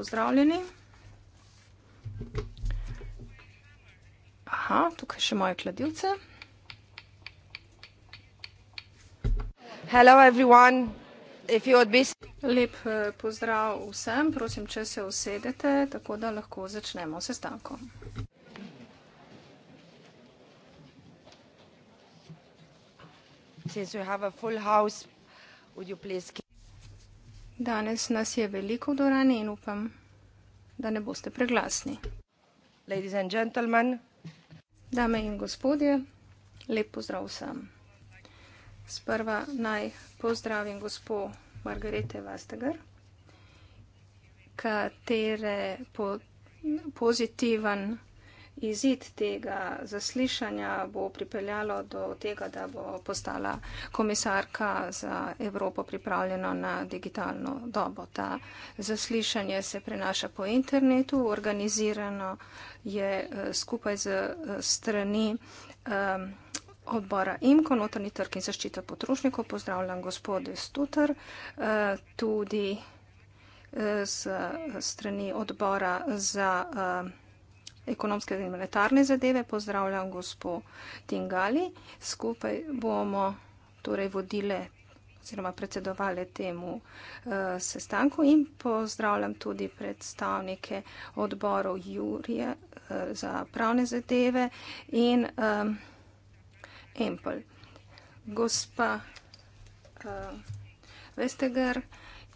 pozdravljeni. Aha, tukaj še moje kladivce. Hello everyone. If you would be... Lep eh, pozdrav vsem, prosim, če se usedete, tako da lahko začnemo sestankom. Since we have a full house, would you please keep... Danes nas je veliko v dvorani in upam, da ne boste preglasni. Ladies and gentlemen. Dame in gospodje, lep pozdrav vsem. Sprva naj pozdravim gospo Margarete Vastegar, katere po pozitiven izid tega zaslišanja bo pripeljalo do tega, da bo postala komisarka za Evropo pripravljena na digitalno dobo. Ta zaslišanje se prenaša po internetu, organizirano je eh, skupaj z eh, strani um, odbora IMKO, notrni trg in zaščita potrošnikov. Pozdravljam gospode Stutar, uh, eh, tudi z strani odbora za. Uh, ekonomske in monetarne zadeve. Pozdravljam gospo Tingali. Skupaj bomo torej vodile oziroma predsedovali temu uh, sestanku in pozdravljam tudi predstavnike odborov Jurije uh, za pravne zadeve in um, Empel. Gospa uh, eh, Vestegar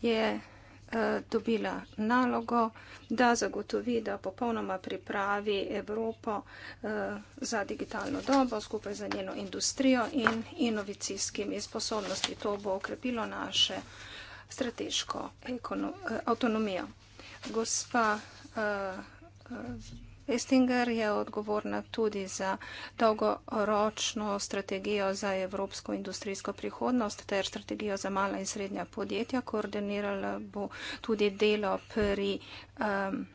je. Yeah. Eh, dobila nalogo, da zagotovi, da popolnoma pripravi Evropo eh, za digitalno dobo skupaj za njeno industrijo in inovacijskimi sposobnosti. To bo okrepilo naše strateško ekono, eh, avtonomijo. Gospa Estinger je odgovorna tudi za dolgoročno strategijo za evropsko industrijsko prihodnost ter strategijo za mala in srednja podjetja. Koordinirala bo tudi delo pri um,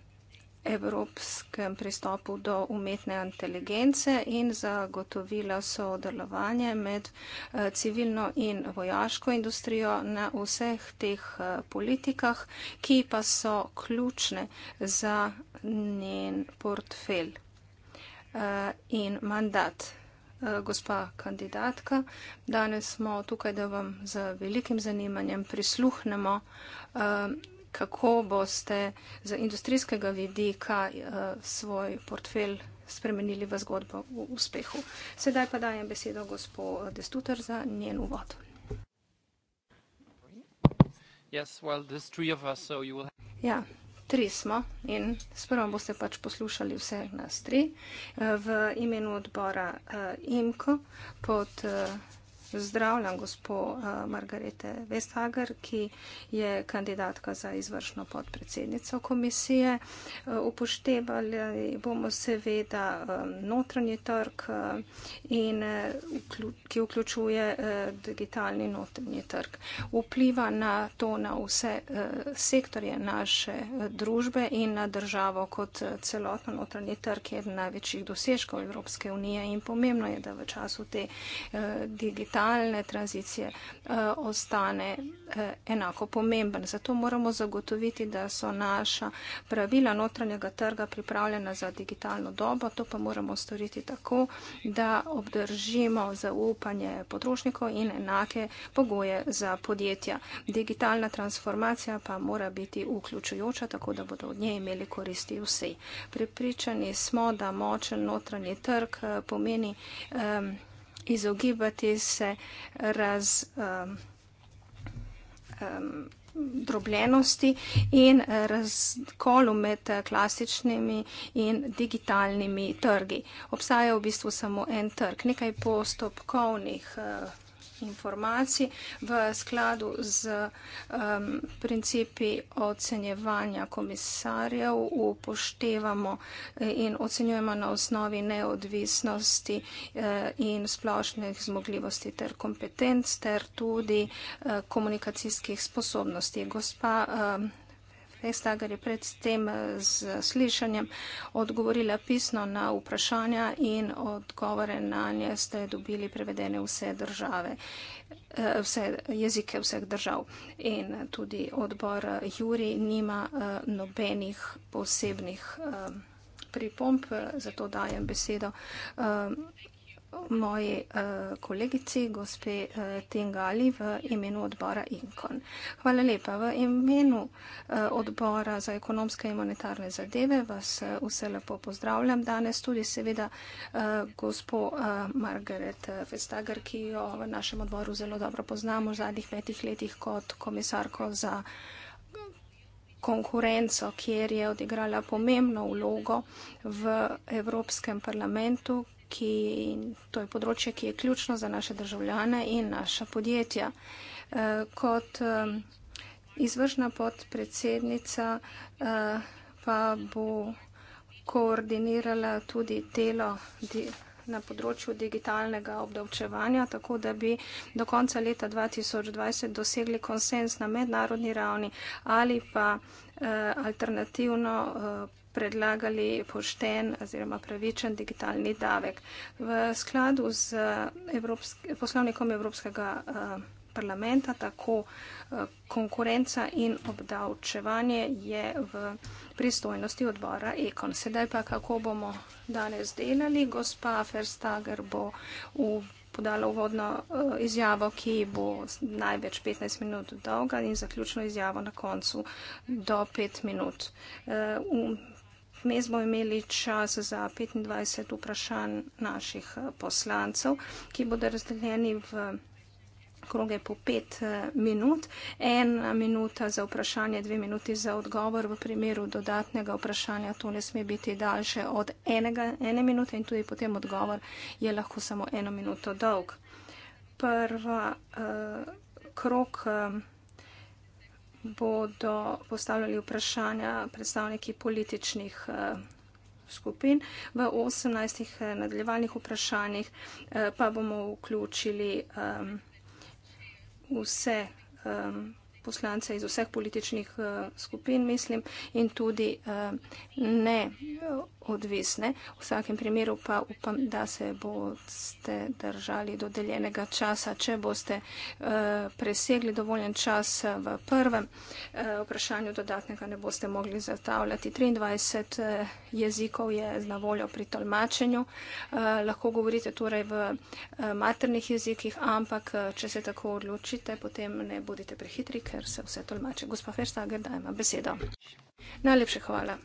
evropskem pristopu do umetne inteligence in zagotovila sodelovanje med eh, civilno in vojaško industrijo na vseh teh eh, politikah, ki pa so ključne za njen portfelj eh, in mandat. Gospa kandidatka, danes smo tukaj, da vam z velikim zanimanjem prisluhnemo kako boste z industrijskega vidika eh, svoj portfelj spremenili v zgodbo v uspehu. Sedaj pa dajem besedo gospo Destuter za njen uvod. Ja, tri smo in sprva boste pač poslušali vse nas tri. Eh, v imenu odbora eh, IMKO pod Zdravljam gospo eh, Margarete Vestager, ki je kandidatka za izvršno podpredsednico komisije. Eh, upoštevali bomo seveda eh, notranji trg, in, ki vključuje digitalni notranji trg. Vpliva na to na vse sektorje naše družbe in na državo kot celotno notranji trg je največjih dosežkov Evropske unije in pomembno je, da v času te digitalne digitalne tranzicije eh, ostane eh, enako pomemben. Zato moramo zagotoviti, da so naša pravila notranjega trga pripravljena za digitalno dobo. To pa moramo storiti tako, da obdržimo zaupanje potrošnikov in enake pogoje za podjetja. Digitalna transformacija pa mora biti vključujoča, tako da bodo od nje imeli koristi vsi. Pripričani smo, da močen notranji trg eh, pomeni um, izogibati se raz um, um, drobljenosti in razkolu med klasičnimi in digitalnimi trgi. Obstaja v bistvu samo en trg, nekaj postopkovnih. Uh, informacij v skladu z um, principi ocenjevanja komisarjev upoštevamo eh, in ocenjujemo na osnovi neodvisnosti eh, in splošnih zmogljivosti ter kompetenc ter tudi eh, komunikacijskih sposobnosti. Gospa, eh, Veste, ker je pred tem eh, z slišanjem odgovorila pisno na vprašanja in odgovore na nje ste dobili prevedene vse države, eh, vse jezike vseh držav. In tudi odbor eh, Juri nima nobenih posebnih pripomp, zato dajem besedo moji uh, kolegici, gospe uh, Tingali, v imenu odbora Inkon. Hvala lepa. V imenu uh, odbora za ekonomske in monetarne zadeve vas uh, vse lepo pozdravljam danes, tudi seveda uh, gospo uh, Margaret Vestager, ki jo v našem odboru zelo dobro poznamo v zadnjih petih letih kot komisarko za konkurenco, kjer je odigrala pomembno vlogo v Evropskem parlamentu, ki, to je področje, ki je ključno za naše državljane in naša podjetja. Eh, kot eh, izvršna podpredsednica eh, pa bo koordinirala tudi delo na področju digitalnega obdavčevanja, tako da bi do konca leta 2020 dosegli konsens na mednarodni ravni ali pa alternativno predlagali pošten oziroma pravičen digitalni davek. V skladu z Evropske, poslovnikom Evropskega eh, parlamenta tako eh, konkurenca in obdavčevanje je v pristojnosti odbora Ekon. Sedaj pa kako bomo danes delali. Gospa Ferstager bo v podala uvodno eh, izjavo, ki bo največ 15 minut dolga in zaključno izjavo na koncu do 5 minut. Vmes bomo imeli čas za 25 vprašanj naših eh, poslancev, ki bodo razdeljeni v kroge po pet eh, minut. Ena minuta za vprašanje, dve minuti za odgovor. V primeru dodatnega vprašanja to ne sme biti daljše od enega, ene minute in tudi potem odgovor je lahko samo eno minuto dolg. Prva uh, eh, krok. Uh, bodo postavljali vprašanja predstavniki političnih eh, skupin. V 18 eh, nadaljevalnih vprašanjih eh, pa bomo vključili vse poslance iz vseh političnih eh, skupin, mislim, in tudi eh, neodvisne. Eh, v vsakem primeru pa upam, da se boste držali dodeljenega časa, če boste presegli dovoljen čas v prvem vprašanju dodatnega, ne boste mogli zatavljati. 23 jezikov je na voljo pri tolmačenju. Lahko govorite torej v maternih jezikih, ampak če se tako odločite, potem ne bodite prehitri ker se vse tolmače. Gospa Ferstager, daj ima besedo. Najlepše hvala.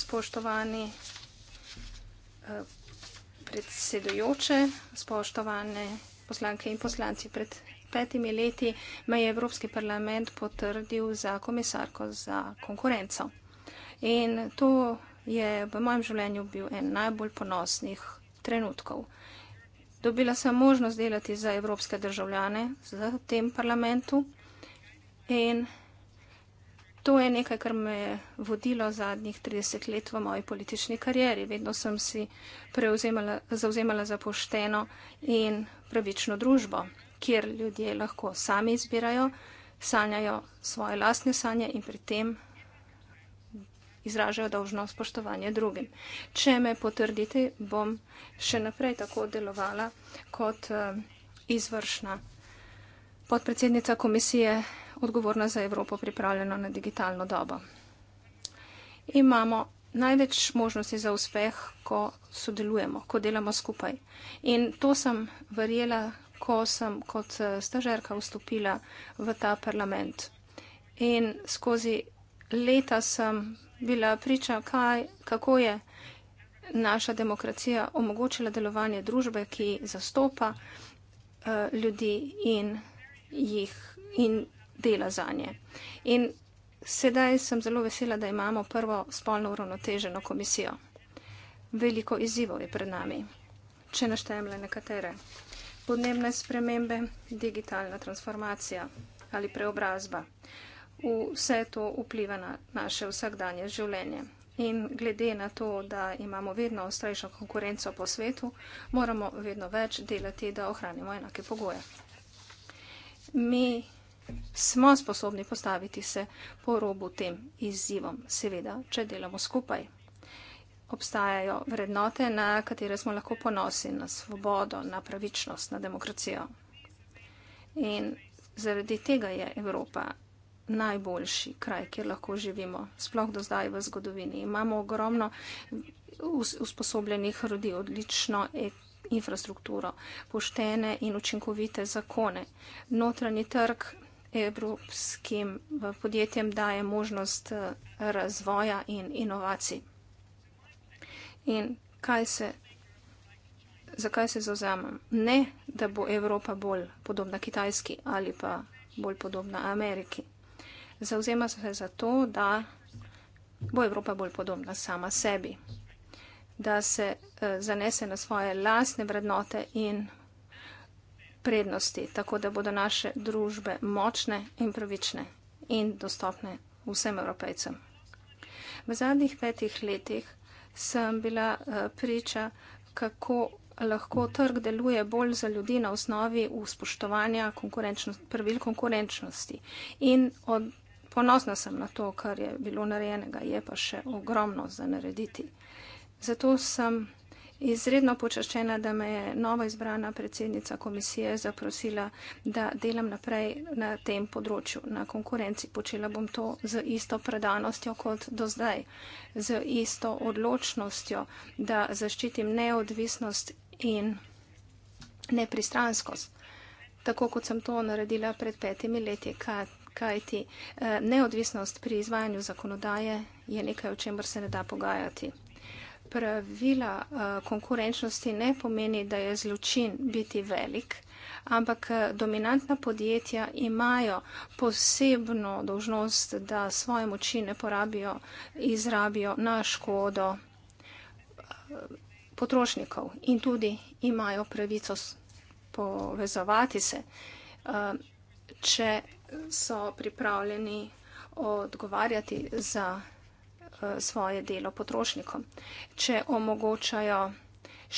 Spoštovani eh, predsedujoče, spoštovane poslanke in poslanci pred petimi leti me je Evropski parlament potrdil za komisarko za konkurenco. In to je v mojem življenju bil en najbolj ponosnih trenutkov. Dobila sem možnost delati za evropske državljane v tem parlamentu, In to je nekaj, kar me je vodilo zadnjih 30 let v moji politični karieri. Vedno sem si zauzemala za pošteno in pravično družbo, kjer ljudje lahko sami izbirajo, sanjajo svoje lastne sanje in pri tem izražajo dolžno spoštovanje drugim. Če me potrdite, bom še naprej tako delovala kot eh, izvršna podpredsednica komisije odgovorna za Evropo pripravljena na digitalno dobo. Imamo največ možnosti za uspeh, ko sodelujemo, ko delamo skupaj. In to sem verjela, ko sem kot eh, stažerka vstopila v ta parlament. In skozi leta sem bila priča, kaj, kako je naša demokracija omogočila delovanje družbe, ki zastopa uh, ljudi in jih in dela za nje. In sedaj sem zelo vesela, da imamo prvo spolno uravnoteženo komisijo. Veliko izzivov je pred nami, če naštejem le nekatere. Podnebne spremembe, digitalna transformacija ali preobrazba. Vse to vpliva na naše vsakdanje življenje. In glede na to, da imamo vedno ostrejšo konkurenco po svetu, moramo vedno več delati, da ohranimo enake pogoje. Mi smo sposobni postaviti se po robu tem izzivom, seveda, če delamo skupaj. Obstajajo vrednote, na katere smo lahko ponosi, na svobodo, na pravičnost, na demokracijo. In zaradi tega je Evropa najboljši kraj, kjer lahko živimo, sploh do zdaj v zgodovini. Imamo ogromno usposobljenih rodi, odlično e-, infrastrukturo, poštene in učinkovite zakone. Notranji trg evropskim eh, podjetjem daje možnost eh, razvoja in inovacij. In kaj se, zakaj se zauzemam? Ne, da bo Evropa bolj podobna Kitajski ali pa bolj podobna Ameriki. Zauzema se za to, da bo Evropa bolj podobna sama sebi, da se eh, zanese na svoje lastne vrednote in prednosti, tako da bodo naše družbe močne in pravične in dostopne vsem evropejcem. V zadnjih petih letih sem bila eh, priča, kako lahko trg deluje bolj za ljudi na osnovi uspoštovanja konkurenčnost, pravil konkurenčnosti. In od, ponosna sem na to, kar je bilo narejenega, je pa še ogromno za narediti. Zato sem Izredno počaščena, da me je nova izbrana predsednica komisije zaprosila, da delam naprej na tem področju, na konkurenci. Počela bom to z isto predanostjo kot do zdaj, z isto odločnostjo, da zaščitim neodvisnost in nepristranskost, tako kot sem to naredila pred petimi leti, kajti eh, neodvisnost pri izvajanju zakonodaje je nekaj, o čemer se ne da pogajati pravila uh, konkurenčnosti ne pomeni, da je zločin biti velik, ampak eh, dominantna podjetja imajo posebno dožnost, da svoje moči ne porabijo, izrabijo na škodo eh, potrošnikov in tudi imajo pravico povezovati se, če so pripravljeni odgovarjati za. Eh, svoje delo potrošnikom. Če omogočajo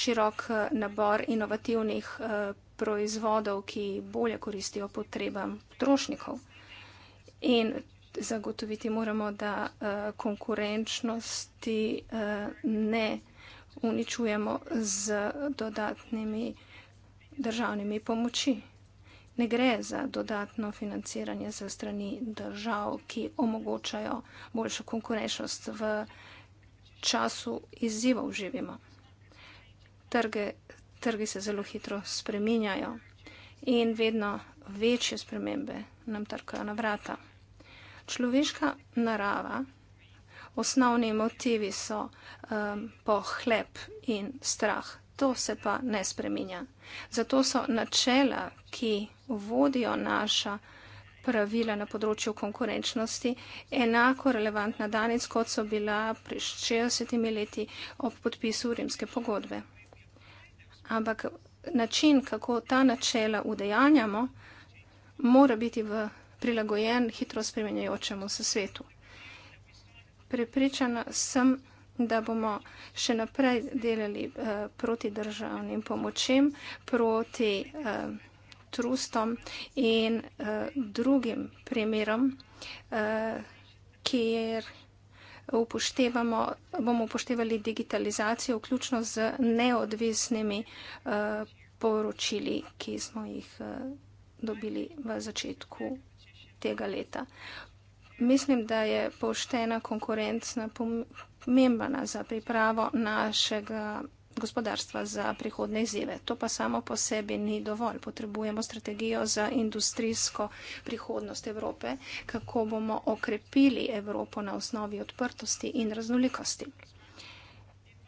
širok eh, nabor inovativnih eh, proizvodov, ki bolje koristijo potrebam potrošnikov. In zagotoviti moramo, da konkurenčnosti ne uničujemo z dodatnimi državnimi pomoči ne gre za dodatno financiranje za strani držav, ki omogočajo boljšo konkurenčnost v času izzivov živimo. Trge, trgi se zelo hitro spreminjajo in vedno večje spremembe nam trkajo na vrata. Človeška narava, osnovni motivi so um, pohlep in strah to se pa ne spreminja. Zato so načela, ki vodijo naša pravila na področju konkurenčnosti, enako relevantna danes, kot so bila pred 60 leti ob podpisu rimske pogodbe. Ampak način, kako ta načela udejanjamo, mora biti v prilagojen hitro spremenjajočemu se svetu. Prepričana sem, da bomo še naprej delali uh, proti državnim pomočem, proti uh, trustom in uh, drugim primerom, uh, kjer bomo upoštevali digitalizacijo, vključno z neodvisnimi uh, poročili, ki smo jih uh, dobili v začetku tega leta. Mislim, da je poštena konkurenčna pomembna za pripravo našega gospodarstva za prihodne izzive. To pa samo po sebi ni dovolj. Potrebujemo strategijo za industrijsko prihodnost Evrope, kako bomo okrepili Evropo na osnovi odprtosti in raznolikosti.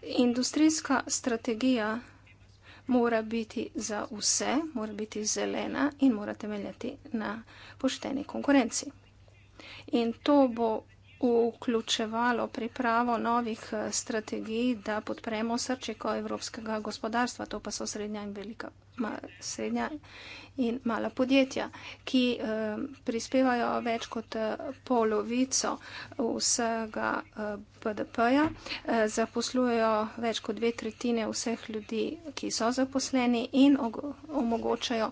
Industrijska strategija mora biti za vse, mora biti zelena in mora temeljati na pošteni konkurenci. In to bo vključevalo pripravo novih eh, strategij, da podpremo srčiko evropskega gospodarstva, to pa so srednja in velika srednja in mala podjetja, ki eh, prispevajo več kot eh, polovico vsega eh, BDP-ja, zaposlujejo več kot dve tretjine vseh ljudi, ki so zaposleni in omogočajo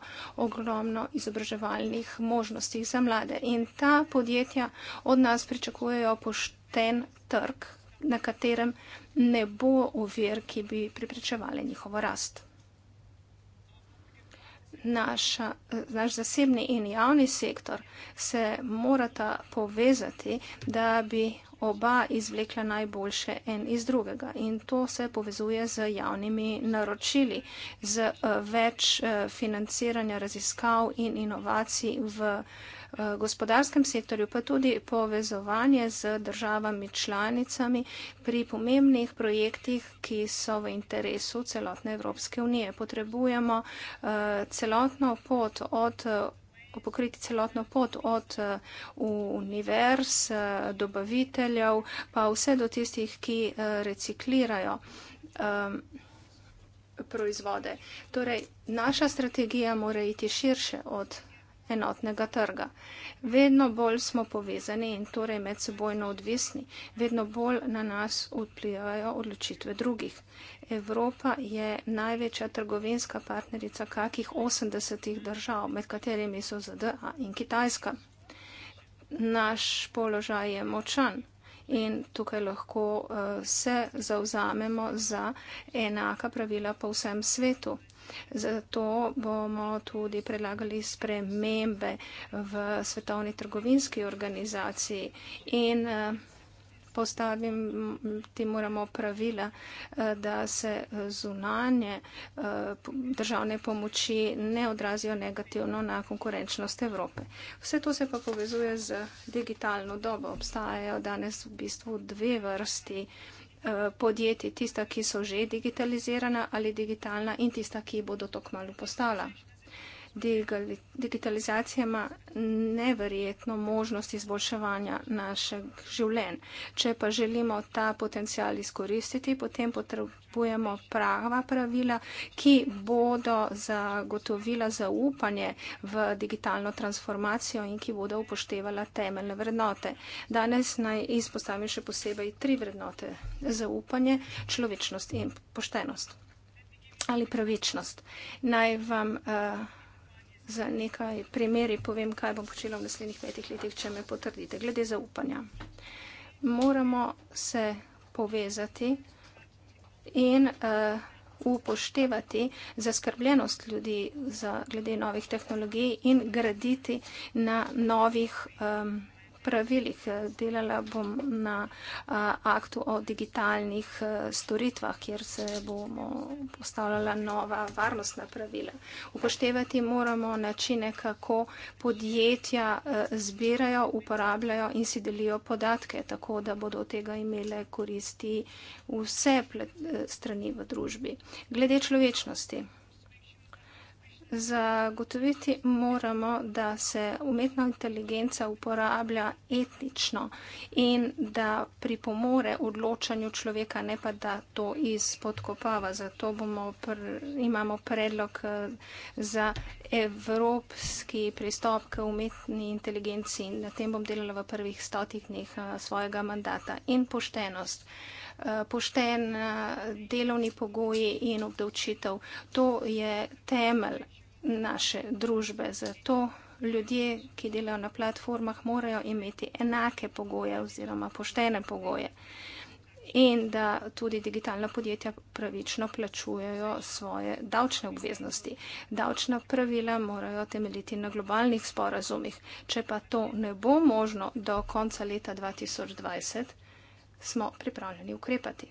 ogromno izobraževalnih možnosti za mlade. In ta podjetja od nas pričakujejo pošten trg, na katerem ne bo ovir, ki bi pripričevali njihovo rast naša, naš zasebni in javni sektor se morata povezati, da bi oba izvlekla najboljše en iz drugega. In to se povezuje z javnimi naročili, z eh, več eh, financiranja raziskav in inovacij v. Eh, gospodarskem sektorju, pa tudi povezovanje z državami članicami pri pomembnih projektih, ki so v interesu celotne Evropske unije. Potrebujemo eh, celotno pot od pokriti celotno pot od eh, univerz, dobaviteljev, pa vse do tistih, ki reciklirajo um, proizvode. Torej, naša strategija mora iti širše od enotnega trga. Vedno bolj smo povezani in torej medsebojno odvisni, vedno bolj na nas vplivajo odločitve drugih. Evropa je največja trgovinska partnerica kakih 80 držav, med katerimi so ZDA in Kitajska. Naš položaj je močan. In tukaj lahko uh, se zauzamemo za enaka pravila po vsem svetu. Zato bomo tudi predlagali spremembe v svetovni trgovinski organizaciji in eh, postaviti moramo pravila, eh, da se zunanje eh, državne pomoči ne odrazijo negativno na konkurenčnost Evrope. Vse to se pa povezuje z digitalno dobo. Obstajajo danes v bistvu dve vrsti Eh, podjetij, tista, ki so že digitalizirana ali digitalna in tista, ki bodo to kmalo postala digitalizacija ima neverjetno možnost izboljševanja našeg življenj. Če pa želimo ta potencial izkoristiti, potem potrebujemo prava pravila, ki bodo zagotovila zaupanje v digitalno transformacijo in ki bodo upoštevala temeljne vrednote. Danes naj izpostavim še posebej tri vrednote. Zaupanje, človečnost in poštenost. Ali pravičnost. Naj vam uh, za nekaj primeri povem, kaj bom počela v naslednjih petih letih, če me potrdite. Glede zaupanja. Moramo se povezati in uh, upoštevati zaskrbljenost ljudi za, glede novih tehnologij in graditi na novih. Um, pravilih. Delala bom na a, aktu o digitalnih a, storitvah, kjer se bomo postavljala nova varnostna pravila. Upoštevati moramo načine, kako podjetja a, zbirajo, uporabljajo in si delijo podatke, tako da bodo od tega imele koristi vse strani v družbi. Glede človečnosti zagotoviti moramo, da se umetna inteligenca uporablja etnično in da pripomore odločanju človeka, ne pa da to izpodkopava. Zato bomo pr imamo predlog eh, za evropski pristop k umetni inteligenci in na tem bom delala v prvih stotih dneh eh, svojega mandata. In poštenost. Eh, pošten delovni pogoji in obdavčitev. To je temelj naše družbe. Zato ljudje, ki delajo na platformah, morajo imeti enake pogoje oziroma poštene pogoje in da tudi digitalna podjetja pravično plačujejo svoje davčne obveznosti. Davčna pravila morajo temeljiti na globalnih sporazumih. Če pa to ne bo možno do konca leta 2020, smo pripravljeni ukrepati.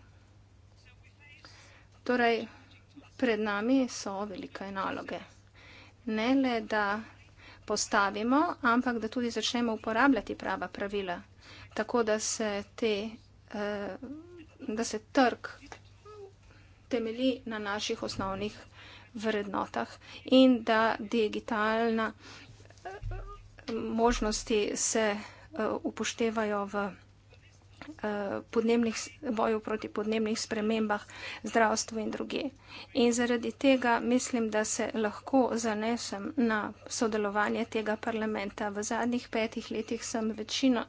Torej, pred nami so velike naloge ne le, da postavimo, ampak da tudi začnemo uporabljati prava pravila, tako da se, te, eh, da se trg temelji na naših osnovnih vrednotah in da digitalna eh, možnosti se eh, upoštevajo v. Eh, podnebnih, boju proti podnebnih spremembah, zdravstvu in druge. In zaradi tega mislim, da se lahko zanesem na sodelovanje tega parlamenta. V zadnjih petih letih sem večino,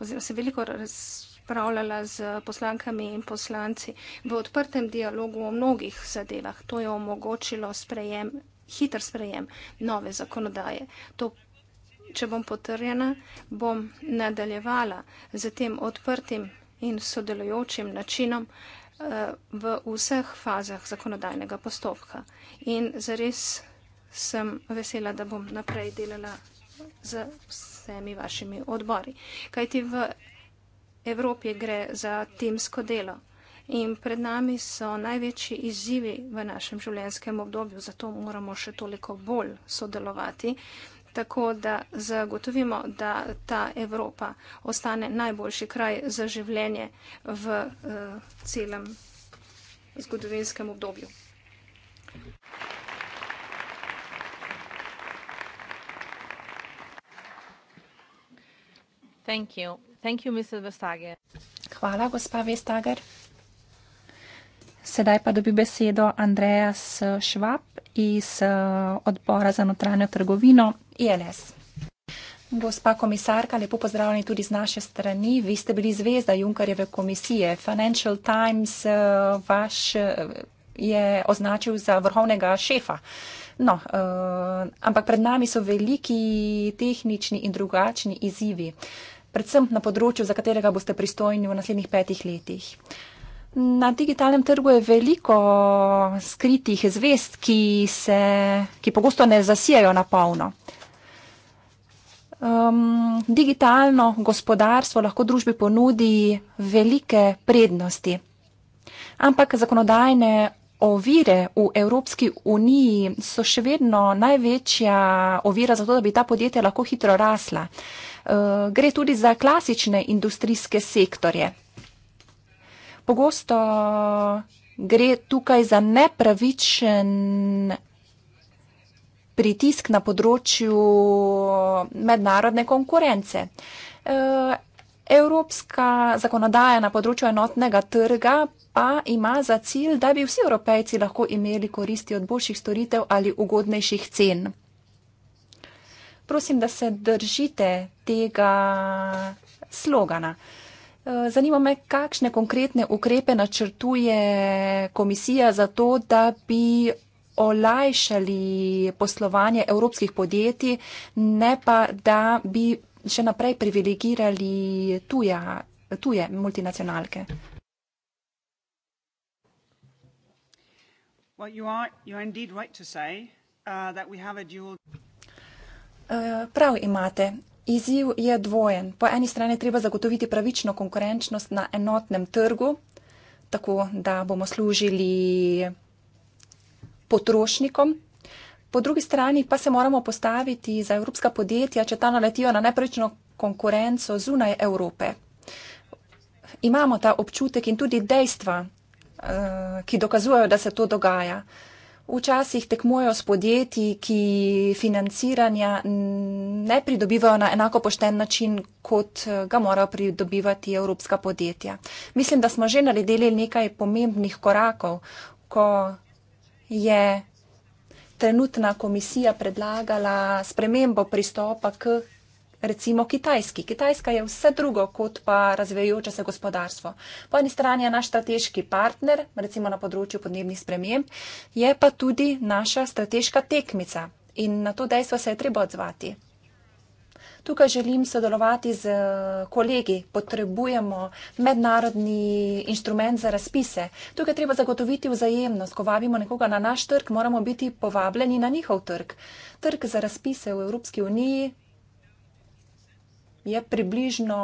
oziroma se veliko razpravljala z poslankami in poslanci v odprtem dialogu o mnogih zadevah. To je omogočilo sprejem, hiter sprejem nove zakonodaje. To če bom potrjena, bom nadaljevala z tem odprtim in sodelujočim načinom eh, v vseh fazah zakonodajnega postopka. In zares sem vesela, da bom naprej delala z vsemi vašimi odbori. Kajti v Evropi gre za timsko delo in pred nami so največji izzivi v našem življenjskem obdobju, zato moramo še toliko bolj sodelovati tako da zagotovimo, da ta Evropa ostane najboljši kraj za življenje v uh, celem zgodovinskem obdobju. Thank you. Thank you, Hvala, gospa Vestager. Sedaj pa dobi besedo Andreja Švab iz eh, odbora za notranjo trgovino ILS. Gospa komisarka, lepo pozdravljeni tudi z naše strani. Vi ste bili zvezda Junkarjeve komisije. Financial Times eh, vaš eh, je označil za vrhovnega šefa. No, eh, ampak pred nami so veliki tehnični in drugačni izzivi, predvsem na področju, za katerega boste pristojni v naslednjih petih letih. Na digitalnem trgu je veliko skritih zvest, ki, se, ki pogosto ne zasijajo na polno um, digitalno gospodarstvo lahko družbi ponudi velike prednosti. Ampak zakonodajne ovire v Evropski uniji so še vedno največja ovira za to, da bi ta podjetja lahko hitro rasla. Uh, gre tudi za klasične industrijske sektorje. Pogosto gre tukaj za nepravičen pritisk na področju mednarodne konkurence. E, evropska zakonodaja na področju enotnega trga pa ima za cilj, da bi vsi evropejci lahko imeli koristi od boljših storitev ali ugodnejših cen. Prosim, da se držite tega slogana. E, zanima me, kakšne konkretne ukrepe načrtuje komisija za to, da bi olajšali poslovanje evropskih podjetij, ne pa da bi še naprej privilegirali tuja, tuje multinacionalke. Well, you are, you are right say, uh, dual... uh, prav imate. Izziv je dvojen. Po eni strani treba zagotoviti pravično konkurenčnost na enotnem trgu, tako da bomo služili potrošnikom. Po drugi strani pa se moramo postaviti za evropska podjetja, če ta naletijo na neprečno konkurenco zunaj Evrope. Imamo ta občutek in tudi dejstva, eh, ki dokazujejo, da se to dogaja. Včasih tekmujejo s podjetji, ki financiranja ne pridobivajo na enako pošten način, kot eh, ga morajo pridobivati evropska podjetja. Mislim, da smo že naredili nekaj pomembnih korakov, ko je trenutna komisija predlagala spremembo pristopa k recimo Kitajski. Kitajska je vse drugo kot pa razvejoče se gospodarstvo. Po eni strani je naš strateški partner, recimo na področju podnebnih sprememb, je pa tudi naša strateška tekmica. In na to dejstvo se je treba odzvati. Tukaj želim sodelovati z eh, kolegi, potrebujemo mednarodni inštrument za razpise. Tukaj treba zagotoviti vzajemnost, ko vabimo nekoga na naš trg, moramo biti povabljeni na njihov trg. Trg za razpise v Evropski uniji je približno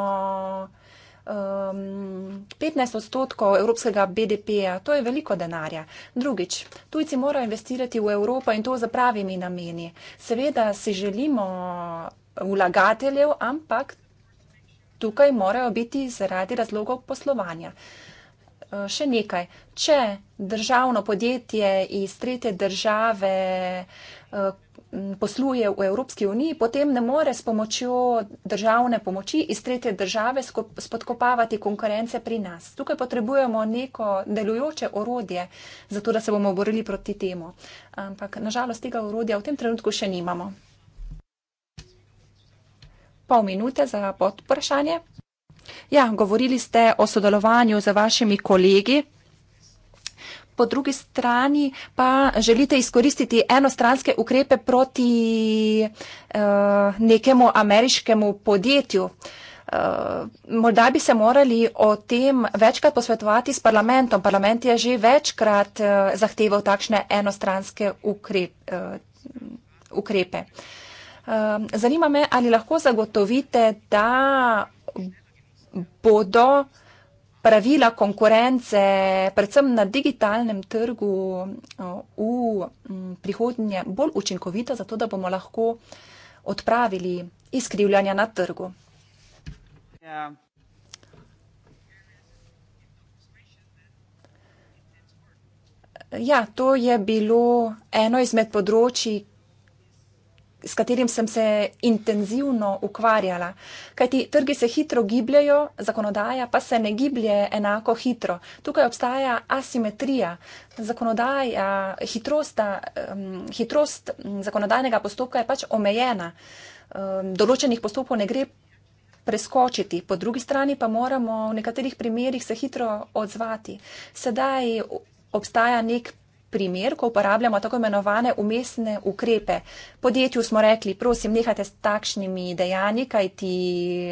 um, ehm, 15 odstotkov evropskega BDP-ja. To je veliko denarja. Drugič, tujci morajo investirati v Evropo in to za pravimi nameni. Seveda si želimo vlagateljev, ampak tukaj morajo biti zaradi razlogov poslovanja. Eh, še nekaj, če državno podjetje iz trete države eh, posluje v Evropski uniji, potem ne more s pomočjo državne pomoči iz trete države spodkopavati konkurence pri nas. Tukaj potrebujemo neko delujoče orodje, zato da se bomo borili proti temu. Ampak nažalost tega orodja v tem trenutku še nimamo pol minute za pod vprašanje. Ja, govorili ste o sodelovanju z vašimi kolegi. Po drugi strani pa želite izkoristiti enostranske ukrepe proti eh, nekemu ameriškemu podjetju. Eh, morda bi se morali o tem večkrat posvetovati s parlamentom. Parlament je že večkrat eh, zahteval takšne enostranske ukrep, eh, ukrepe. Zanima me, ali lahko zagotovite, da bodo pravila konkurence, predvsem na digitalnem trgu, v prihodnje bolj učinkovita, zato da bomo lahko odpravili izkrivljanja na trgu. Ja. Ja, to je bilo eno izmed področji, s katerim sem se intenzivno ukvarjala. Kajti trgi se hitro gibljajo, zakonodaja pa se ne giblje enako hitro. Tukaj obstaja asimetrija. Zakonodaja, hitrost, hitrost zakonodajnega postopka je pač omejena. Določenih postopkov ne gre. Preskočiti. Po drugi strani pa moramo v nekaterih primerjih se hitro odzvati. Sedaj obstaja nek primer, ko uporabljamo tako imenovane umestne ukrepe. Podjetju smo rekli, prosim, nehajte s takšnimi dejanji, kaj ti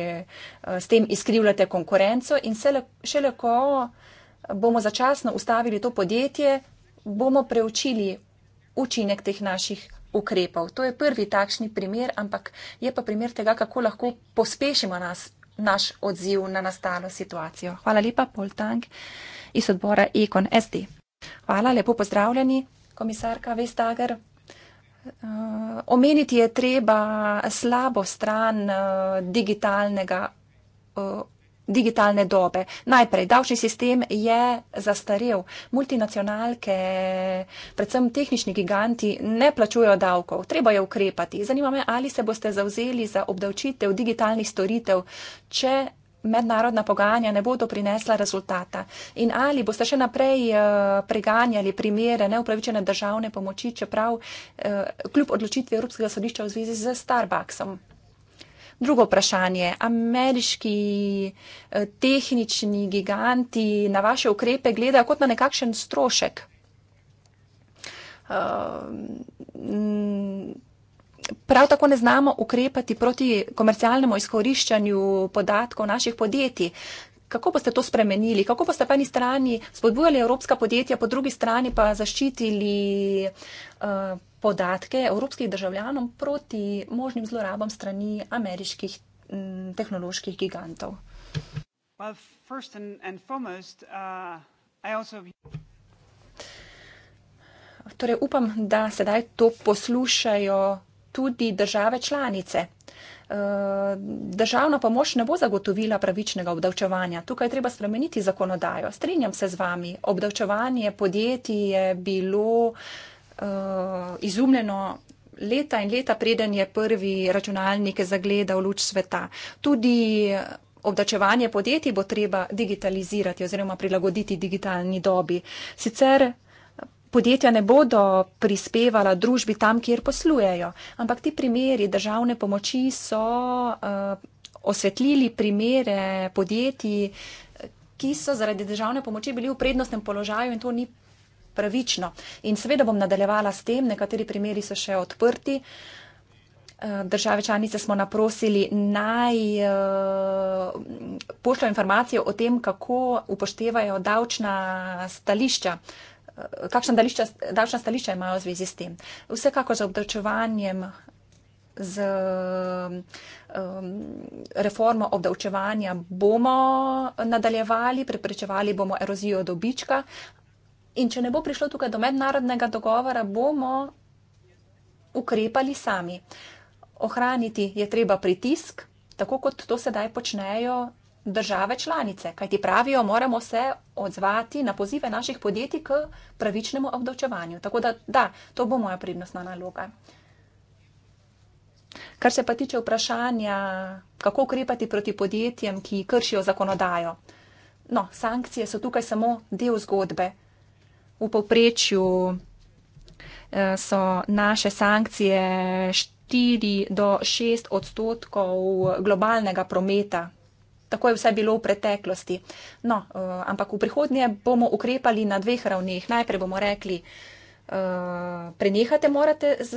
eh, s tem izkrivljate konkurenco in le, šele ko bomo začasno ustavili to podjetje, bomo preučili učinek teh naših ukrepov. To je prvi takšni primer, ampak je pa primer tega, kako lahko pospešimo nas, naš odziv na nastalo situacijo. Hvala lepa, Pol Tank iz odbora Ekon SD. Hvala, lepo pozdravljeni, komisarka Vestager. Eh, omeniti je treba slabo stran eh, digitalnega, eh, digitalne dobe. Najprej, davčni sistem je zastarel. Multinacionalke, predvsem tehnični giganti, ne plačujejo davkov. Treba je ukrepati. Zanima me, ali se boste zauzeli za obdavčitev digitalnih storitev, če mednarodna pogajanja ne bodo prinesla rezultata in ali boste še naprej eh, preganjali primere neupravičene državne pomoči, čeprav eh, kljub odločitvi Evropskega sodišča v zvezi z Starbucksom. Drugo vprašanje. Ameriški eh, tehnični giganti na vaše ukrepe gledajo kot na nekakšen strošek. Uh, prav tako ne znamo ukrepati proti komercialnemu izkoriščanju podatkov naših podjetij. Kako boste to spremenili? Kako boste po eni strani spodbujali evropska podjetja, po drugi strani pa zaščitili uh, podatke evropskih državljanov proti možnim zlorabam strani ameriških m, tehnoloških gigantov? Well, first and, and foremost, uh, Torej, upam, da sedaj to poslušajo tudi države članice. Eh, državna pomoč ne bo zagotovila pravičnega obdavčevanja. Tukaj treba spremeniti zakonodajo. Strinjam se z vami, obdavčevanje podjetij je bilo eh, izumljeno leta in leta, preden je prvi računalnik zagledal luč sveta. Tudi eh, obdavčevanje podjetij bo treba digitalizirati oziroma prilagoditi digitalni dobi. Sicer podjetja ne bodo prispevala družbi tam, kjer poslujejo. Ampak ti primeri državne pomoči so uh, osvetlili primere podjetij, ki so zaradi državne pomoči bili v prednostnem položaju in to ni pravično. In seveda bom nadaljevala s tem, nekateri primeri so še odprti. Eh, države članice smo naprosili naj uh, eh, pošljo informacijo o tem, kako upoštevajo davčna stališča uh, kakšna daljša stališča imajo v zvezi s tem. Vsekako z obdavčevanjem, z um, um, reformo obdavčevanja bomo nadaljevali, preprečevali bomo erozijo dobička in če ne bo prišlo tukaj do mednarodnega dogovora, bomo ukrepali sami. Ohraniti je treba pritisk, tako kot to sedaj počnejo države članice, kajti pravijo, moramo se odzvati na pozive naših podjetij k pravičnemu obdavčevanju. Tako da, da, to bo moja prednostna naloga. Kar se pa tiče vprašanja, kako ukrepati proti podjetjem, ki kršijo zakonodajo. No, sankcije so tukaj samo del zgodbe. V povprečju eh, so naše sankcije 4 do 6 odstotkov globalnega prometa tako je vse bilo v preteklosti. No, uh, ampak v prihodnje bomo ukrepali na dveh ravneh. Najprej bomo rekli, uh, prenehate morate z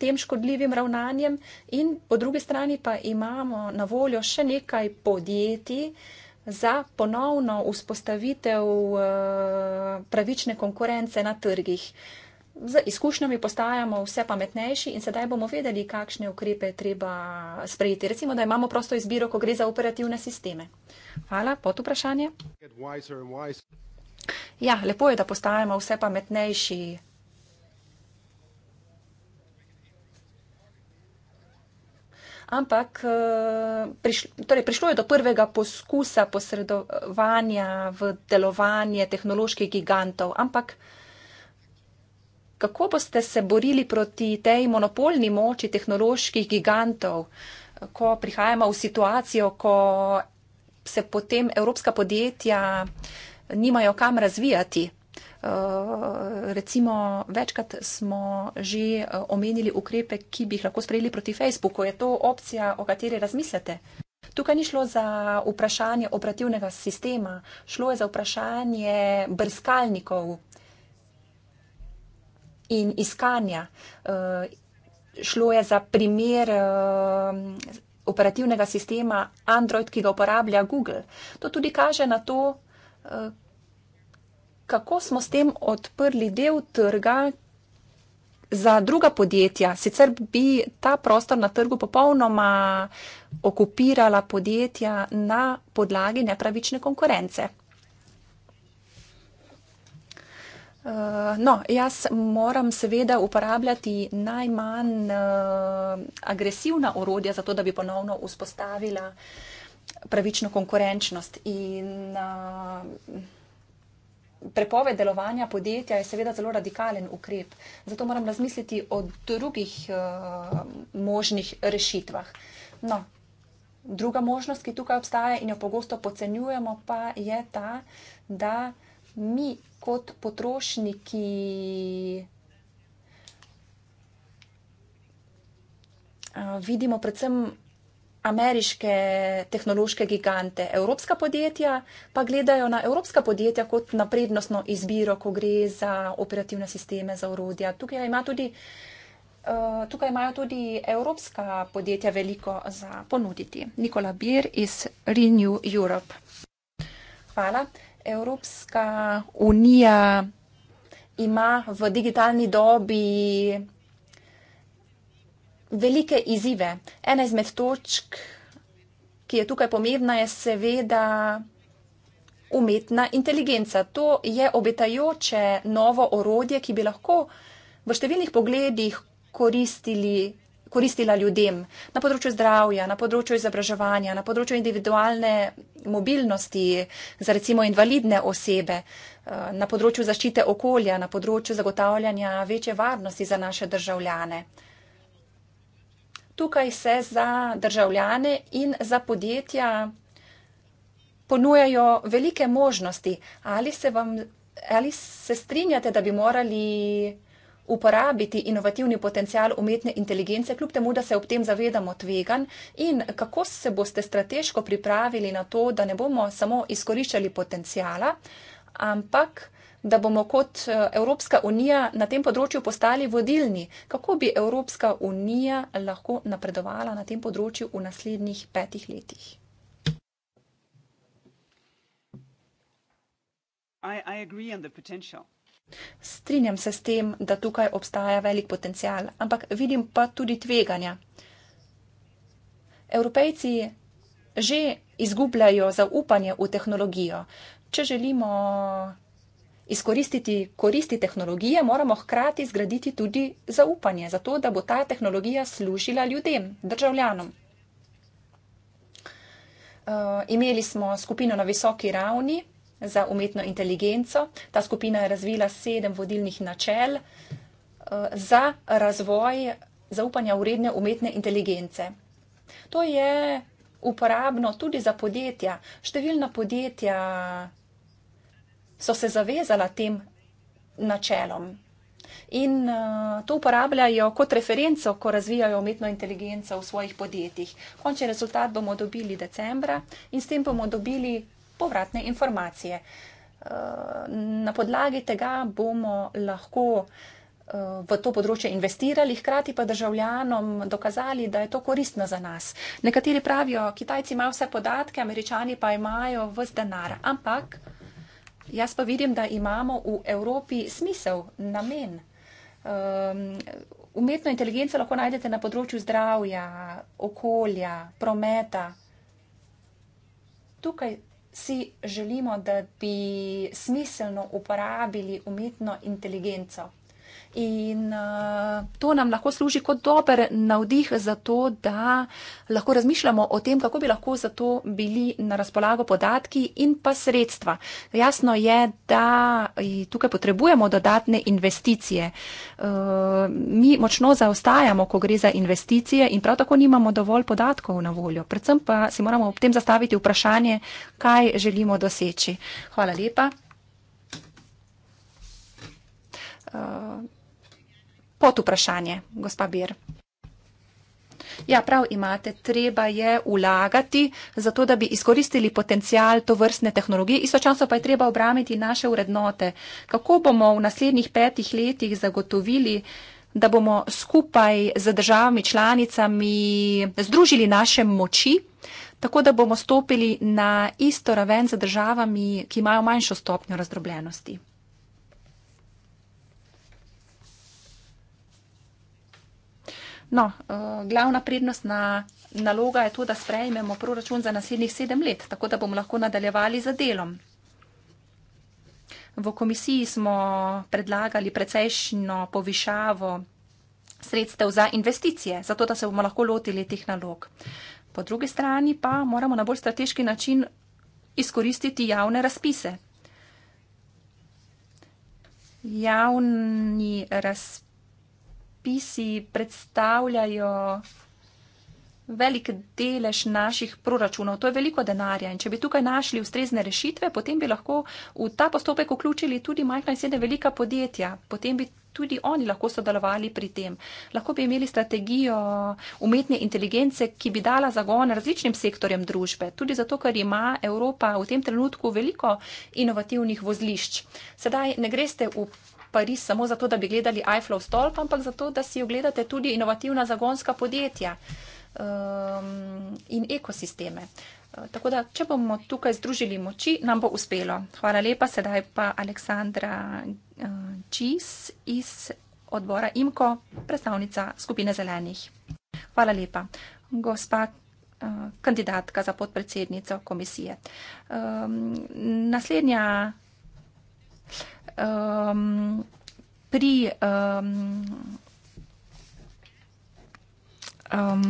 tem škodljivim ravnanjem in po drugi strani pa imamo na voljo še nekaj podjetij za ponovno vzpostavitev uh, pravične konkurence na trgih. Uh, z izkušnjami postajamo vse pametnejši in sedaj bomo vedeli, kakšne ukrepe treba sprejeti. Recimo, da imamo prosto izbiro, ko gre za operativne sisteme. Hvala, pod vprašanje. Ja, lepo je, da postajamo vse pametnejši. Ampak eh, prišlo, torej, prišlo je do prvega poskusa posredovanja v delovanje tehnoloških gigantov. Ampak kako boste se borili proti tej monopolni moči tehnoloških gigantov, ko prihajamo v situacijo, ko se potem evropska podjetja nimajo kam razvijati. Eh, recimo, večkrat smo že eh, omenili ukrepe, ki bi jih lahko sprejeli proti Facebooku. Je to opcija, o kateri razmislite? Tukaj ni šlo za vprašanje operativnega sistema, šlo je za vprašanje brskalnikov, in iskanja. Eh, šlo je za primer eh, operativnega sistema Android, ki ga uporablja Google. To tudi kaže na to, eh, kako smo s tem odprli del trga za druga podjetja. Sicer bi ta prostor na trgu popolnoma okupirala podjetja na podlagi nepravične konkurence. Eh, no, jaz moram seveda uporabljati najmanj eh, agresivna orodja, zato da bi ponovno vzpostavila pravično konkurenčnost. In eh, prepove delovanja podjetja je seveda zelo radikalen ukrep, zato moram razmisliti o drugih možnih rešitvah. No, druga možnost, ki tukaj obstaja in jo pogosto pocenjujemo, pa je ta, da mi kot potrošniki vidimo predvsem ameriške tehnološke gigante. Evropska podjetja pa gledajo na evropska podjetja kot na prednostno izbiro, ko gre za operativne sisteme, za urodja. Tukaj, ima tudi, tukaj imajo tudi evropska podjetja veliko za ponuditi. Nikola Bir iz Renew Europe. Hvala. Evropska unija ima v digitalni dobi velike izzive. Ena izmed točk, ki je tukaj pomembna, je seveda umetna inteligenca. To je obetajoče novo orodje, ki bi lahko v številnih pogledih koristili koristila ljudem na področju zdravja, na področju izobraževanja, na področju individualne mobilnosti za recimo invalidne osebe, eh, na področju zaščite okolja, na področju zagotavljanja večje varnosti za naše državljane. Tukaj se za državljane in za podjetja ponujajo velike možnosti. Ali se, vam, ali se strinjate, da bi morali uporabiti inovativni potencial umetne inteligence, kljub temu, da se ob tem zavedamo tvegan in kako se boste strateško pripravili na to, da ne bomo samo izkoriščali potencijala, ampak da bomo kot eh, Evropska unija na tem področju postali vodilni. Kako bi Evropska unija lahko napredovala na tem področju v naslednjih petih letih? I, I agree on the potential. Strinjam se s tem, da tukaj obstaja velik potencial, ampak vidim pa tudi tveganja. Evropejci že izgubljajo zaupanje v tehnologijo. Če želimo izkoristiti koristi tehnologije, moramo hkrati zgraditi tudi zaupanje, zato da bo ta tehnologija služila ljudem, državljanom. Uh, imeli smo skupino na visoki ravni, za umetno inteligenco. Ta skupina je razvila sedem vodilnih načel eh, za razvoj zaupanja vredne umetne inteligence. To je uporabno tudi za podjetja. Številna podjetja so se zavezala tem načelom. In eh, to uporabljajo kot referenco, ko razvijajo umetno inteligenco v svojih podjetjih. Končni rezultat bomo dobili decembra in s tem bomo dobili povratne informacije. Eh, na podlagi tega bomo lahko eh, v to področje investirali, hkrati pa državljanom dokazali, da je to koristno za nas. Nekateri pravijo, Kitajci imajo vse podatke, Američani pa imajo vse denar. Ampak jaz pa vidim, da imamo v Evropi smisel, namen. Ehm, umetno inteligenco lahko najdete na področju zdravja, okolja, prometa. Tukaj si želimo, da bi smiselno uporabili umetno inteligenco. In uh, to nam lahko služi kot dober navdih za to, da lahko razmišljamo o tem, kako bi lahko za to bili na razpolago podatki in pa sredstva. Jasno je, da tukaj potrebujemo dodatne investicije. Uh, mi močno zaostajamo, ko gre za investicije in prav tako nimamo dovolj podatkov na voljo. Predvsem pa si moramo ob tem zastaviti vprašanje, kaj želimo doseči. Hvala lepa. Uh, pod vprašanje, gospa Bir. Ja, prav imate, treba je vlagati, zato da bi izkoristili potencial to vrstne tehnologije, istočasno pa je treba obramiti naše urednote. Kako bomo v naslednjih petih letih zagotovili, da bomo skupaj z državami članicami združili naše moči, tako da bomo stopili na isto raven z državami, ki imajo manjšo stopnjo razdrobljenosti? No, eh, glavna prednost na naloga je to, da sprejmemo proračun za naslednjih sedem let, tako da bomo lahko nadaljevali za delom. V komisiji smo predlagali precejšnjo povišavo sredstev za investicije, zato da se bomo lahko lotili teh nalog. Po drugi strani pa moramo na bolj strateški način izkoristiti javne razpise. Javni razpis razpisi predstavljajo velik delež naših proračunov. To je veliko denarja in če bi tukaj našli ustrezne rešitve, potem bi lahko v ta postopek vključili tudi majhna in srednja velika podjetja. Potem bi tudi oni lahko sodelovali pri tem. Lahko bi imeli strategijo umetne inteligence, ki bi dala zagon različnim sektorjem družbe. Tudi zato, ker ima Evropa v tem trenutku veliko inovativnih vozlišč. Sedaj ne greste v Pariz samo zato, da bi gledali iPhone stolp, ampak zato, da si ogledate tudi inovativna zagonska podjetja um, in ekosisteme. Uh, tako da, če bomo tukaj združili moči, nam bo uspelo. Hvala lepa, sedaj pa Aleksandra uh, Čis iz odbora IMKO, predstavnica skupine zelenih. Hvala lepa, gospa uh, kandidatka za podpredsednico komisije. Um, naslednja, um, pri um, um,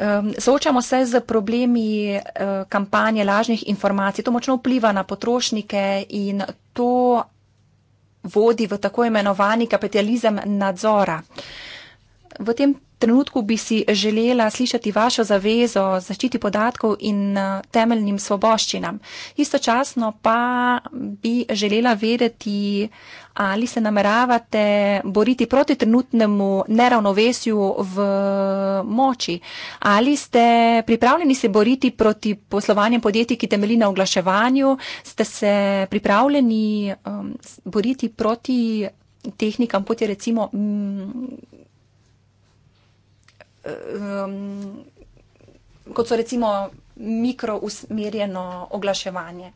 um soočamo se z problemi uh, kampanje lažnih informacij. To močno vpliva na potrošnike in to vodi v tako imenovani kapitalizem nadzora. V tem trenutku bi si želela slišati vašo zavezo zaščiti podatkov in eh, temeljnim svoboščinam. Istočasno pa bi želela vedeti, ali se nameravate boriti proti trenutnemu neravnovesju v eh, moči. Ali ste pripravljeni se boriti proti poslovanjem podjetij, ki temelji na oglaševanju? Ste se pripravljeni um, boriti proti tehnikam, kot je recimo. Mm, um, kot so recimo mikrousmerjeno oglaševanje.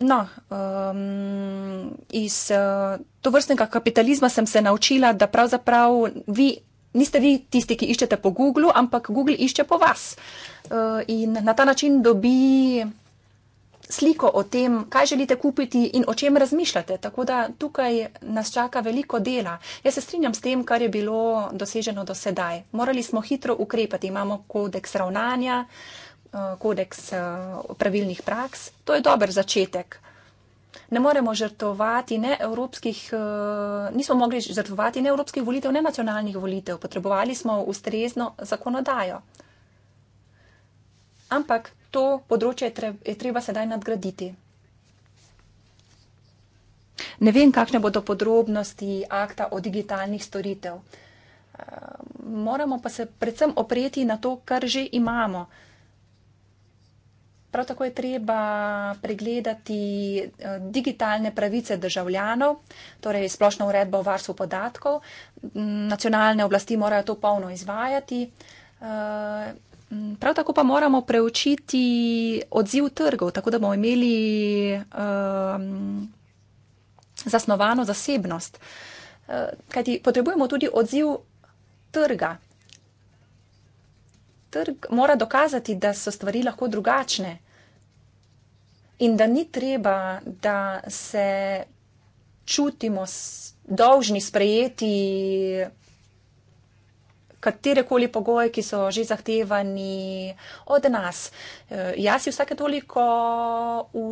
No, um, iz uh, tovrstnega kapitalizma sem se naučila, da pravzaprav vi, niste vi tisti, ki iščete po Google, ampak Google išče po vas. Uh, in na ta način dobi sliko o tem, kaj želite kupiti in o čem razmišljate. Tako da tukaj nas čaka veliko dela. Jaz se strinjam s tem, kar je bilo doseženo do sedaj. Morali smo hitro ukrepati. Imamo kodeks ravnanja, eh, kodeks eh, pravilnih praks. To je dober začetek. Ne moremo žrtovati ne evropskih, eh, nismo mogli žrtovati ne evropskih volitev, ne nacionalnih volitev. Potrebovali smo ustrezno zakonodajo. Ampak to področje je treba sedaj nadgraditi. Ne vem, kakšne bodo podrobnosti akta o digitalnih storitev. Eh, moramo pa se predvsem opreti na to, kar že imamo. Prav tako je treba pregledati eh, digitalne pravice državljanov, torej splošno uredbo o varstvu podatkov. Nacionalne oblasti morajo to polno izvajati eh, Mm, prav tako pa moramo preučiti odziv trgov, tako da bomo imeli um, zasnovano zasebnost. Uh, kajti potrebujemo tudi odziv trga. Trg mora dokazati, da so stvari lahko drugačne in da ni treba, da se čutimo dolžni sprejeti katerekoli pogoje, ki so že zahtevani od nas. E, jaz si vsake toliko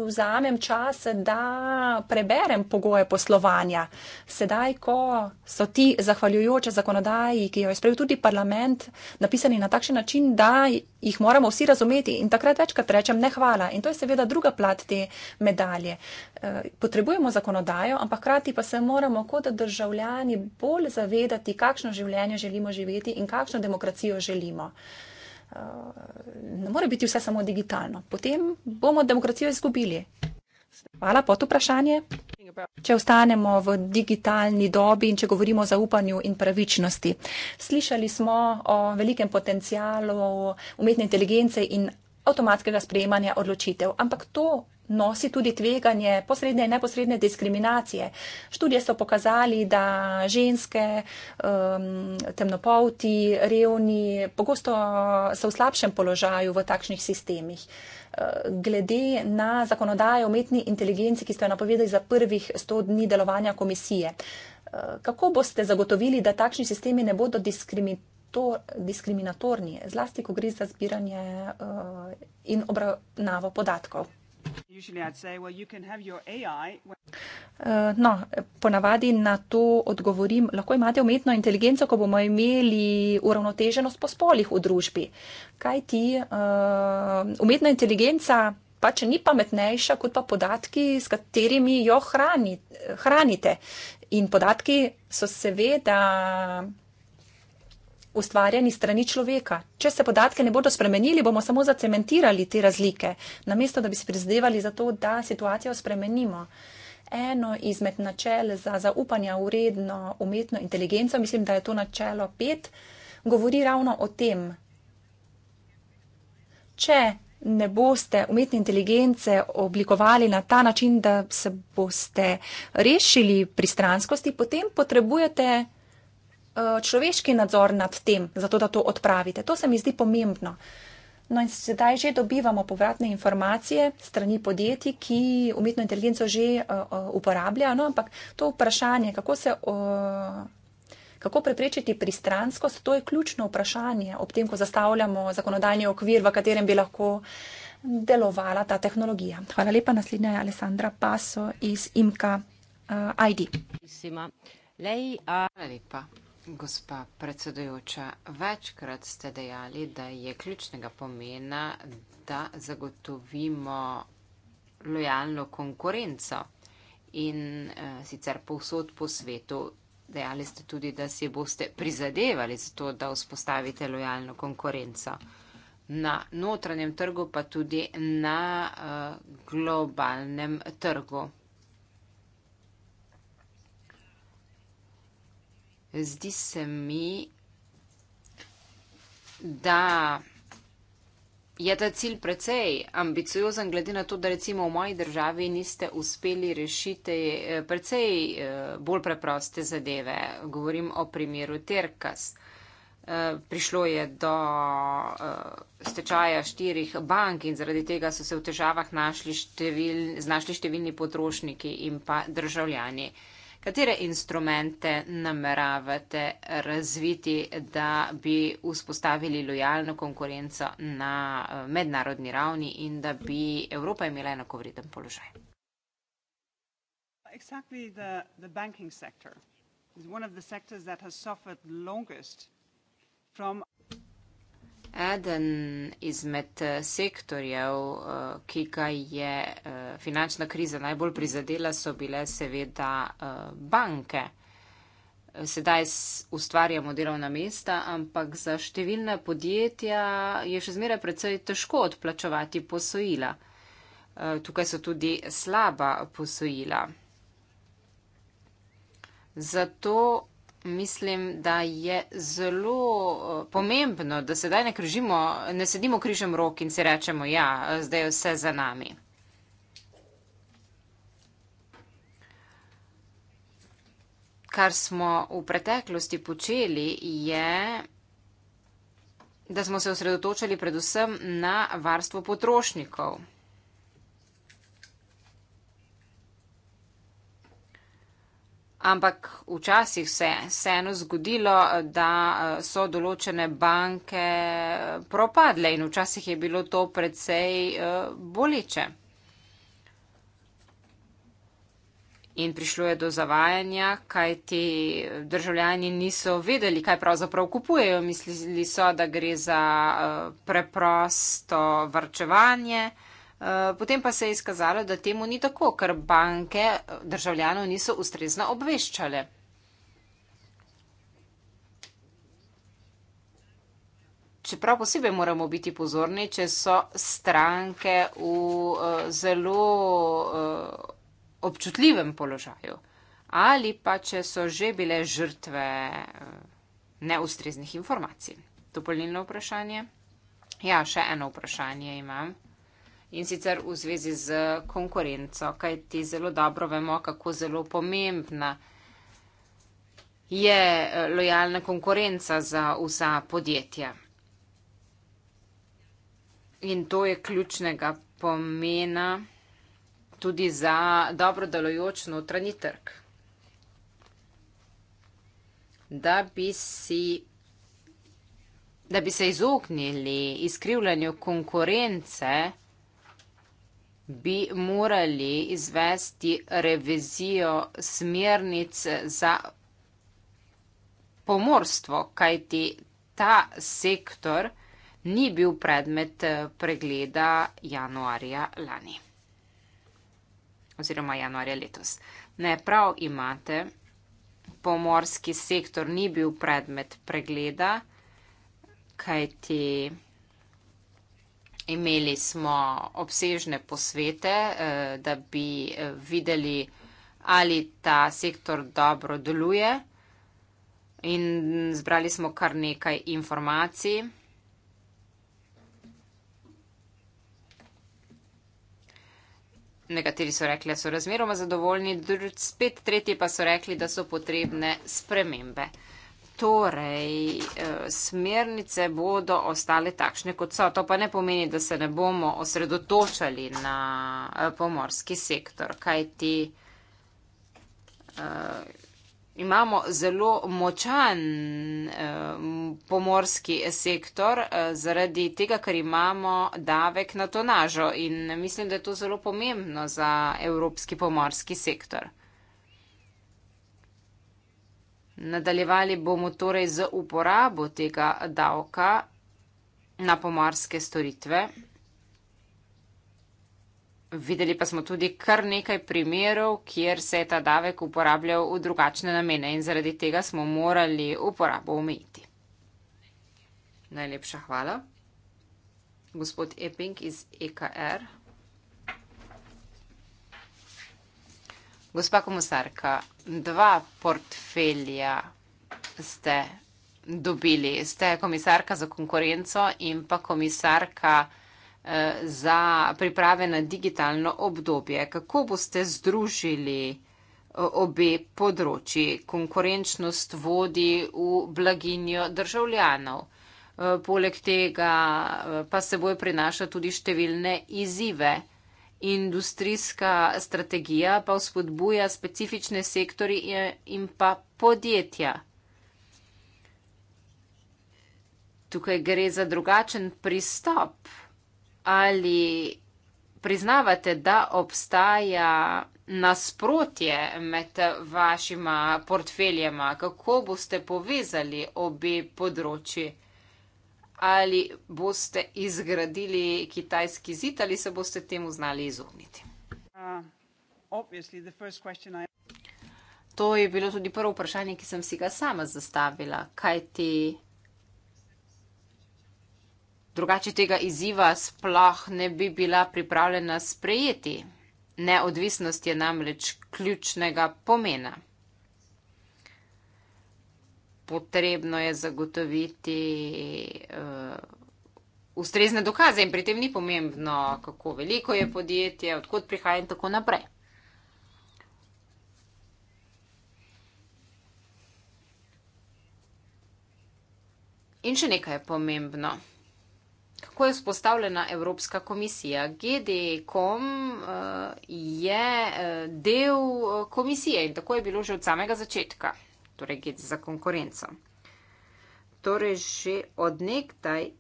vzamem čas, da preberem pogoje poslovanja. Sedaj, ko so ti zahvaljujoče zakonodaji, ki jo je sprejel tudi parlament, napisani na takšen način, da jih moramo vsi razumeti in takrat večkrat rečem ne hvala. In to je seveda druga plat te medalje. E, potrebujemo zakonodajo, ampak krati pa se moramo kot državljani bolj zavedati, kakšno življenje želimo živeti in kakšno demokracijo želimo. Uh, ne more biti vse samo digitalno. Potem bomo demokracijo izgubili. Hvala, pot vprašanje. Če ostanemo v digitalni dobi in če govorimo o zaupanju in pravičnosti. Slišali smo o velikem potencijalu umetne inteligence in avtomatskega sprejemanja odločitev. Ampak to nosi tudi tveganje posredne in neposredne diskriminacije. Študije so pokazali, da ženske, um, temnopolti, revni pogosto so v slabšem položaju v takšnih sistemih. Uh, glede na zakonodajo o umetni inteligenci, ki ste jo napovedali za prvih 100 dni delovanja komisije, uh, kako boste zagotovili, da takšni sistemi ne bodo diskriminirani? diskriminatorni, zlasti, ko gre za zbiranje uh, in obravnavo podatkov. Eh, no, ponavadi na to odgovorim, lahko imate umetno inteligenco, ko bomo imeli uravnoteženost po spolih v družbi. Kaj ti eh, umetna inteligenca pač ni pametnejša kot pa podatki, s katerimi jo hrani, hranite. In podatki so seveda ustvarjeni strani človeka. Če se podatke ne bodo spremenili, bomo samo zacementirali te razlike, namesto da bi se prizadevali za to, da situacijo spremenimo. Eno izmed načel za zaupanje v redno umetno inteligenco, mislim, da je to načelo pet, govori ravno o tem. Če ne boste umetne inteligence oblikovali na ta način, da se boste rešili pristranskosti, potem potrebujete Eh, človeški nadzor nad tem, zato da to odpravite. To se mi zdi pomembno. No in sedaj že dobivamo povratne informacije strani podjetij, ki umetno inteligenco že uh, uporabljajo, no, ampak to vprašanje, kako se. Uh, Kako preprečiti pristranskost, to je ključno vprašanje, ob tem, ko zastavljamo zakonodajni okvir, v katerem bi lahko delovala ta tehnologija. Hvala lepa. Naslednja je Alessandra Paso iz IMKA uh, ID. Lej, a... Hvala lepa. Gospa predsedujoča, večkrat ste dejali, da je ključnega pomena, da zagotovimo lojalno konkurenco in uh, sicer povsod po svetu. Dejali ste tudi, da si boste prizadevali za to, da vzpostavite lojalno konkurenco na notranjem trgu, pa tudi na uh, globalnem trgu. zdi se mi, da je ta cilj precej ambiciozen, glede na to, da recimo v moji državi niste uspeli rešiti eh, precej eh, bolj preproste zadeve. Govorim o primeru Terkas. Eh, prišlo je do stečaja štirih bank in zaradi tega so se v težavah našli števil, znašli številni potrošniki in pa državljani. Katere instrumente nameravate razviti, da bi vzpostavili lojalno konkurenco na eh, mednarodni ravni in da bi Evropa imela enakovreden položaj? Exactly the, the banking sector is one of the sectors that has suffered longest from Eden izmed eh, sektorjev, eh, ki ga je eh, finančna kriza najbolj prizadela, so bile seveda banke. Sedaj ustvarjamo delovna mesta, ampak za številna podjetja je še zmeraj predvsej težko odplačovati posojila. Tukaj so tudi slaba posojila. Zato mislim, da je zelo eh, pomembno, da sedaj ne, križimo, ne sedimo križem rok in si rečemo, ja, zdaj je vse za nami. Kar smo v preteklosti počeli, je, da smo se osredotočali predvsem na varstvo potrošnikov. Ampak včasih se je vseeno zgodilo, da eh, so določene banke eh, propadle in včasih je bilo to predvsej eh, boliče. In prišlo je do zavajanja, kaj ti državljani niso vedeli, kaj pravzaprav kupujejo. Mislili so, da gre za preprosto vrčevanje. Eh, potem pa se je izkazalo, da temu ni tako, ker banke eh, državljanov niso ustrezno obveščale. Čeprav posebej moramo biti pozorni, če so stranke v eh, zelo občutljivem položaju ali pa če so že bile žrtve neustreznih informacij. Dopolnilno vprašanje? Ja, še eno vprašanje imam in sicer v zvezi z konkurenco, kaj ti zelo dobro vemo, kako zelo pomembna je eh, lojalna konkurenca za vsa podjetja. In to je ključnega pomena tudi za dobro delojoč notranji trg. Da bi, si, da bi se izognili izkrivljanju konkurence, bi morali izvesti revizijo smernic za pomorstvo, kajti ta sektor ni bil predmet eh, pregleda januarja lani oziroma januarja letos. Ne prav imate, pomorski sektor ni bil predmet pregleda, kajti. Imeli smo obsežne posvete, eh, da bi eh, videli, ali ta sektor dobro deluje. In zbrali smo kar nekaj informacij. Nekateri so rekli, da so razmeroma zadovoljni, spet tretji pa so rekli, da so potrebne spremembe. Torej, eh, smernice bodo ostale takšne, kot so. To pa ne pomeni, da se ne bomo osredotočali na eh, pomorski sektor, kajti uh, imamo zelo močan uh, pomorski sektor uh, zaradi tega, ker imamo davek na tonažo in mislim, da je to zelo pomembno za evropski pomorski sektor. Nadaljevali bomo torej z uporabo tega davka na pomorske storitve. Videli pa smo tudi kar nekaj primerov, kjer se je ta davek uporabljal v drugačne namene in zaradi tega smo morali uporabo omejiti. Najlepša hvala. Gospod Epping iz EKR. Gospa komisarka, dva portfelja ste dobili. Ste komisarka za konkurenco in pa komisarka eh, za priprave na digitalno obdobje. Kako boste združili eh, obe področji? Konkurenčnost vodi v blaginjo državljanov. Eh, poleg tega pa seboj prinaša tudi številne izzive industrijska strategija pa vzpodbuja specifične sektori in pa podjetja. Tukaj gre za drugačen pristop. Ali priznavate, da obstaja nasprotje med vašima portfeljema? Kako boste povezali obe področji? ali boste izgradili kitajski zid ali se boste temu znali izogniti. Uh, to je bilo tudi prvo vprašanje, ki sem si ga sama zastavila, kaj ti drugače tega izziva sploh ne bi bila pripravljena sprejeti. Neodvisnost je namreč ključnega pomena potrebno je zagotoviti uh, ustrezne dokaze in pri tem ni pomembno, kako veliko je podjetje, odkot prihaja in tako naprej. In še nekaj je pomembno. Kako je vzpostavljena Evropska komisija? GDE.com eh, je eh, del komisije in tako je bilo že od samega začetka torej gec za konkurenco. Torej, že odnegdaj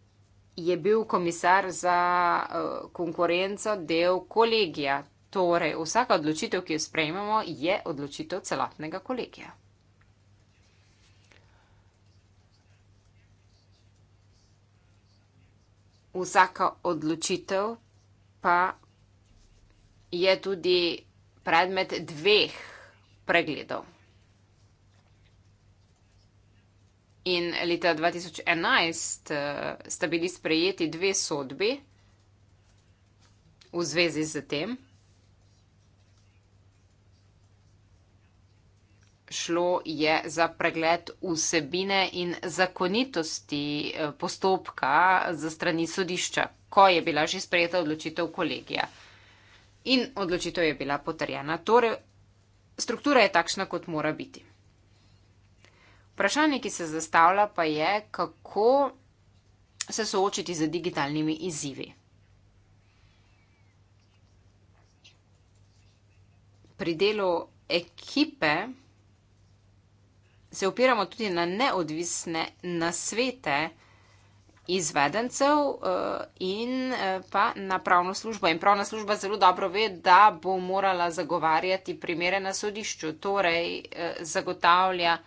je bil komisar za eh, konkurenco del kolegija. Torej, vsaka odločitev, ki jo sprejmemo, je odločitev celotnega kolegija. Vsaka odločitev pa je tudi predmet dveh pregledov. In leta 2011 eh, sta bili sprejeti dve sodbi v zvezi z tem. Šlo je za pregled vsebine in zakonitosti eh, postopka za strani sodišča, ko je bila že sprejeta odločitev kolegija. In odločitev je bila potrjena. Torej, struktura je takšna, kot mora biti. Vprašanje, ki se zastavlja, pa je, kako se soočiti z digitalnimi izzivi. Pri delu ekipe se opiramo tudi na neodvisne nasvete izvedencev eh, in eh, pa na pravno službo. In pravna služba zelo dobro ve, da bo morala zagovarjati primere na sodišču, torej eh, zagotavlja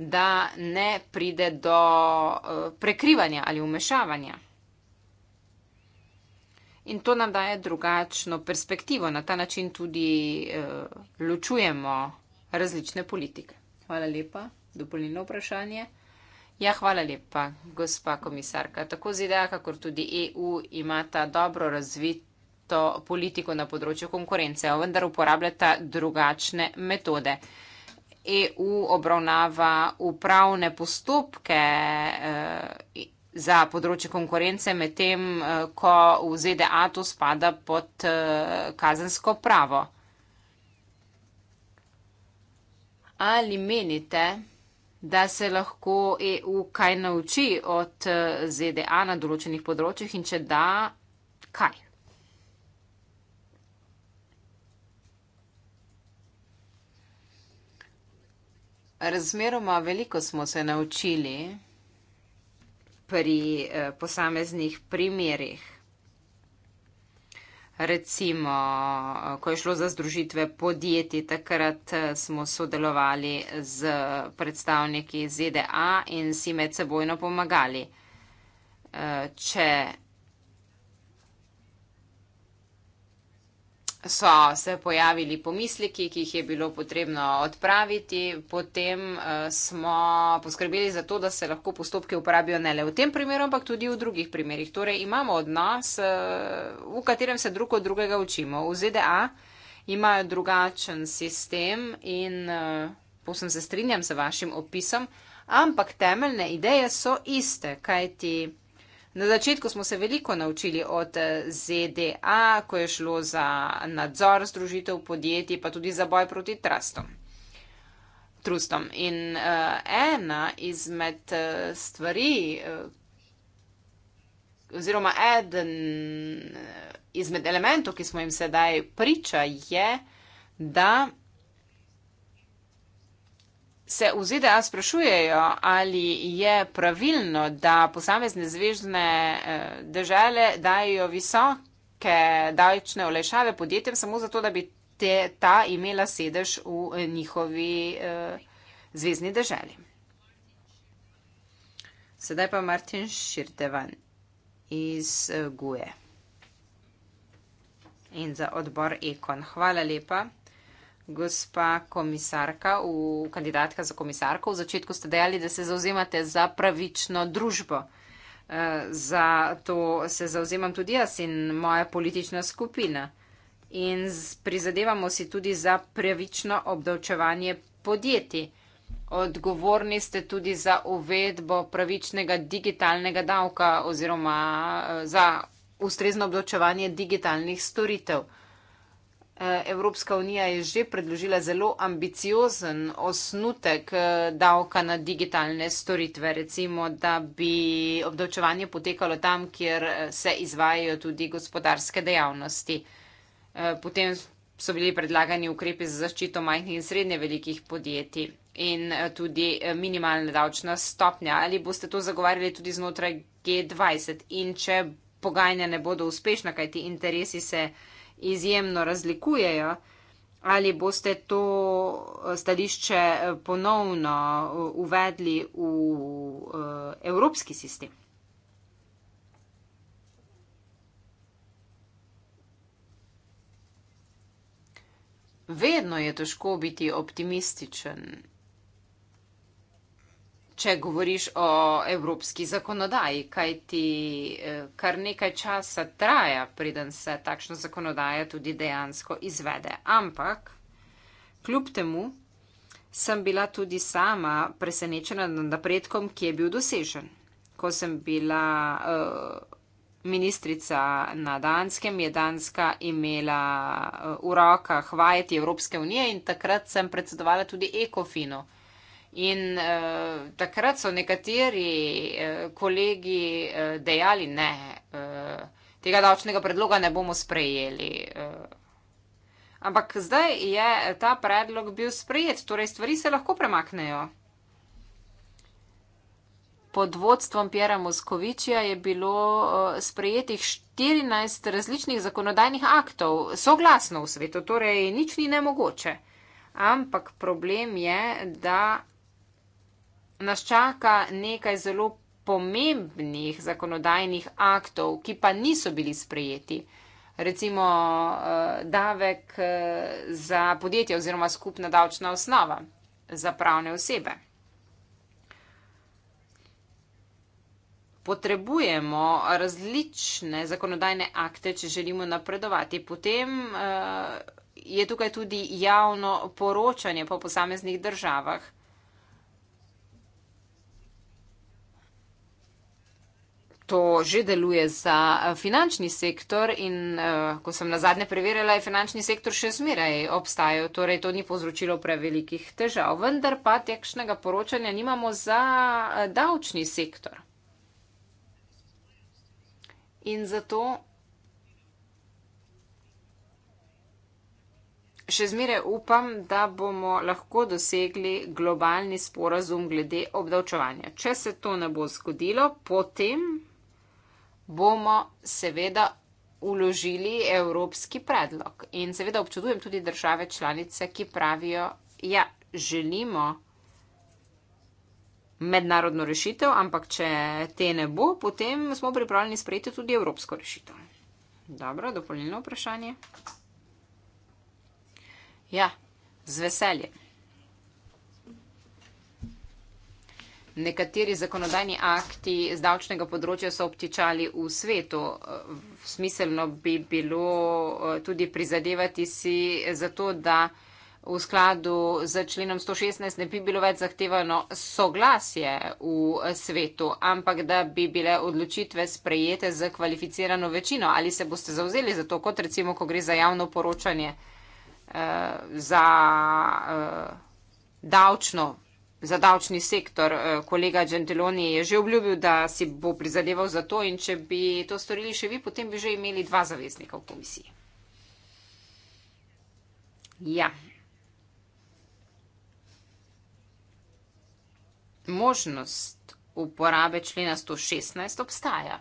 da ne pride do eh, prekrivanja ali umešavanja. In to nam daje drugačno perspektivo. Na ta način tudi eh, ločujemo različne politike. Hvala lepa. Dopolnilno vprašanje. Ja, hvala lepa, gospa komisarka. Tako ZDA, kakor tudi EU imata dobro razvito politiko na področju konkurence, vendar uporabljata drugačne metode. EU obravnava upravne postopke eh, za področje konkurence, medtem eh, ko v ZDA to spada pod eh, kazensko pravo. Ali menite, da se lahko EU kaj nauči od ZDA na določenih področjih in če da, kaj? Razmeroma veliko smo se naučili pri eh, posameznih primerih. Recimo, eh, ko je šlo za združitve podjetij, takrat eh, smo sodelovali z predstavniki ZDA in si med sebojno pomagali. Eh, če so se pojavili pomisliki, ki jih je bilo potrebno odpraviti. Potem eh, smo poskrbeli za to, da se lahko postopke uporabijo ne le v tem primeru, ampak tudi v drugih primerih. Torej imamo odnos, eh, v katerem se drug od drugega učimo. V ZDA imajo drugačen sistem in eh, posem se strinjam z vašim opisom, ampak temeljne ideje so iste, kajti. Na začetku smo se veliko naučili od eh, ZDA, ko je šlo za nadzor združitev podjetij, pa tudi za boj proti trustom. trustom. In uh, ena izmed eh, stvari, uh, oziroma eden izmed elementov, ki smo jim sedaj priča, je, da se v ZDA sprašujejo, ali je pravilno, da posamezne zvezdne eh, države dajo visoke davčne olajšave podjetjem samo zato, da bi te, ta imela sedež v eh, njihovi eh, zvezdni državi. Sedaj pa Martin Širtevan iz eh, GUE. In za odbor Ekon. Hvala lepa gospa komisarka, v, kandidatka za komisarko. V začetku ste dejali, da se zauzemate za pravično družbo. E, za to se zauzemam tudi jaz in moja politična skupina. In z, prizadevamo si tudi za pravično obdavčevanje podjetij. Odgovorni ste tudi za uvedbo pravičnega digitalnega davka oziroma eh, za ustrezno obdavčevanje digitalnih storitev. Evropska unija je že predložila zelo ambiciozen osnutek eh, davka na digitalne storitve, recimo, da bi obdavčevanje potekalo tam, kjer eh, se izvajajo tudi gospodarske dejavnosti. Eh, potem so bili predlagani ukrepi za zaščito majhnih in srednje velikih podjetij in tudi minimalna davčna stopnja. Ali boste to zagovarjali tudi znotraj G20 in če pogajanja ne bodo uspešna, kajti interesi se izjemno razlikujejo. Ali boste to eh, stališče eh, ponovno eh, uvedli v evropski sistem? Vedno je težko biti optimističen če govoriš o evropski zakonodaji, kaj ti eh, kar nekaj časa traja, preden se takšna zakonodaja tudi dejansko izvede. Ampak, kljub temu, sem bila tudi sama presenečena nad napredkom, ki je bil dosežen. Ko sem bila uh, ministrica na Danskem, je Danska imela uh, v rokah vajeti Evropske unije in takrat sem predsedovala tudi ekofino. In uh, takrat so nekateri uh, kolegi uh, dejali, ne, uh, tega davčnega predloga ne bomo sprejeli. Uh, ampak zdaj je ta predlog bil sprejet, torej stvari se lahko premaknejo. Pod vodstvom Pjera Moskovičja je bilo uh, sprejetih 14 različnih zakonodajnih aktov, soglasno v svetu, torej nič ni nemogoče. Ampak problem je, da nas čaka nekaj zelo pomembnih zakonodajnih aktov, ki pa niso bili sprejeti. Recimo eh, davek eh, za podjetje oziroma skupna davčna osnova za pravne osebe. Potrebujemo različne zakonodajne akte, če želimo napredovati. Potem eh, je tukaj tudi javno poročanje po posameznih državah. to že deluje za eh, finančni sektor in eh, ko sem na zadnje preverjala, je finančni sektor še zmeraj obstajal, torej to ni povzročilo prevelikih težav. Vendar pa takšnega poročanja nimamo za eh, davčni sektor. In zato še zmeraj upam, da bomo lahko dosegli globalni sporazum glede obdavčevanja. Če se to ne bo zgodilo, potem bomo seveda uložili evropski predlog. In seveda občudujem tudi države članice, ki pravijo, ja, želimo mednarodno rešitev, ampak če te ne bo, potem smo pripravljeni sprejeti tudi evropsko rešitev. Dobro, dopolnilno vprašanje. Ja, z veseljem. nekateri zakonodajni akti z davčnega področja so obtičali v svetu. Smiselno bi bilo eh, tudi prizadevati si za to, da v skladu z členom 116 ne bi bilo več zahtevano soglasje v svetu, ampak da bi bile odločitve sprejete z kvalificirano večino. Ali se boste zauzeli za to, kot recimo, ko gre za javno poročanje, eh, za eh, davčno za davčni sektor. Eh, kolega Gentiloni je že obljubil, da si bo prizadeval za to in če bi to storili še vi, potem bi že imeli dva zaveznika v komisiji. Ja. Možnost uporabe člena 116 obstaja.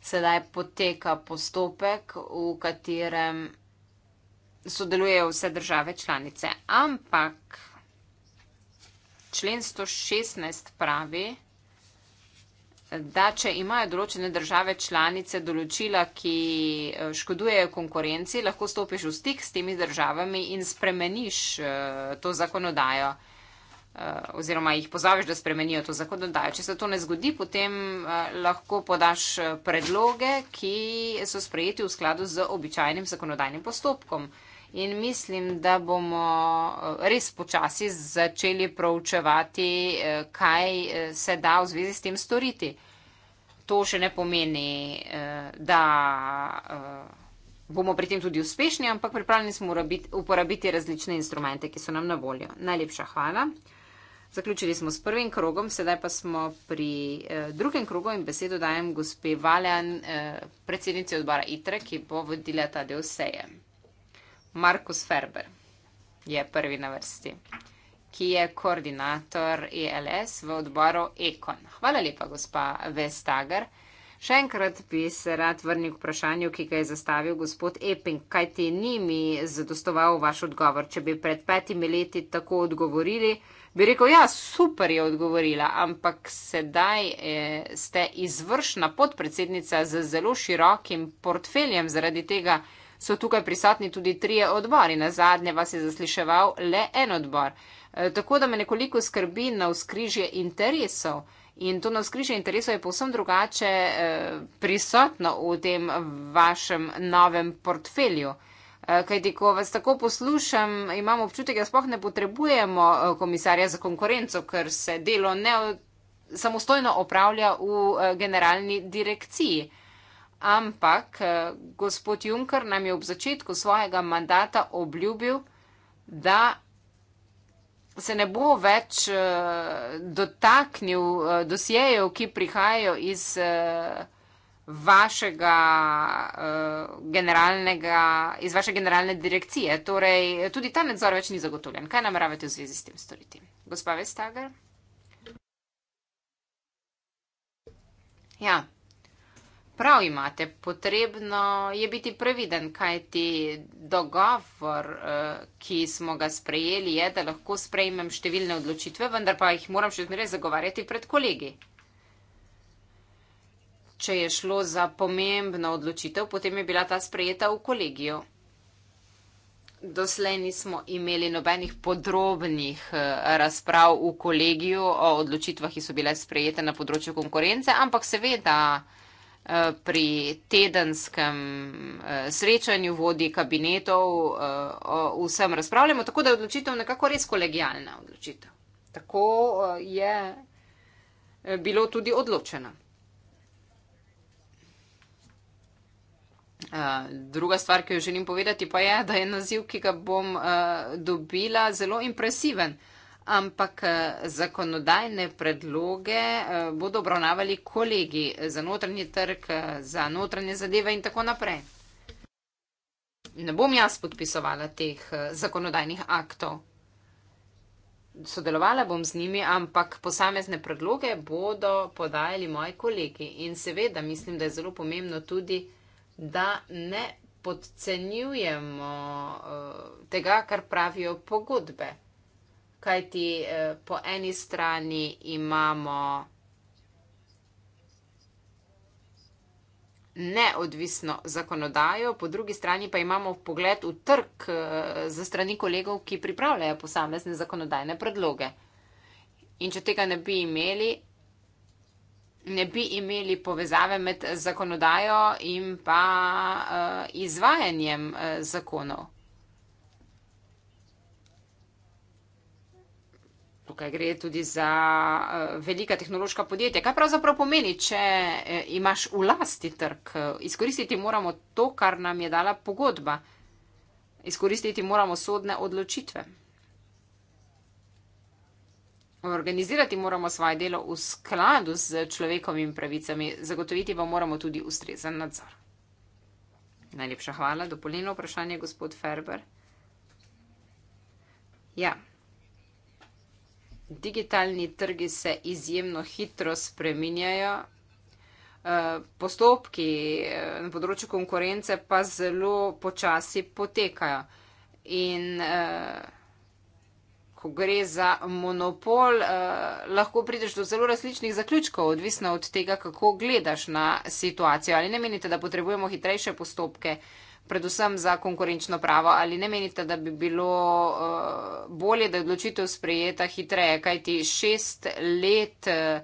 Sedaj poteka postopek, v katerem sodelujejo vse države članice, ampak člen 116 pravi, da če imajo določene države članice določila, ki eh, škodujejo konkurenci, lahko stopiš v stik s temi državami in spremeniš eh, to zakonodajo eh, oziroma jih pozoveš, da spremenijo to zakonodajo. Če se to ne zgodi, potem lahko podaš predloge, ki so sprejeti v skladu z običajnim zakonodajnim postopkom. In mislim, da bomo eh, res počasi začeli proučevati, eh, kaj eh, se da v zvezi s tem storiti. To še ne pomeni, da bomo pri tem tudi uspešni, ampak pripravljeni smo uporabiti različne instrumente, ki so nam na voljo. Najlepša hvala. Zaključili smo s prvim krogom, sedaj pa smo pri drugem krogu in besedo dajem gospe Valjan, predsednici odbora ITRE, ki bo vodila ta del seje. Markus Ferber je prvi na vrsti, ki je koordinator ELS v odboru Ekon. Hvala lepa, gospa Vestager. Še enkrat bi se rad vrnil k vprašanju, ki ga je zastavil gospod Eping. Kaj ti ni mi zadostoval vaš odgovor, če bi pred petimi leti tako odgovorili? Bi rekel, ja, super je odgovorila, ampak sedaj eh, ste izvršna podpredsednica z zelo širokim portfeljem zaradi tega, so tukaj prisotni tudi trije odbori. Na zadnje vas je zasliševal le en odbor. E, tako da me nekoliko skrbi na vzkrižje interesov. In to na vzkrižje interesov je povsem drugače e, prisotno v tem vašem novem portfelju. E, kajti, ko vas tako poslušam, imamo občutek, da spoh ne potrebujemo komisarja za konkurenco, ker se delo ne samostojno opravlja v generalni direkciji ampak eh, gospod Juncker nam je ob začetku svojega mandata obljubil, da se ne bo več eh, dotaknil eh, dosjejev, ki prihajajo iz vašega generalnega, iz vaše generalne direkcije. Torej, tudi ta nadzor več ni zagotovljen. Kaj nameravate v zvezi s tem storiti? Gospa Vestager? Ja. Prav imate, potrebno je biti previden, kaj ti dogovor, eh, ki smo ga sprejeli, je, da lahko sprejmem številne odločitve, vendar pa jih moram še zmeraj zagovarjati pred kolegi. Če je šlo za pomembno odločitev, potem je bila ta sprejeta v kolegiju. Doslej nismo imeli nobenih podrobnih eh, razprav v kolegiju o odločitvah, ki so bile sprejete na področju konkurence, ampak seveda pri tedenskem eh, srečanju vodi kabinetov eh, o vsem razpravljamo, tako da je odločitev nekako res kolegijalna odločitev. Tako eh, je bilo tudi odločeno. Druga stvar, ki jo želim povedati, pa je, da je naziv, ki ga bom dobila, zelo impresiven ampak eh, zakonodajne predloge eh, bodo obravnavali kolegi za notranji trg, eh, za notranje zadeve in tako naprej. Ne bom jaz podpisovala teh zakonodajnih aktov. Sodelovala bom z njimi, ampak posamezne predloge bodo podajali moji kolegi. In seveda mislim, da je zelo pomembno tudi, da ne podcenjujemo tega, kar pravijo pogodbe kajti eh, po eni strani imamo neodvisno zakonodajo, po drugi strani pa imamo pogled v trg eh, za strani kolegov, ki pripravljajo posamezne zakonodajne predloge. In če tega ne bi imeli, ne bi imeli povezave med zakonodajo in pa eh, izvajanjem zakonov. Tukaj gre tudi za eh, velika tehnološka podjetja. Kaj pravzaprav pomeni, če eh, imaš v lasti trg? Izkoristiti moramo to, kar nam je dala pogodba. Izkoristiti moramo sodne odločitve. Organizirati moramo svoje delo v skladu z človekovimi pravicami, zagotoviti pa moramo tudi ustrezen nadzor. Najlepša hvala. Dopolnilno vprašanje, gospod Ferber. Ja. Yeah digitalni trgi se izjemno hitro spreminjajo, eh, postopki eh, na področju konkurence pa zelo počasi potekajo. In eh, ko gre za monopol, lahko prideš do zelo različnih zaključkov, odvisno od tega, kako gledaš na situacijo. Ali ne menite, da potrebujemo hitrejše postopke? predvsem za konkurenčno pravo. Ali ne menite, da bi bilo eh, bolje, da je odločitev sprejeta hitreje, kajti šest let eh,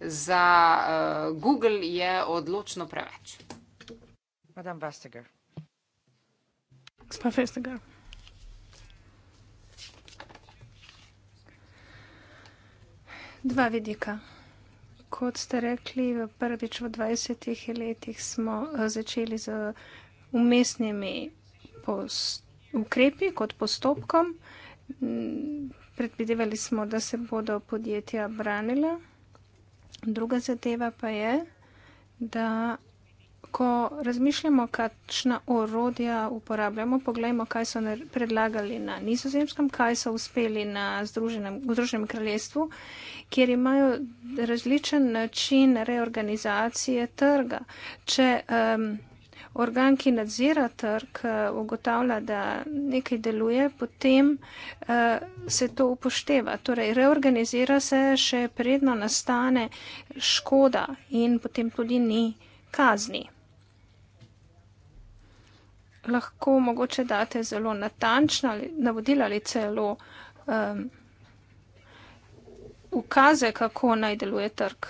za eh, Google je odločno preveč? Madame Vestager. Gospa Vestager. Dva vidika. Kot ste rekli, prvič v 20 letih smo začeli z umestnimi ukrepi kot postopkom. Predvidevali smo, da se bodo podjetja branila. Druga zadeva pa je, da ko razmišljamo, kakšna orodja uporabljamo, pogledajmo, kaj so predlagali na nizozemskem, kaj so uspeli na Združenem kraljestvu, kjer imajo različen način reorganizacije trga. Če, um, organ, ki nadzira trg, eh, ugotavlja, da nekaj deluje, potem eh, se to upošteva. Torej, reorganizira se še predno nastane škoda in potem tudi ni kazni. Lahko mogoče date zelo natančna navodila ali celo um, ukaze, kako naj deluje trg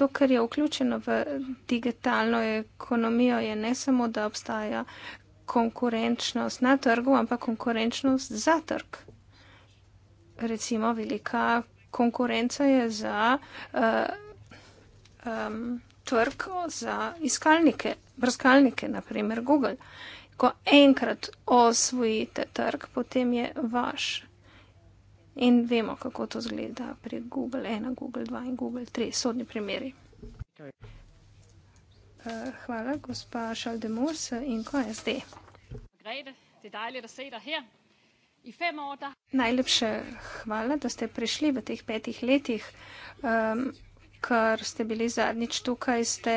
to, kar je vključeno v digitalno ekonomijo, je ne samo, da obstaja konkurenčnost na trgu, ampak konkurenčnost za trg. Recimo, velika konkurenca je za uh, um, trg, za iskalnike, brskalnike, naprimer Google. Ko enkrat osvojite trg, potem je vaš in vemo, kako to zgleda pri Google 1, Google 2 in Google 3, sodni primeri. Eh, hvala, gospa Šaldemur, eh, in ko je zdaj? Er Najlepše hvala, da ste prišli v teh petih letih. Um, kar ste bili zadnjič tukaj, ste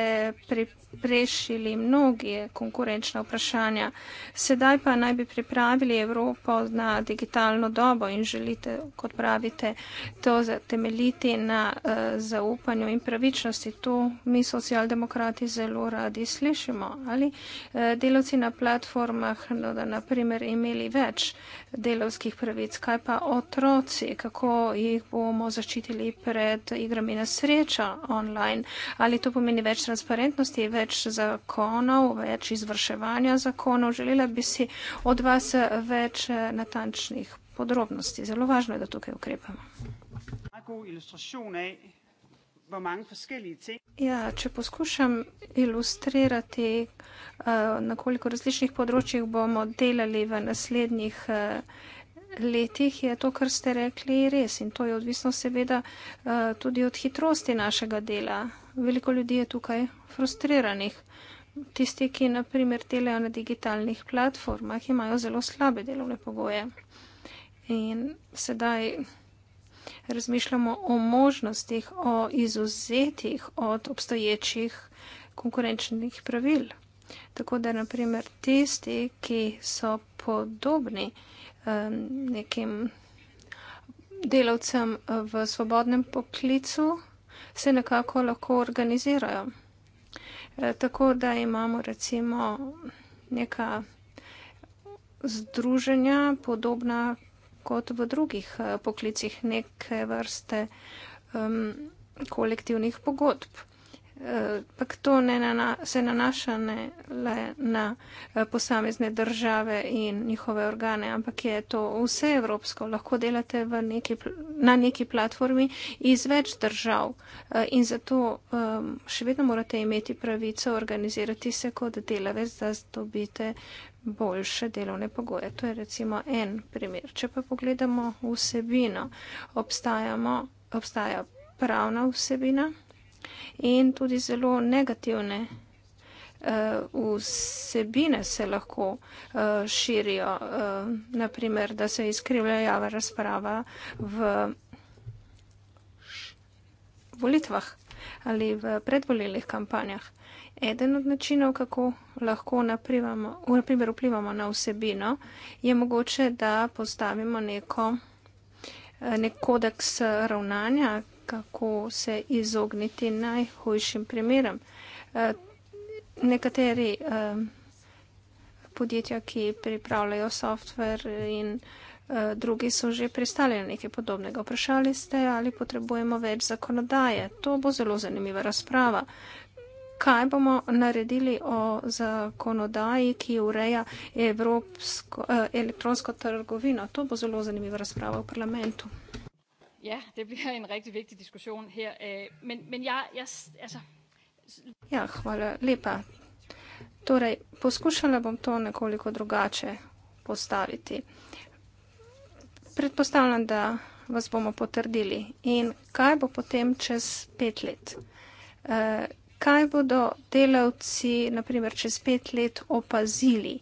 preprešili mnoge konkurenčna vprašanja. Sedaj pa naj bi pripravili Evropo na digitalno dobo in želite, kot pravite, to zatemeliti na uh, zaupanju in pravičnosti. To mi socialdemokrati zelo radi slišimo. Ali uh, delavci na platformah, no, da naprimer imeli več delavskih pravic, kaj pa otroci, kako jih bomo zaščitili pred igrami na srečo, plača online. Ali to pomeni več transparentnosti, več zakonov, več izvrševanja zakonov? Želela bi si od vas več eh, natančnih podrobnosti. Zelo važno je, da tukaj ukrepamo. Ja, če poskušam ilustrirati, eh, na koliko različnih področjih bomo delali v naslednjih eh, letih je to, kar ste rekli, res in to je odvisno seveda eh, tudi od hitrosti našega dela. Veliko ljudi je tukaj frustriranih. Tisti, ki naprimer delajo na digitalnih platformah, imajo zelo slabe delovne pogoje. In sedaj razmišljamo o možnostih, o izuzetih od obstoječih konkurenčnih pravil. Tako da naprimer tisti, ki so podobni nekim delavcem eh, v svobodnem poklicu, se nekako lahko organizirajo. Eh, tako da imamo recimo neka združenja, podobna kot v drugih eh, poklicih, neke vrste um, kolektivnih pogodb. Eh, Pak to ne nana, se nanaša ne le na eh, posamezne države in njihove organe, ampak je to vse evropsko. Lahko delate neki, na neki platformi iz več držav eh, in zato ehm, še vedno morate imeti pravico organizirati se kot delavec, da dobite boljše delovne pogoje. To je recimo en primer. Če pa pogledamo vsebino, obstaja pravna vsebina in tudi zelo negativne eh, vsebine se lahko eh, širijo. Eh, naprimer, da se izkrivlja java razprava v volitvah ali v predvolilnih kampanjah. Eden od načinov, kako lahko naprimer vplivamo na vsebino, je mogoče, da postavimo neko, nek kodeks ravnanja, kako se izogniti najhujšim primerom. Eh, nekateri eh, podjetja, ki pripravljajo software in eh, drugi so že pristali na nekaj podobnega. Vprašali ste, ali potrebujemo več zakonodaje. To bo zelo zanimiva razprava. Kaj bomo naredili o zakonodaji, ki ureja evropsko, elektronsko trgovino? To bo zelo zanimiva razprava v parlamentu. Ja, det bliver en rigtig vigtig diskussion her. Øh, men, men jeg, jeg, altså... Ja, hvala lepa. Torej, poskušala bom to nekoliko drugače postaviti. Predpostavljam, da vas bomo potrdili. In kaj bo potem čez pet let? Eh, kaj bodo delavci, naprimer, čez pet let opazili?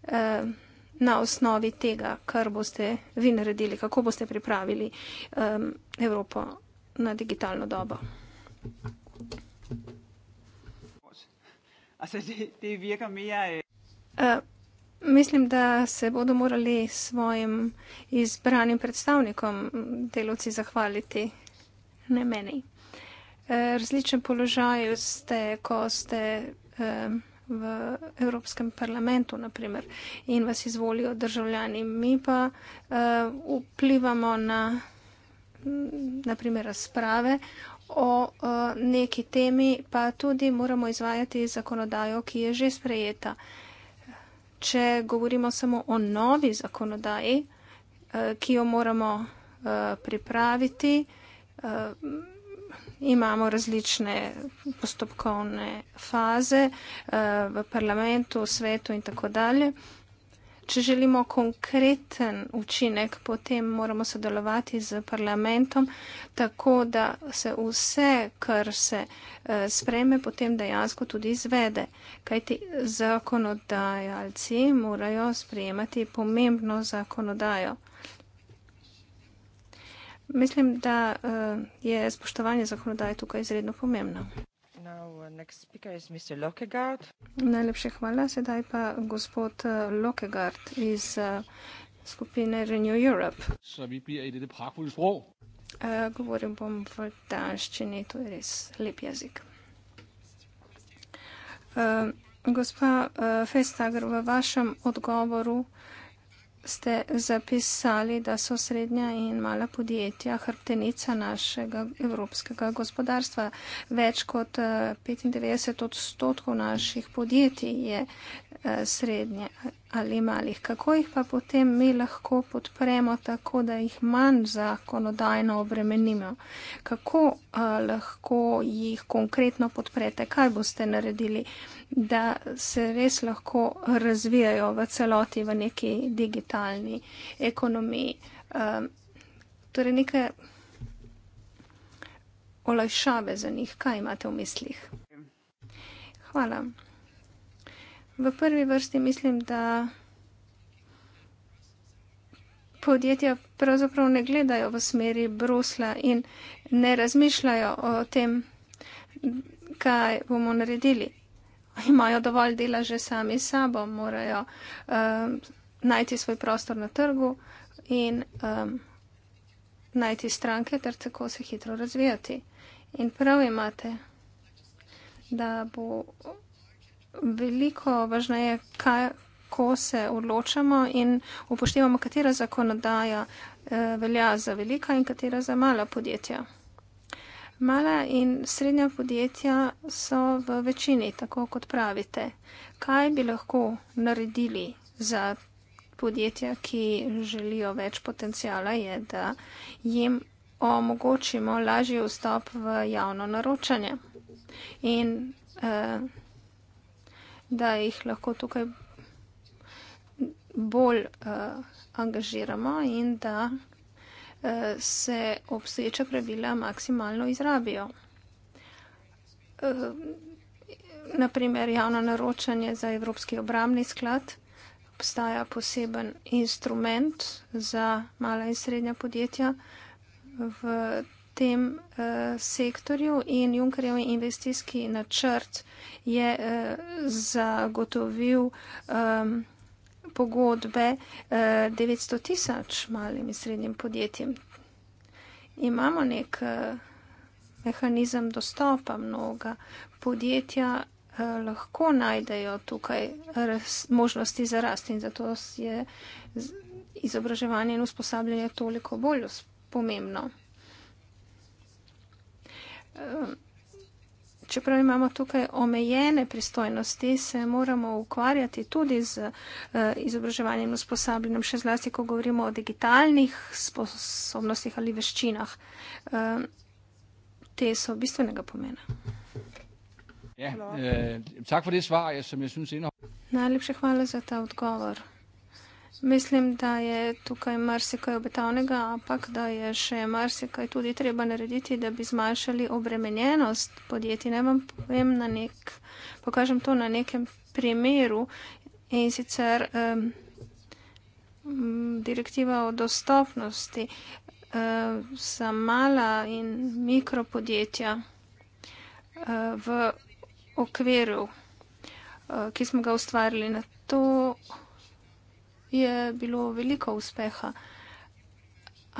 Kaj bodo delavci, naprimer, čez pet let opazili? na osnovi tega, kar boste vi naredili, kako boste pripravili um, Evropo na digitalno dobo? Øh, uh, mislim, da se bodo morali svojim izbranim predstavnikom mm, delovci zahvaliti, ne meni. Uh, Različen položaj ste, ko ste. Uh, v Evropskem parlamentu, naprimer, in vas izvolijo državljani, mi pa uh, vplivamo na, naprimer, razprave o uh, neki temi, pa tudi moramo izvajati zakonodajo, ki je že sprejeta. Če govorimo samo o novi zakonodaji, uh, ki jo moramo uh, pripraviti, uh, imamo različne postopkovne faze eh, v parlamentu, v svetu in tako dalje. Če želimo konkreten učinek, potem moramo sodelovati z parlamentom, tako da se vse, kar se eh, spreme, potem dejansko tudi izvede. Kajti zakonodajalci morajo sprejemati pomembno zakonodajo. Mislim, da uh, je spoštovanje zakonodaje tukaj izredno pomembno. Uh, Najlepše hvala. Sedaj pa gospod eh, Lokegard iz uh, skupine Renew Europe. So vi bi ajdete prakvo izpro? Uh, govorim bom v danščini, to je res lep jezik. Uh, gospa uh, Festager, v vašem odgovoru uh, ste zapisali, da so srednja in mala podjetja hrbtenica našega evropskega gospodarstva. Več kot 95 eh, odstotkov naših podjetij je eh, srednje ali malih. Kako jih pa potem mi lahko podpremo tako, da jih manj zakonodajno obremenimo? Kako a, eh, lahko jih konkretno podprete? Kaj boste naredili, da se res lahko razvijajo v celoti v neki digitalni ekonomiji? A, eh, torej neke olajšave za njih, kaj imate v mislih? Hvala. V prvi vrsti mislim, da podjetja pravzaprav ne gledajo v smeri Brusla in ne razmišljajo o tem, kaj bomo naredili. Imajo dovolj dela že sami s sabo, morajo um, najti svoj prostor na trgu in um, najti stranke ter tako se hitro razvijati. In prav imate, da bo veliko važneje, kaj, ko se odločamo in upoštevamo, katera zakonodaja eh, velja za velika in katera za mala podjetja. Mala in srednja podjetja so v večini, tako kot pravite. Kaj bi lahko naredili za podjetja, ki želijo več potencijala, je, da jim omogočimo lažji vstop v javno naročanje. In eh, da jih lahko tukaj bolj uh, angažiramo in da uh, se obstoječa pravila maksimalno izrabijo. Uh, eh, naprimer, javno naročanje za Evropski obramni sklad obstaja poseben instrument za mala in srednja podjetja v tem uh, sektorju in Junkerjev investijski načrt je uh, zagotovil um, pogodbe uh, eh, 900 tisoč malim in srednjim podjetjem. Imamo nek uh, mehanizem dostopa, mnoga podjetja uh, lahko najdejo tukaj raz, možnosti za rast in zato je izobraževanje in usposabljanje toliko bolj pomembno čeprav imamo tukaj omejene pristojnosti, se moramo ukvarjati tudi z eh, izobraževanjem in usposabljanjem, še zlasti, ko govorimo o digitalnih sposobnostih ali veščinah. Eh, te so bistvenega pomena. Ja, eh, tak for det svar, jeg, som jeg synes indeholder. Najlepše hvala za ta odgovor. Mislim, da je tukaj marsikaj obetavnega, ampak da je še marsikaj tudi treba narediti, da bi zmanjšali obremenjenost podjetij. Ne vam povem na nek, pokažem to na nekem primeru in sicer um, direktiva o dostopnosti um, za mala in mikropodjetja um, v okviru, um, ki smo ga ustvarili na to je bilo veliko uspeha.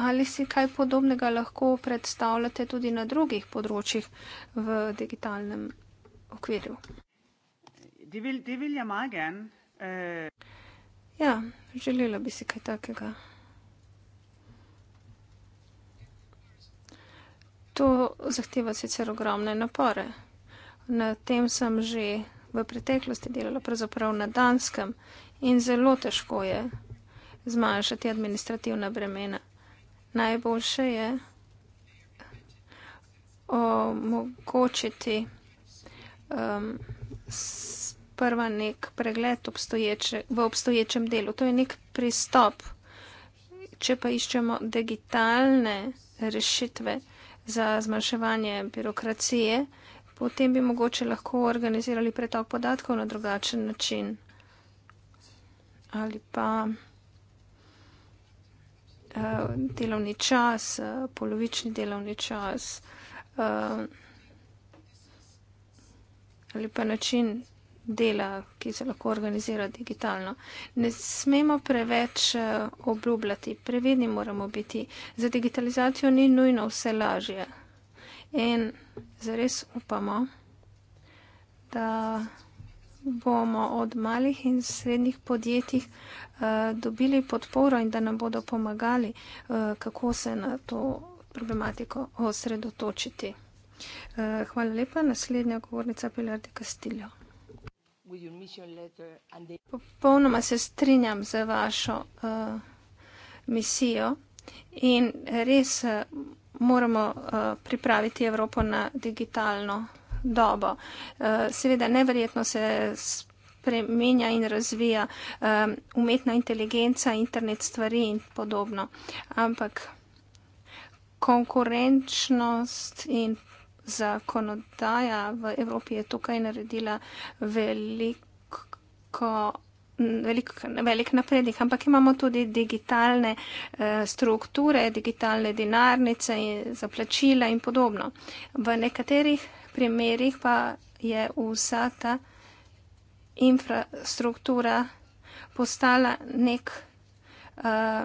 Ali si kaj podobnega lahko predstavljate tudi na drugih področjih v digitalnem okviru? Øh. Ja, želela bi si kaj takega. To zahteva sicer ogromne napore. Na tem sem že v preteklosti delala, pravzaprav na Danskem in zelo težko je zmanjšati administrativna bremena. Najboljše je omogočiti um, prva nek pregled obstoječe, v obstoječem delu. To je nek pristop. Če pa iščemo digitalne rešitve za zmanjševanje birokracije, potem bi mogoče lahko organizirali pretok podatkov na drugačen način ali pa uh, delovni čas, uh, polovični delovni čas, uh, ali pa način dela, ki se lahko organizira digitalno. Ne smemo preveč uh, obljubljati, previdni moramo biti. Za digitalizacijo ni nujno vse lažje. In zares upamo, da bomo od malih in srednjih podjetij uh, dobili podporo in da nam bodo pomagali, uh, kako se na to problematiko osredotočiti. Uh, hvala lepa. Naslednja govornica Pilarde Castillo. Popolnoma se strinjam za vašo uh, misijo in res uh, moramo uh, pripraviti Evropo na digitalno dobo. Eh, seveda neverjetno se premenja in razvija eh, umetna inteligenca, internet stvari in podobno. Ampak konkurenčnost in zakonodaja v Evropi je tukaj naredila veliko. Velik, velik napredek, ampak imamo tudi digitalne eh, strukture, digitalne denarnice za plačila in podobno. V nekaterih primerih pa je vsa ta infrastruktura postala nek, uh,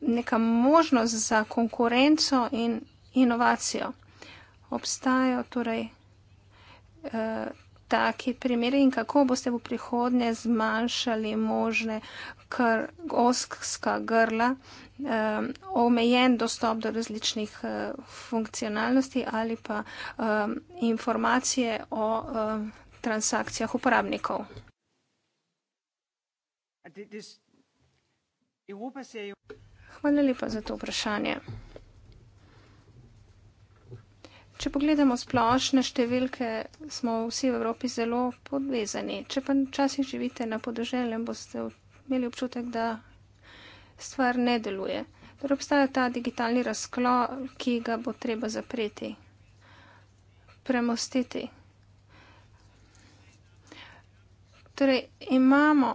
neka možnost za konkurenco in inovacijo. Obstajajo torej uh, taki primeri in kako boste v prihodnje zmanjšali možne kr oskska grla, um, omejen dostop do različnih uh, funkcionalnosti ali pa um, informacije o um, transakcijah uporabnikov. Hvala lepa za to vprašanje. Če pogledamo splošne številke, smo vsi v Evropi zelo podvezani. Če pa včasih živite na podeželjem, boste imeli občutek, da stvar ne deluje. Torej obstaja ta digitalni razklo, ki ga bo treba zapreti, premostiti. Torej imamo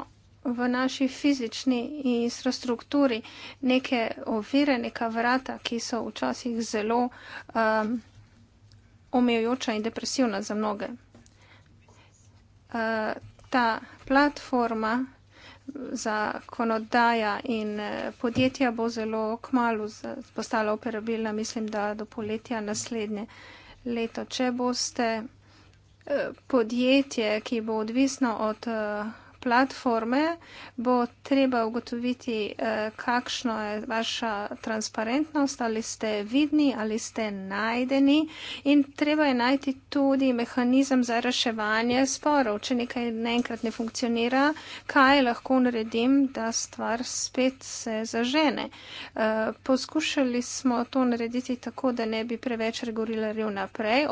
v naši fizični infrastrukturi neke ovire, neka vrata, ki so včasih zelo. Um, omejujoča in depresivna za mnoge. Uh, ta platforma za konodaja in eh, podjetja bo zelo kmalo postala operabilna, mislim, da do poletja naslednje leto. Če boste uh, podjetje, ki bo odvisno od uh, platforme, bo treba ugotoviti, eh, kakšno je vaša transparentnost, ali ste vidni, ali ste najdeni in treba je najti tudi mehanizem za reševanje sporov. Če nekaj naenkrat ne funkcionira, kaj lahko naredim, da stvar spet se zažene. Eh, poskušali smo to narediti tako, da ne bi preveč regulirali vnaprej.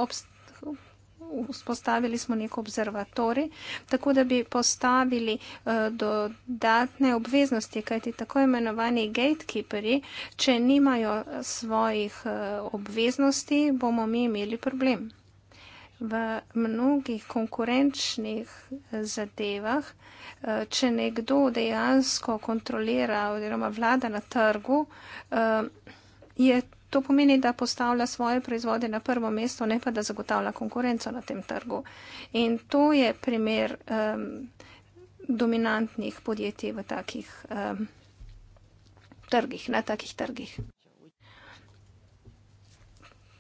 Vzpostavili smo neko observatori, tako da bi postavili eh, dodatne obveznosti, kajti tako imenovani gatekeeperi, če nimajo svojih eh, obveznosti, bomo mi imeli problem. V mnogih konkurenčnih eh, zadevah, če nekdo dejansko kontrolira oziroma vlada na trgu, je to pomeni, da postavlja svoje proizvode na prvo mesto, ne pa da zagotavlja konkurenco na tem trgu. In to je primer um, dominantnih podjetij v takih um, trgih, na takih trgih.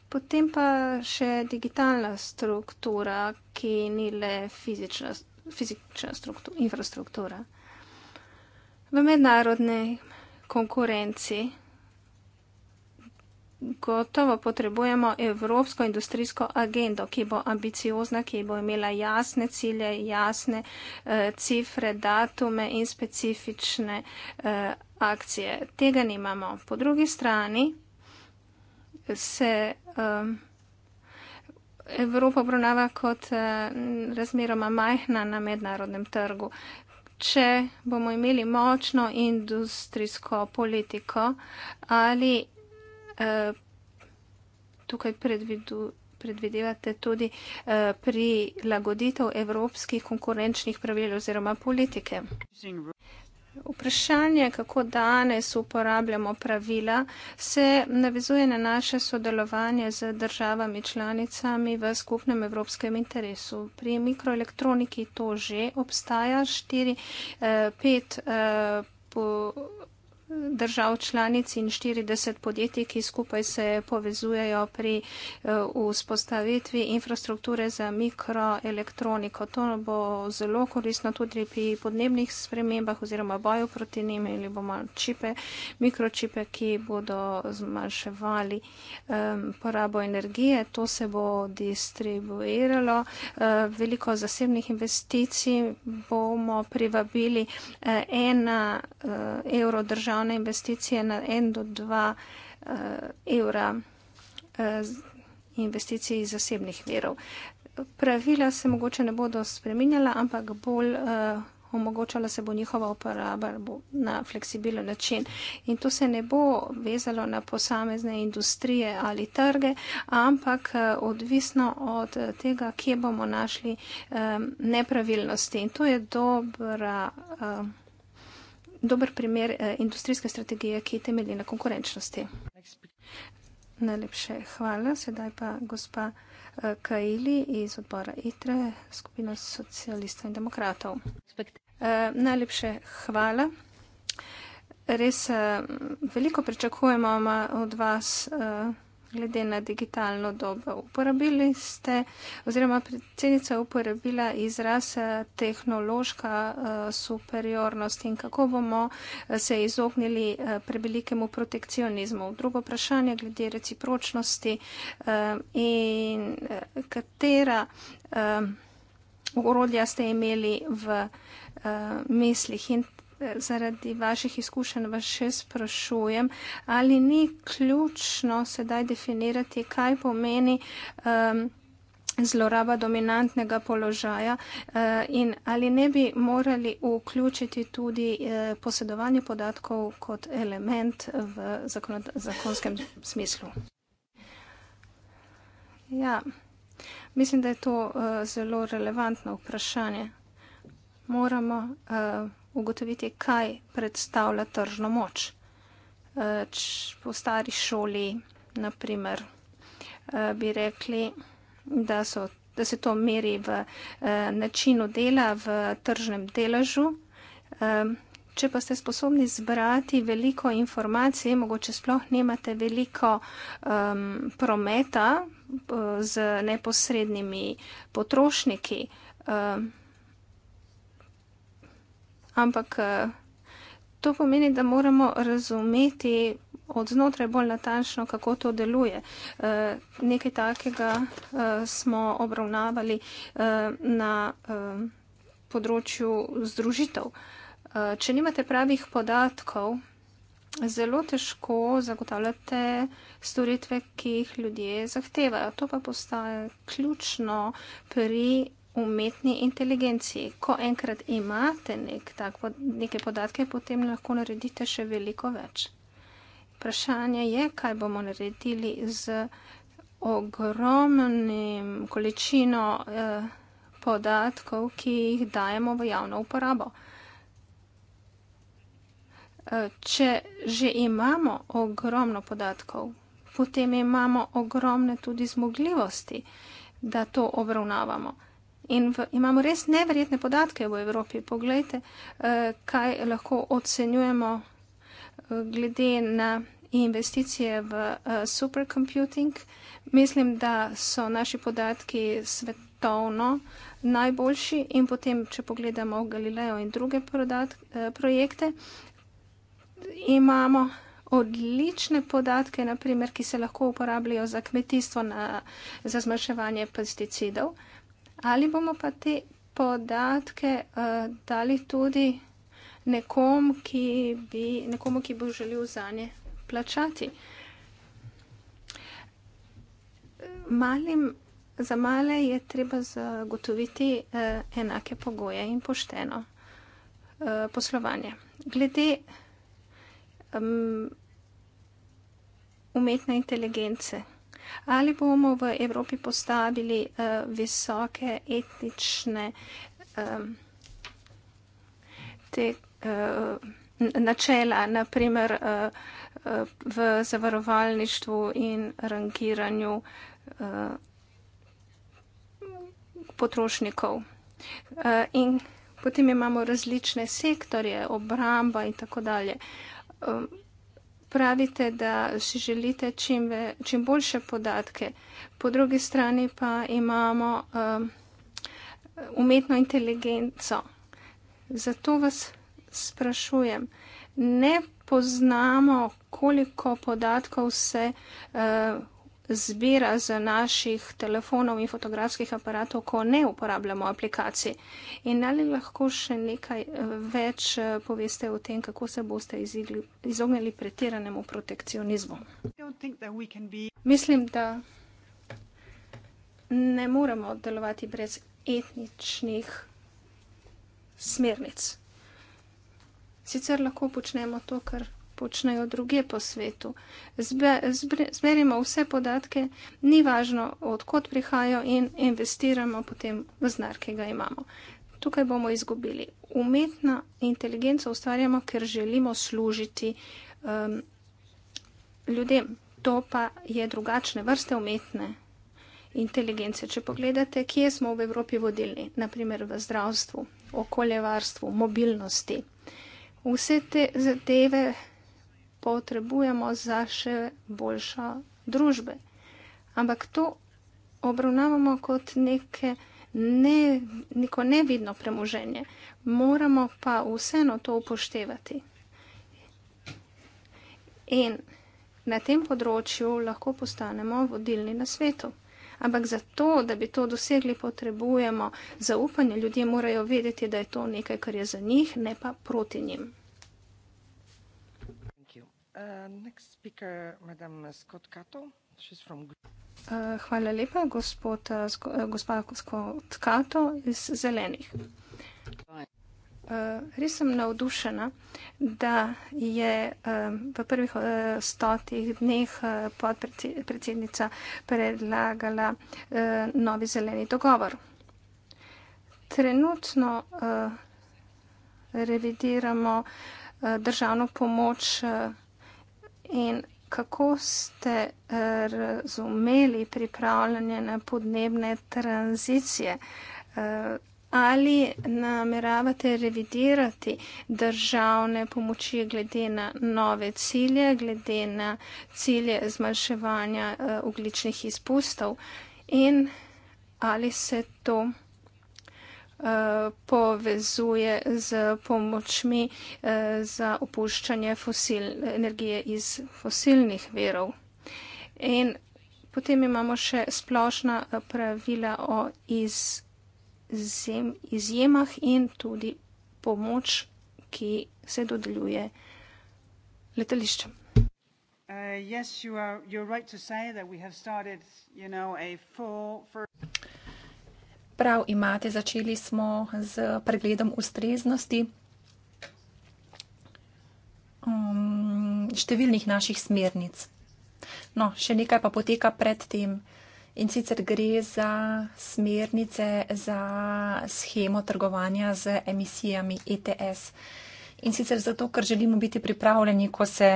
Potem pa še digitalna struktura, ki ni le fizična, fizična struktura, infrastruktura. V mednarodni konkurenci gotovo potrebujemo evropsko industrijsko agendo, ki bo ambiciozna, ki bo imela jasne cilje, jasne eh, cifre, datume in specifične eh, akcije. Tega nimamo. Po drugi strani se eh, Evropa obravnava kot eh, razmeroma majhna na mednarodnem trgu. Če bomo imeli močno industrijsko politiko ali tukaj predvidu, predvidevate tudi eh, pri lagoditev evropskih konkurenčnih pravil oziroma politike. Vprašanje, kako danes uporabljamo pravila, se navezuje na naše sodelovanje z državami članicami v skupnem evropskem interesu. Pri mikroelektroniki to že obstaja, 4-5 eh, eh, držav članic in 40 podjetij, ki skupaj se povezujejo pri eh, vzpostavitvi infrastrukture za mikroelektroniko. To bo zelo korisno tudi pri podnebnih spremembah oziroma boju proti njim ali bomo čipe, mikročipe, ki bodo zmanjševali um, porabo energije. To se bo distribuiralo. Eh, veliko zasebnih investicij bomo privabili eh, ena evro držav državne investicije na 1 do 2 uh, eh, evra uh, investicij iz zasebnih verov. Pravila se mogoče ne bodo spreminjala, ampak bolj uh, omogočala se bo njihova uporaba bo na fleksibilen način. In to se ne bo vezalo na posamezne industrije ali trge, ampak uh, odvisno od tega, kje bomo našli um, nepravilnosti. In to je dobra. Uh, dober primer eh, industrijske strategije, ki temelji na konkurenčnosti. Najlepše hvala. Sedaj pa gospa eh, Kajli iz odbora ITRE, skupina socialistov in demokratov. Eh, najlepše hvala. Res veliko pričakujemo od vas glede na digitalno dobo. Uporabili ste, oziroma predsednica je uporabila izraz eh, tehnološka eh, superiornost in kako bomo eh, se izognili prevelikemu protekcionizmu. Drugo vprašanje glede recipročnosti in katera urodja ste imeli v mislih. In zaradi vaših izkušenj vas še sprašujem, ali ni ključno sedaj definirati, kaj pomeni um, zloraba dominantnega položaja uh, in ali ne bi morali vključiti tudi uh, posedovanje podatkov kot element v zakonskem smislu. Ja, mislim, da je to uh, zelo relevantno vprašanje. Moramo ugotoviti, kaj predstavlja tržno moč. Po eh, stari šoli, naprimer, eh, bi rekli, da, so, da se to meri v eh, načinu dela, v tržnem deležu. Ehm, če pa ste sposobni zbrati veliko informacij, mogoče sploh nimate veliko um, prometa z neposrednimi potrošniki, um, ampak eh, to pomeni, da moramo razumeti od znotraj bolj natančno, kako to deluje. Eh, nekaj takega eh, smo obravnavali na področju združitev. Če nimate pravih podatkov, zelo težko zagotavljate storitve, ki jih ljudje zahtevajo. To pa postaje ključno pri umetni inteligenciji. Ko enkrat imate nek tak, neke podatke, potem lahko naredite še veliko več. Vprašanje je, kaj bomo naredili z ogromnim količino eh, podatkov, ki jih dajemo v javno uporabo. Eh, če že imamo ogromno podatkov, potem imamo ogromne tudi zmogljivosti, da to obravnavamo. In v, imamo res neverjetne podatke v Evropi. Poglejte, eh, kaj lahko ocenjujemo eh, glede na investicije v eh, supercomputing. Mislim, da so naši podatki svetovno najboljši in potem, če pogledamo Galileo in druge podatk, projekte, imamo odlične podatke, naprimer, ki se lahko uporabljajo za kmetijstvo, na, za zmanjševanje pesticidov. Ali bomo pa te podatke uh, dali tudi nekom, ki bi, nekomu, ki bo želel za nje plačati? Malim, za male je treba zagotoviti uh, enake pogoje in pošteno uh, poslovanje. Glede um, umetne inteligence ali bomo v Evropi postavili uh, visoke etnične um, te, uh, načela, naprimer uh, eh, uh, v zavarovalništvu in rangiranju uh, potrošnikov. Uh, in potem imamo različne sektorje, obramba in tako dalje. Uh, pravite, da si želite čim, ve, čim boljše podatke. Po drugi strani pa imamo um, umetno inteligenco. Zato vas sprašujem, ne poznamo, koliko podatkov se uh, zbira z naših telefonov in fotografskih aparatov, ko ne uporabljamo aplikacij. In ali lahko še nekaj eh, več eh, poveste o tem, kako se boste izigli, izognili pretiranemu protekcionizmu? Mislim, da ne moremo delovati brez etničnih smernic. Sicer lahko počnemo to, kar počnejo druge po svetu. Zbe, zbre, zberimo vse podatke, ni važno, odkot prihajajo in investiramo potem v znak, ki ga imamo. Tukaj bomo izgubili. Umetna inteligenca ustvarjamo, ker želimo služiti um, ljudem. To pa je drugačne vrste umetne inteligence. Če pogledate, kje smo v Evropi vodili, naprimer v zdravstvu, okoljevarstvu, mobilnosti. Vse te zadeve potrebujemo za še boljšo družbo. Ampak to obravnavamo kot neke ne, neko nevidno premoženje, moramo pa vseeno to upoštevati. In na tem področju lahko postanemo vodilni na svetu. Ampak za to, da bi to dosegli, potrebujemo zaupanje. Ljudje morajo vedeti, da je to nekaj, kar je za njih, ne pa proti njim. Uh, next speaker, madam Scott Cato. She's from uh, Hvala lepa, gospod, uh, gospa Scott Cato iz Zelenih. Res sem navdušena, da je um, v prvih stotih dneh podpredsednica predlagala novi zeleni dogovor. Trenutno revidiramo državno pomoč in kako ste eh, razumeli pripravljanje na podnebne tranzicije. Eh, ali nameravate revidirati državne pomoči glede na nove cilje, glede na cilje zmanjševanja ugličnih eh, izpustov in ali se to Eh, povezuje z pomočmi eh, za opuščanje fosil, energije iz fosilnih verov. In potem imamo še splošna eh, pravila o izjem, izjemah in tudi pomoč, ki se dodeljuje letališčem. Uh, yes, you are, you're right to say that we have started, you know, a full first. Prav imate, začeli smo z pregledom ustreznosti um, številnih naših smernic. No, še nekaj pa poteka predtem in sicer gre za smernice za schemo trgovanja z emisijami ETS. In sicer zato, ker želimo biti pripravljeni, ko se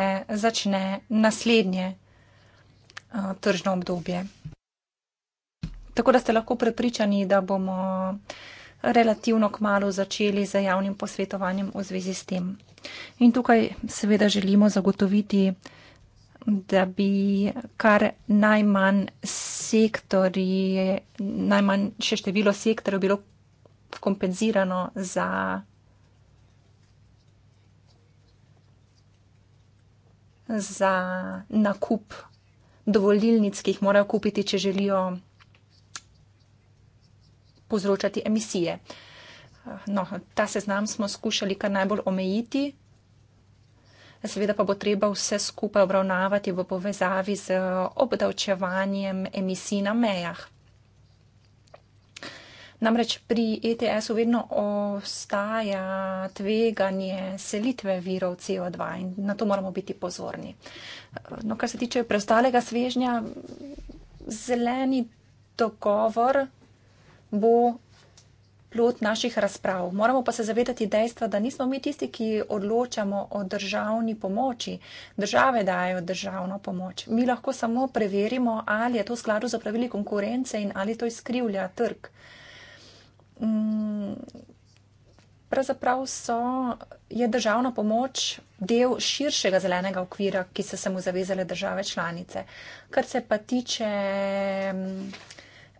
začne naslednje uh, tržno obdobje. Tako da ste lahko prepričani, da bomo relativno k malu začeli z javnim posvetovanjem v zvezi s tem. In tukaj seveda želimo zagotoviti, da bi kar najmanj sektori, najmanj še število sektorjev bilo kompenzirano za. za nakup dovolilnic, ki jih morajo kupiti, če želijo povzročati emisije. No, ta seznam smo skušali kar najbolj omejiti. Seveda pa bo treba vse skupaj obravnavati v povezavi z obdavčevanjem emisij na mejah. Namreč pri ETS-u vedno ostaja tveganje selitve virov CO2 in na to moramo biti pozorni. No, kar se tiče preostalega svežnja, zeleni dogovor bo plod naših razprav. Moramo pa se zavedati dejstva, da nismo mi tisti, ki odločamo o državni pomoči. Države dajo državno pomoč. Mi lahko samo preverimo, ali je to v skladu za pravili konkurence in ali to izkrivlja trg. Mm, pravzaprav so, je državna pomoč del širšega zelenega okvira, ki so se mu zavezale države članice. Kar se pa tiče mm,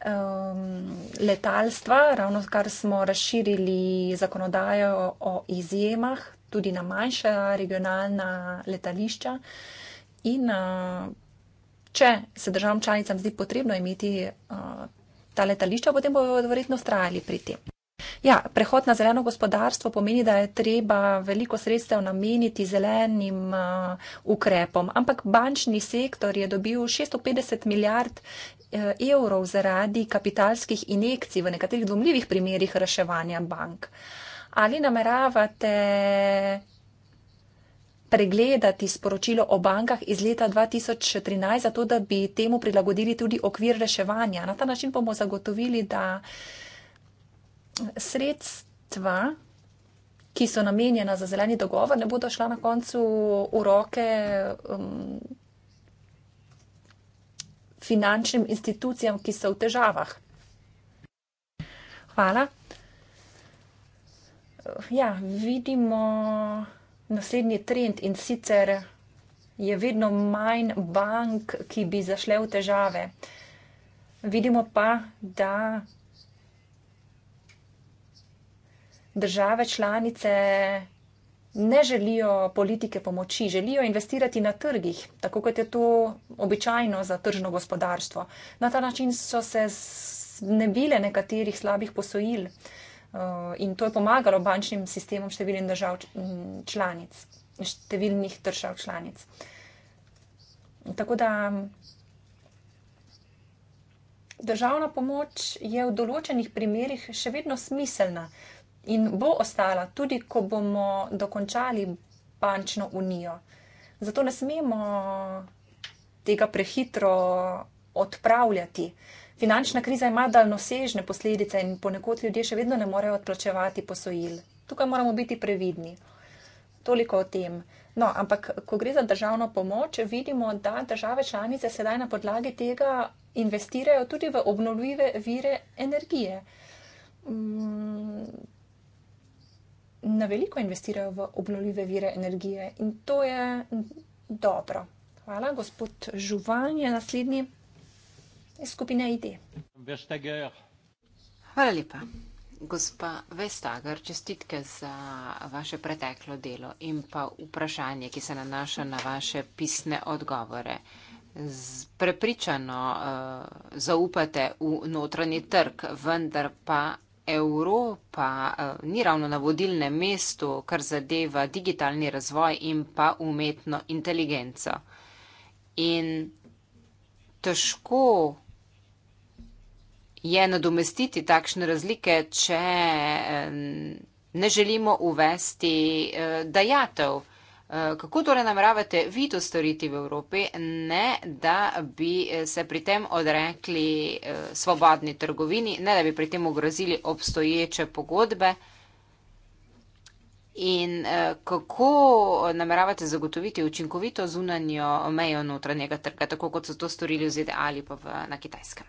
um, letalstva, ravno kar smo razširili zakonodajo o izjemah tudi na manjša regionalna letališča. In uh, če se državam članicam zdi potrebno imeti uh, ta letališča, potem bodo verjetno ustrajali pri tem. Ja, prehod na zeleno gospodarstvo pomeni, da je treba veliko sredstev nameniti zelenim uh, ukrepom, ampak bančni sektor je dobil 650 milijard Eh, evrov zaradi kapitalskih injekcij v nekaterih dvomljivih primerjih reševanja bank. Ali nameravate pregledati sporočilo o bankah iz leta 2013, zato da bi temu prilagodili tudi okvir reševanja? Na ta način bomo zagotovili, da sredstva, ki so namenjena za zeleni dogovor, ne bodo šla na koncu v roke. Um, finančnim institucijam, ki so v težavah. Hvala. Ja, vidimo naslednji trend in sicer je vedno manj bank, ki bi zašle v težave. Vidimo pa, da države članice ne želijo politike pomoči, želijo investirati na trgih, tako kot je to običajno za tržno gospodarstvo. Na ta način so se znebile nekaterih slabih posojil eh, in to je pomagalo bančnim sistemom številnih držav članic, številnih držav članic. Tako da državna pomoč je v določenih primerjih še vedno smiselna in bo ostala, tudi ko bomo dokončali bančno unijo. Zato ne smemo tega prehitro odpravljati. Finančna kriza ima daljnosežne posledice in ponekod ljudje še vedno ne morejo odplačevati posojil. Tukaj moramo biti previdni. Toliko o tem. No, ampak, ko gre za državno pomoč, vidimo, da države članice sedaj na podlagi tega investirajo tudi v obnovljive vire energije. Mm, na veliko investirajo v obnovljive vire energije in to je dobro. Hvala, gospod Žuvan je naslednji skupine ID. Vestager. Hvala lepa. Gospa Vestager, čestitke za vaše preteklo delo in pa vprašanje, ki se nanaša na vaše pisne odgovore. Z prepričano uh, zaupate v notranji trg, vendar pa Evropa eh, ni ravno na vodilnem mestu, kar zadeva digitalni razvoj in pa umetno inteligenco. In težko je nadomestiti takšne razlike, če eh, ne želimo uvesti eh, dajatev. Kako torej nameravate vi to storiti v Evropi, ne da bi eh, se pri tem odrekli eh, svobodni trgovini, ne da bi pri tem ogrozili obstoječe pogodbe? In eh, kako nameravate zagotoviti učinkovito zunanjo mejo notranjega trga, tako kot so to storili v ZDA ali pa v, na Kitajskem?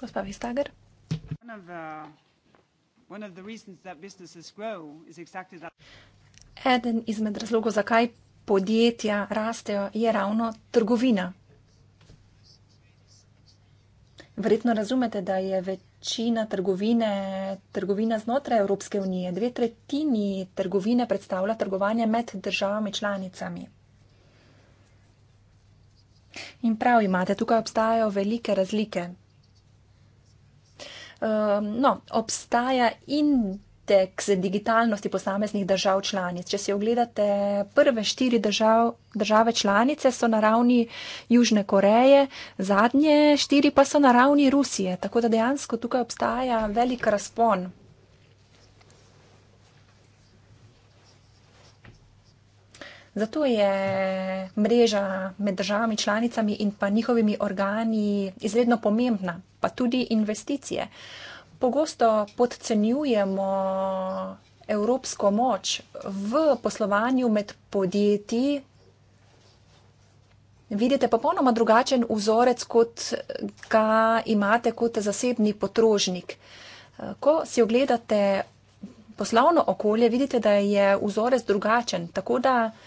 Gospa Vistager. Uh, one of the reasons that businesses grow is exactly that. Eden izmed razlogov, zakaj podjetja rastejo, je ravno trgovina. Verjetno razumete, da je večina trgovine trgovina znotraj Evropske unije. Dve tretjini trgovine predstavlja trgovanje med državami članicami. In prav imate, tukaj obstajajo velike razlike. Um, no, obstaja in občutek z digitalnosti posameznih držav članic. Če si ogledate prve štiri držav, države članice, so na ravni Južne Koreje, zadnje štiri pa so na ravni Rusije. Tako da dejansko tukaj obstaja velik razpon. Zato je mreža med državami članicami in pa njihovimi organi izredno pomembna, pa tudi investicije. Uh, Pogosto podcenjujemo evropsko moč v poslovanju med podjetji. Vidite popolnoma drugačen vzorec, kot ga imate kot zasebni potrožnik. Ko si ogledate poslovno okolje, vidite, da je vzorec drugačen. Tako da uh,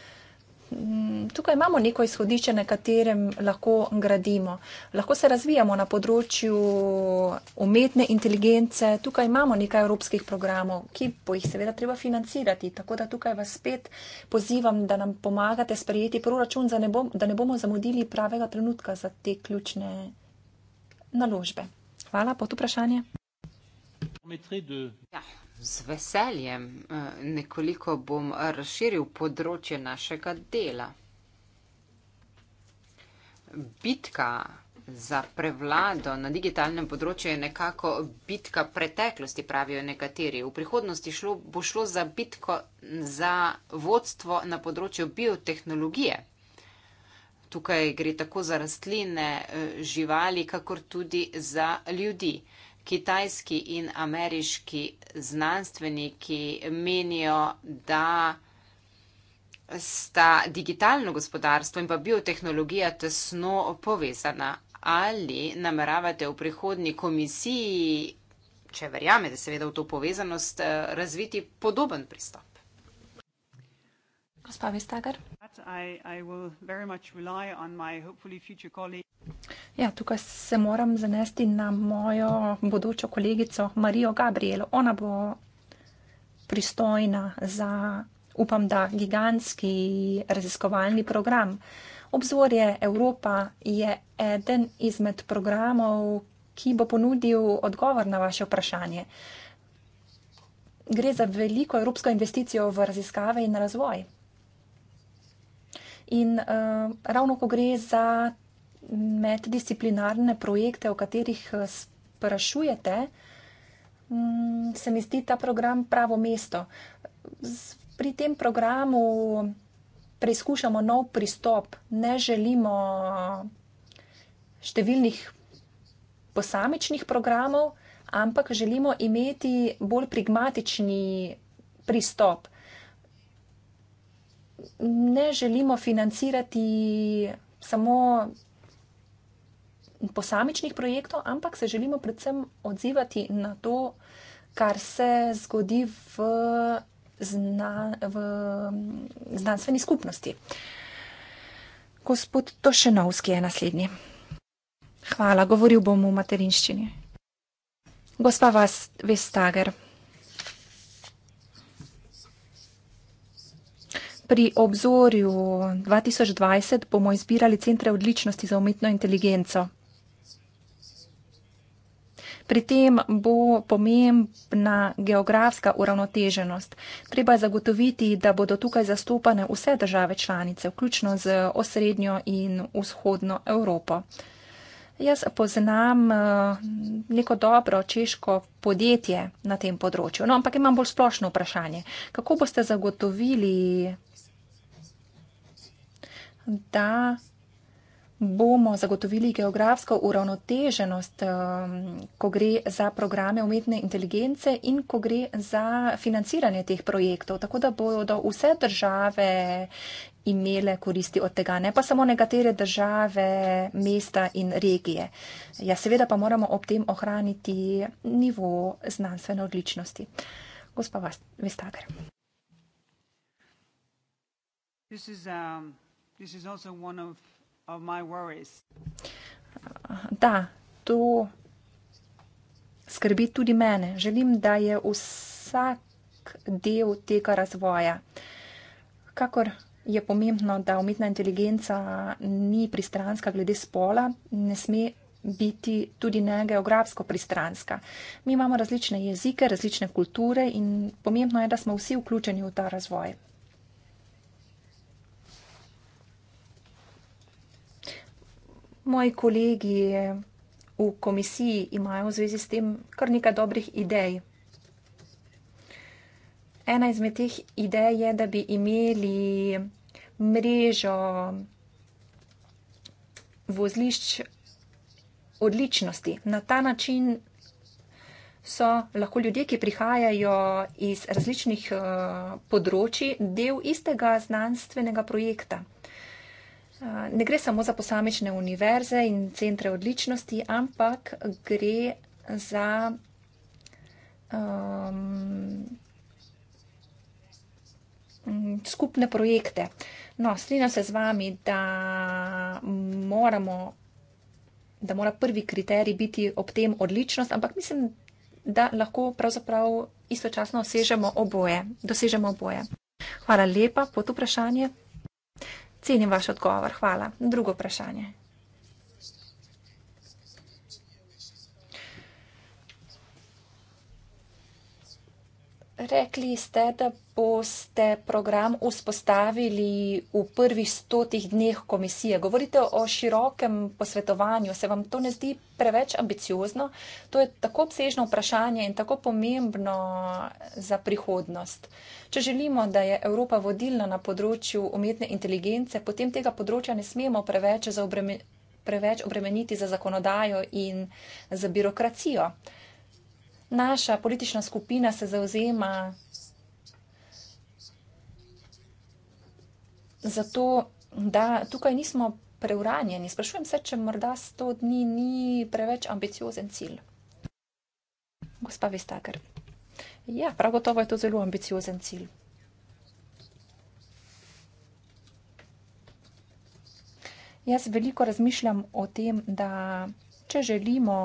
Mm, tukaj imamo neko izhodišče, na katerem lahko gradimo. Lahko se razvijamo na področju umetne inteligence, tukaj imamo nekaj evropskih programov, ki bo jih seveda treba financirati. Tako da tukaj vas spet pozivam, da nam pomagate sprejeti proračun, ne bom, da ne bomo zamudili pravega trenutka za te ključne naložbe. Hvala, pod vprašanje. Ja. Z veseljem. Eh, nekoliko bom razširil področje našega dela. Bitka za prevlado na digitalnem področju je nekako bitka preteklosti, pravijo nekateri. V prihodnosti šlo, bo šlo za bitko za vodstvo na področju biotehnologije. Tukaj gre tako za rastline, eh, živali, kakor tudi za ljudi kitajski in ameriški znanstveniki menijo, da sta digitalno gospodarstvo in pa biotehnologija tesno povezana. Ali nameravate v prihodnji komisiji, če verjamete seveda v to povezanost, eh, razviti podoben pristop? Gospa Vestager. Ja, tukaj se moram zanesti na mojo bodočo kolegico Marijo Gabriel. Ona bo pristojna za, upam, da gigantski raziskovalni program. Obzorje Evropa je eden izmed programov, ki bo ponudil odgovor na vaše vprašanje. Gre za veliko evropsko investicijo v raziskave in razvoj. In uh, ravno ko gre za meddisciplinarne projekte, o katerih eh, sprašujete, mm, se mi zdi ta program pravo mesto. Pri tem programu preizkušamo nov pristop, ne želimo številnih posamičnih programov, ampak želimo imeti bolj pragmatični pristop. Ne želimo financirati samo posamičnih projektov, ampak se želimo predvsem odzivati na to, kar se zgodi v, zna, v mm, znanstveni skupnosti. Gospod Tošenovski je naslednji. Hvala, govoril bom v materinščini. Gospa Vas Vestager. Pri obzorju 2020 bomo izbirali centre odličnosti za umetno inteligenco. Pri tem bo pomembna geografska uravnoteženost. Treba je zagotoviti, da bodo tukaj zastopane vse države članice, vključno z osrednjo in vzhodno Evropo. Jaz poznam eh, neko dobro češko podjetje na tem področju, no, ampak imam bolj splošno vprašanje. Kako boste zagotovili, da bomo zagotovili geografsko uravnoteženost, eh, ko gre za programe umetne inteligence in ko gre za financiranje teh projektov, tako da bodo vse države imele koristi od tega, ne pa samo nekatere države, mesta in regije. Ja, seveda pa moramo ob tem ohraniti nivo znanstvene odličnosti. Gospa Vestager. This is, um, this is also one of Da, to skrbi tudi mene. Želim, da je vsak del tega razvoja. Kakor je pomembno, da umetna inteligenca ni pristranska glede spola, ne sme biti tudi ne geografsko pristranska. Mi imamo različne jezike, različne kulture in pomembno je, da smo vsi vključeni v ta razvoj. Moji kolegi v komisiji imajo v zvezi s tem kar nekaj dobrih idej. Ena izmed teh idej je, da bi imeli mrežo vozlišč odličnosti. Na ta način so lahko ljudje, ki prihajajo iz različnih eh, področji, del istega znanstvenega projekta. Ne gre samo za posamične univerze in centre odličnosti, ampak gre za um, skupne projekte. No, strinjam se z vami, da moramo. Da mora prvi kriterij biti ob tem odličnost, ampak mislim, da lahko pravzaprav istočasno osežemo oboje, dosežemo oboje. Hvala lepa, pod vprašanje. Cenim vaš odgovor, hvala. Drugo vprašanje. Rekli ste, da boste program vzpostavili v prvih stotih dneh komisije. Govorite o širokem posvetovanju. Se vam to ne zdi preveč ambiciozno? To je tako obsežno vprašanje in tako pomembno za prihodnost. Če želimo, da je Evropa vodilna na področju umetne inteligence, potem tega področja ne smemo preveč, preveč obremeniti za zakonodajo in za birokracijo naša politična skupina se zauzema za to, da tukaj nismo preuranjeni. Sprašujem se, če morda 100 dni ni preveč ambiciozen cilj. Gospa Vestager. Ja, prav gotovo je to zelo ambiciozen cilj. Jaz veliko razmišljam o tem, da če želimo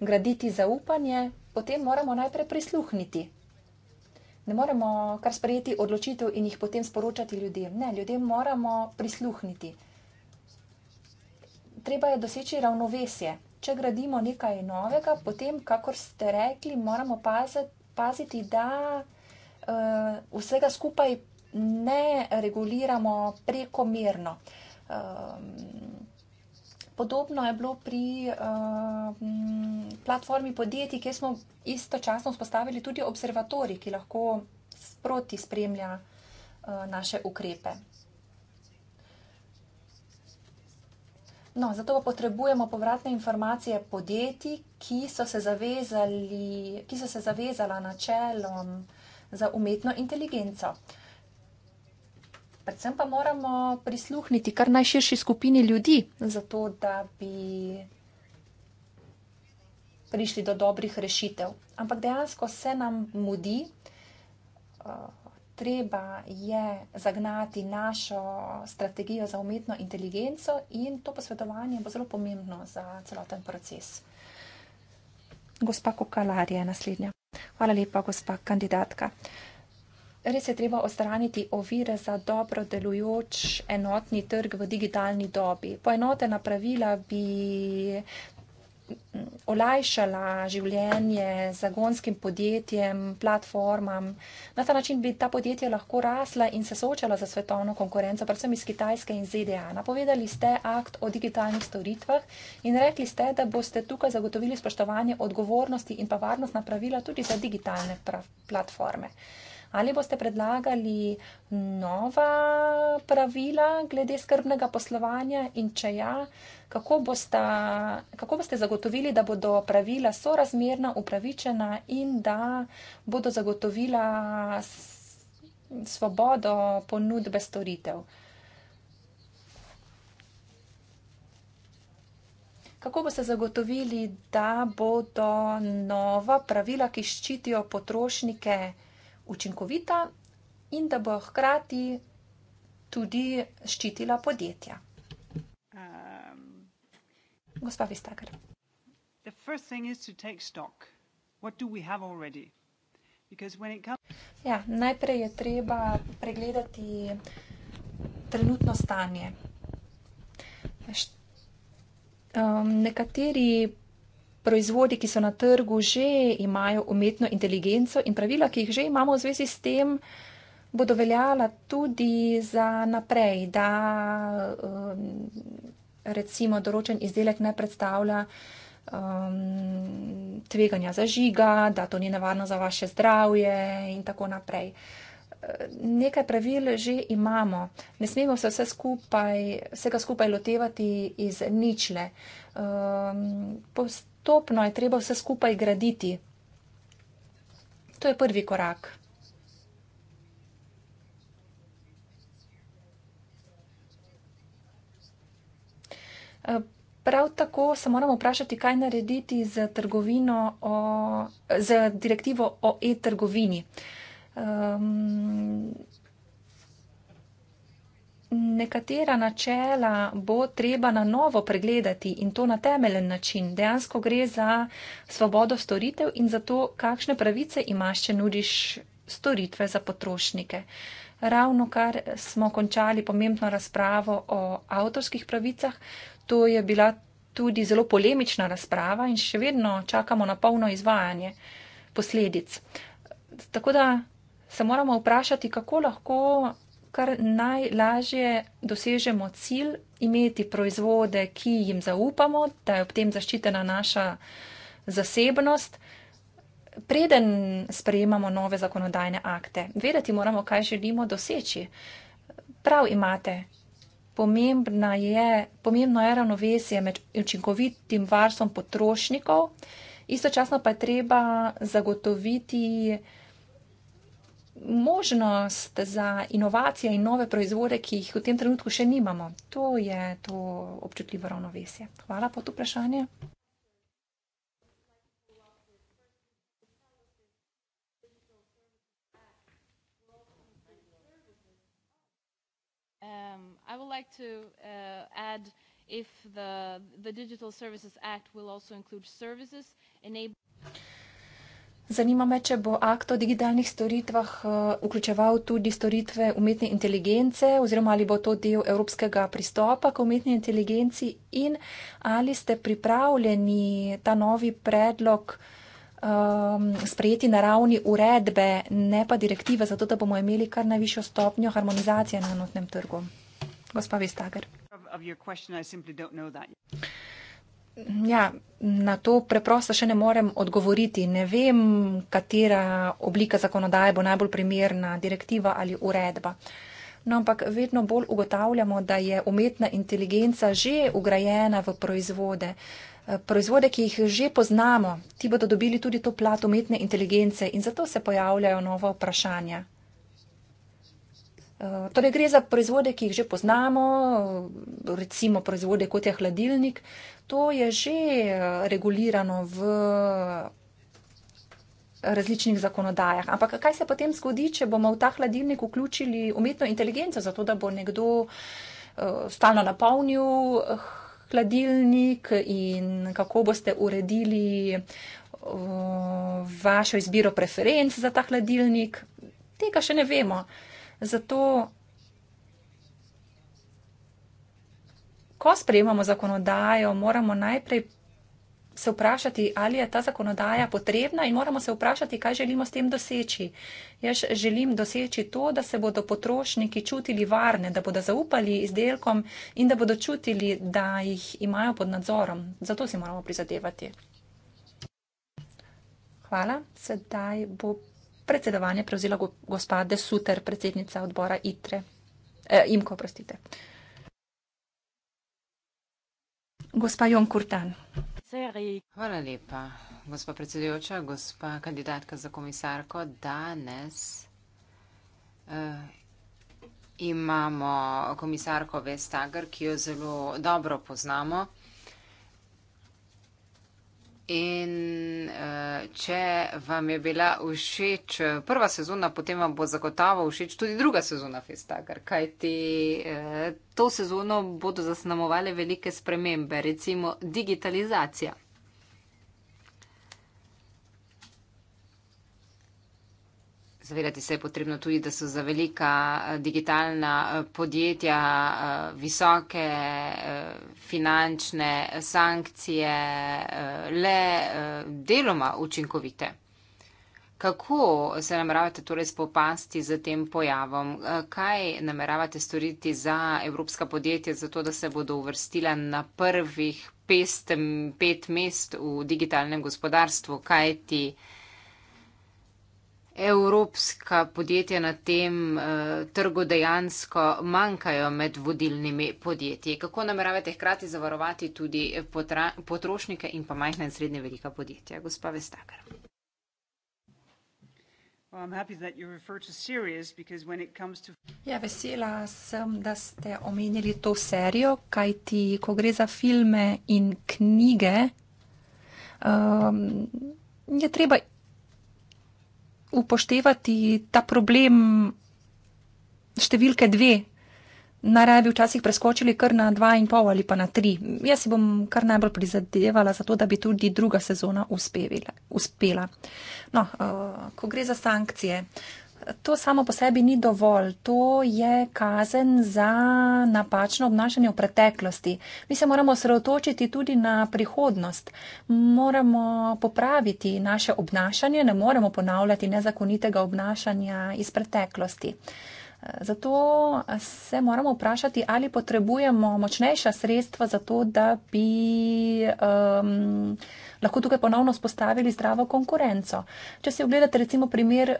graditi zaupanje, potem moramo najprej prisluhniti. Ne moremo kar sprejeti odločitev in jih potem sporočati ljudem. Ne, ljudem moramo prisluhniti. Treba je doseči ravnovesje. Če gradimo nekaj novega, potem, kakor ste rekli, moramo paziti, da uh, vsega skupaj ne reguliramo prekomerno. Uh, Podobno je bilo pri uh, platformi podjetij, kjer smo istočasno vzpostavili tudi observatori, ki lahko sproti spremlja uh, naše ukrepe. No, zato pa potrebujemo povratne informacije podjetij, ki so se, zavezali, ki so se zavezala načelom za umetno inteligenco. Uh, Predvsem pa moramo prisluhniti kar najširši skupini ljudi, zato da bi prišli do dobrih rešitev. Ampak dejansko se nam mudi, eh, treba je zagnati našo strategijo za umetno inteligenco in to posvetovanje bo zelo pomembno za celoten proces. Gospa Kokalar je naslednja. Hvala lepa, gospa kandidatka res je treba odstraniti ovire za dobro delujoč enotni trg v digitalni dobi. Poenotena pravila bi mm, olajšala življenje zagonskim podjetjem, platformam. Na ta način bi ta podjetja lahko rasla in se soočala za svetovno konkurenco, predvsem iz Kitajske in ZDA. Napovedali ste akt o digitalnih storitvah in rekli ste, da boste tukaj zagotovili spoštovanje odgovornosti in pa varnostna pravila tudi za digitalne platforme. Ali boste predlagali nova pravila glede skrbnega poslovanja in če ja, kako, bosta, kako boste zagotovili, da bodo pravila sorazmerna, upravičena in da bodo zagotovila svobodo ponudbe storitev? Kako boste zagotovili, da bodo nova pravila, ki ščitijo potrošnike, učinkovita in da bo hkrati tudi ščitila podjetja. Um, Gospa Vistager. Ja, najprej je treba pregledati trenutno stanje. Um, nekateri proizvodi, ki so na trgu, že imajo umetno inteligenco in pravila, ki jih že imamo v zvezi s tem, bodo veljala tudi za naprej, da um, recimo določen izdelek ne predstavlja um, tveganja za žiga, da to ni nevarno za vaše zdravje in tako naprej. Nekaj pravil že imamo. Ne smemo se vse skupaj, vsega skupaj lotevati iz ničle. Um, post, postopno je treba vse skupaj graditi. To je prvi korak. Eh, prav tako se moramo vprašati, kaj narediti z, o, z direktivo o e-trgovini. Um, nekatera načela bo treba na novo pregledati in to na temelen način. Dejansko gre za svobodo storitev in za to, kakšne pravice imaš, če nudiš storitve za potrošnike. Ravno kar smo končali pomembno razpravo o avtorskih pravicah, to je bila tudi zelo polemična razprava in še vedno čakamo na polno izvajanje posledic. Tako da se moramo vprašati, kako lahko kar najlažje dosežemo cilj imeti proizvode, ki jim zaupamo, da je ob tem zaščitena naša zasebnost, preden sprejemamo nove zakonodajne akte. Vedeti moramo, kaj želimo doseči. Prav imate. Je, pomembno je ravnovesje med učinkovitim varstvom potrošnikov, istočasno pa je treba zagotoviti možnost za inovacije in nove proizvode, ki jih v tem trenutku še nimamo. To je to občutljivo ravnovesje. Hvala pod vprašanje. Um, Zanima me, če bo akt o digitalnih storitvah eh, vključeval tudi storitve umetne inteligence oziroma ali bo to del evropskega pristopa k umetni inteligenci in ali ste pripravljeni ta novi predlog um, sprejeti na ravni uredbe, ne pa direktive, zato da bomo imeli kar najvišjo stopnjo harmonizacije na notnem trgu. Gospa Vestager ja, na to preprosto še ne morem odgovoriti. Ne vem, katera oblika zakonodaje bo najbolj primerna, direktiva ali uredba. No, ampak vedno bolj ugotavljamo, da je umetna inteligenca že ugrajena v proizvode. Eh, proizvode, ki jih že poznamo, ti bodo dobili tudi to plat umetne inteligence in zato se pojavljajo nova vprašanja. Eh, torej, gre za proizvode, ki jih že poznamo, recimo proizvode kot je hladilnik. To je že eh, regulirano v različnih zakonodajah. Ampak kaj se potem zgodi, če bomo v ta hladilnik vključili umetno inteligenco, zato da bo nekdo eh, stalno napolnil hladilnik in kako boste uredili vašo izbiro preferenc za ta hladilnik? Tega še ne vemo. Zato, ko sprejemamo zakonodajo, moramo najprej se vprašati, ali je ta zakonodaja potrebna in moramo se vprašati, kaj želimo s tem doseči. Jaz želim doseči to, da se bodo potrošniki čutili varne, da bodo zaupali izdelkom in da bodo čutili, da jih imajo pod nadzorom. Zato si moramo prizadevati. Hvala. Sedaj bo predsedovanje prevzela gospa De Suter, predsednica odbora ITRE. Eh, IMKO, prostite. Gospa Jon Kurtan. Hvala lepa, gospa predsedujoča, gospa kandidatka za komisarko. Danes eh, imamo komisarko Vestager, ki jo zelo dobro poznamo. In uh, če vam je bila všeč eh, prva sezona, potem vam bo zagotovo všeč tudi druga sezona Festager, kajti uh, to sezono bodo zasnamovale velike spremembe, recimo digitalizacija. Zavedati se je potrebno tudi, da so za velika eh, digitalna eh, podjetja eh, visoke finančne sankcije le deloma učinkovite. Kako se nameravate torej spopasti z tem pojavom? Kaj nameravate storiti za evropska podjetja, zato da se bodo uvrstila na prvih pest, pet mest v digitalnem gospodarstvu? Kaj ti? evropska podjetja na tem uh, trgu dejansko manjkajo med vodilnimi podjetji. Kako nameravate hkrati zavarovati tudi eh, potrošnike in pa majhna in srednje velika podjetja? Gospa Vestakar. Ja, vesela sem, da ste omenili to serijo, kajti ko gre za filme in knjige, um, je treba upoštevati ta problem številke dve. Naraj bi včasih preskočili kar na dva in pol ali pa na tri. Jaz si bom kar najbolj prizadevala za to, da bi tudi druga sezona uspevila, uspela. No, uh, ko gre za sankcije. Uh, to samo po sebi ni dovolj. To je kazen za napačno obnašanje v preteklosti. Mi se moramo sredotočiti tudi na prihodnost. Moramo popraviti naše obnašanje, ne moramo ponavljati nezakonitega obnašanja iz preteklosti. Zato se moramo vprašati, ali potrebujemo močnejša sredstva za to, da bi um, lahko tukaj ponovno spostavili zdravo konkurenco. Če si ogledate recimo primer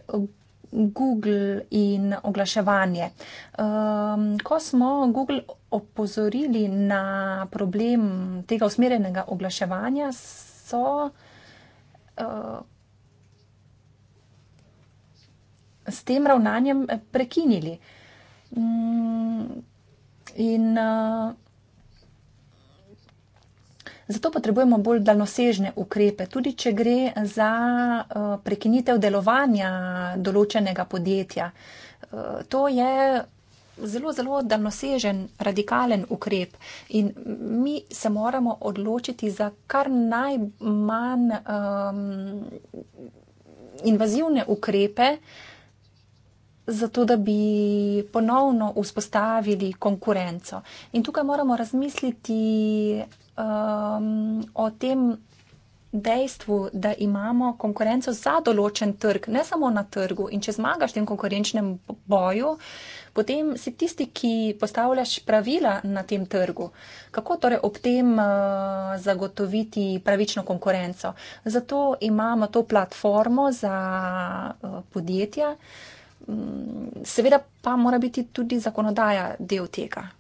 Google in oglaševanje. Um, ko smo Google opozorili na problem tega usmerjenega oglaševanja, so uh, s tem ravnanjem prekinili. Um, in uh, Zato potrebujemo bolj daljnosežne ukrepe, tudi če gre za eh, prekinitev delovanja določenega podjetja. Eh, to je zelo, zelo daljnosežen, radikalen ukrep in mi se moramo odločiti za kar najmanj um, invazivne ukrepe, uh, zato, da bi ponovno vzpostavili konkurenco. In tukaj moramo razmisliti um, o tem dejstvu, da imamo konkurenco za določen trg, ne samo na trgu. In če zmagaš v tem konkurenčnem boju, potem si tisti, ki postavljaš pravila na tem trgu. Kako torej ob tem uh, zagotoviti pravično konkurenco? Zato imamo to platformo za uh, podjetja. Seveda pa mora biti tudi zakonodaja del tega.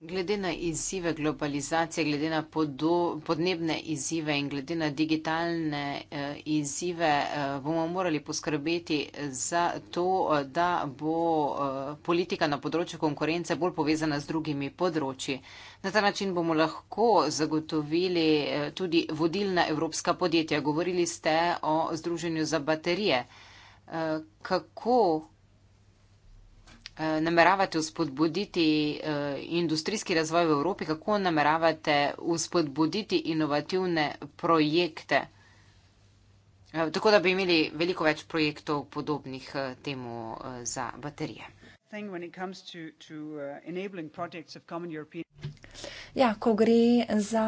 Glede na izzive globalizacije, glede na podo, podnebne izzive in glede na digitalne eh, izzive eh, bomo morali poskrbeti za to, da bo eh, politika na področju konkurence bolj povezana z drugimi področji. Na ta način bomo lahko zagotovili eh, tudi vodilna evropska podjetja. Govorili ste o združenju za baterije kako eh, nameravate vzpodbuditi eh, industrijski razvoj v Evropi, kako nameravate vzpodbuditi inovativne projekte, eh, tako da bi imeli veliko več projektov podobnih temu za baterije. Ja, ko gre za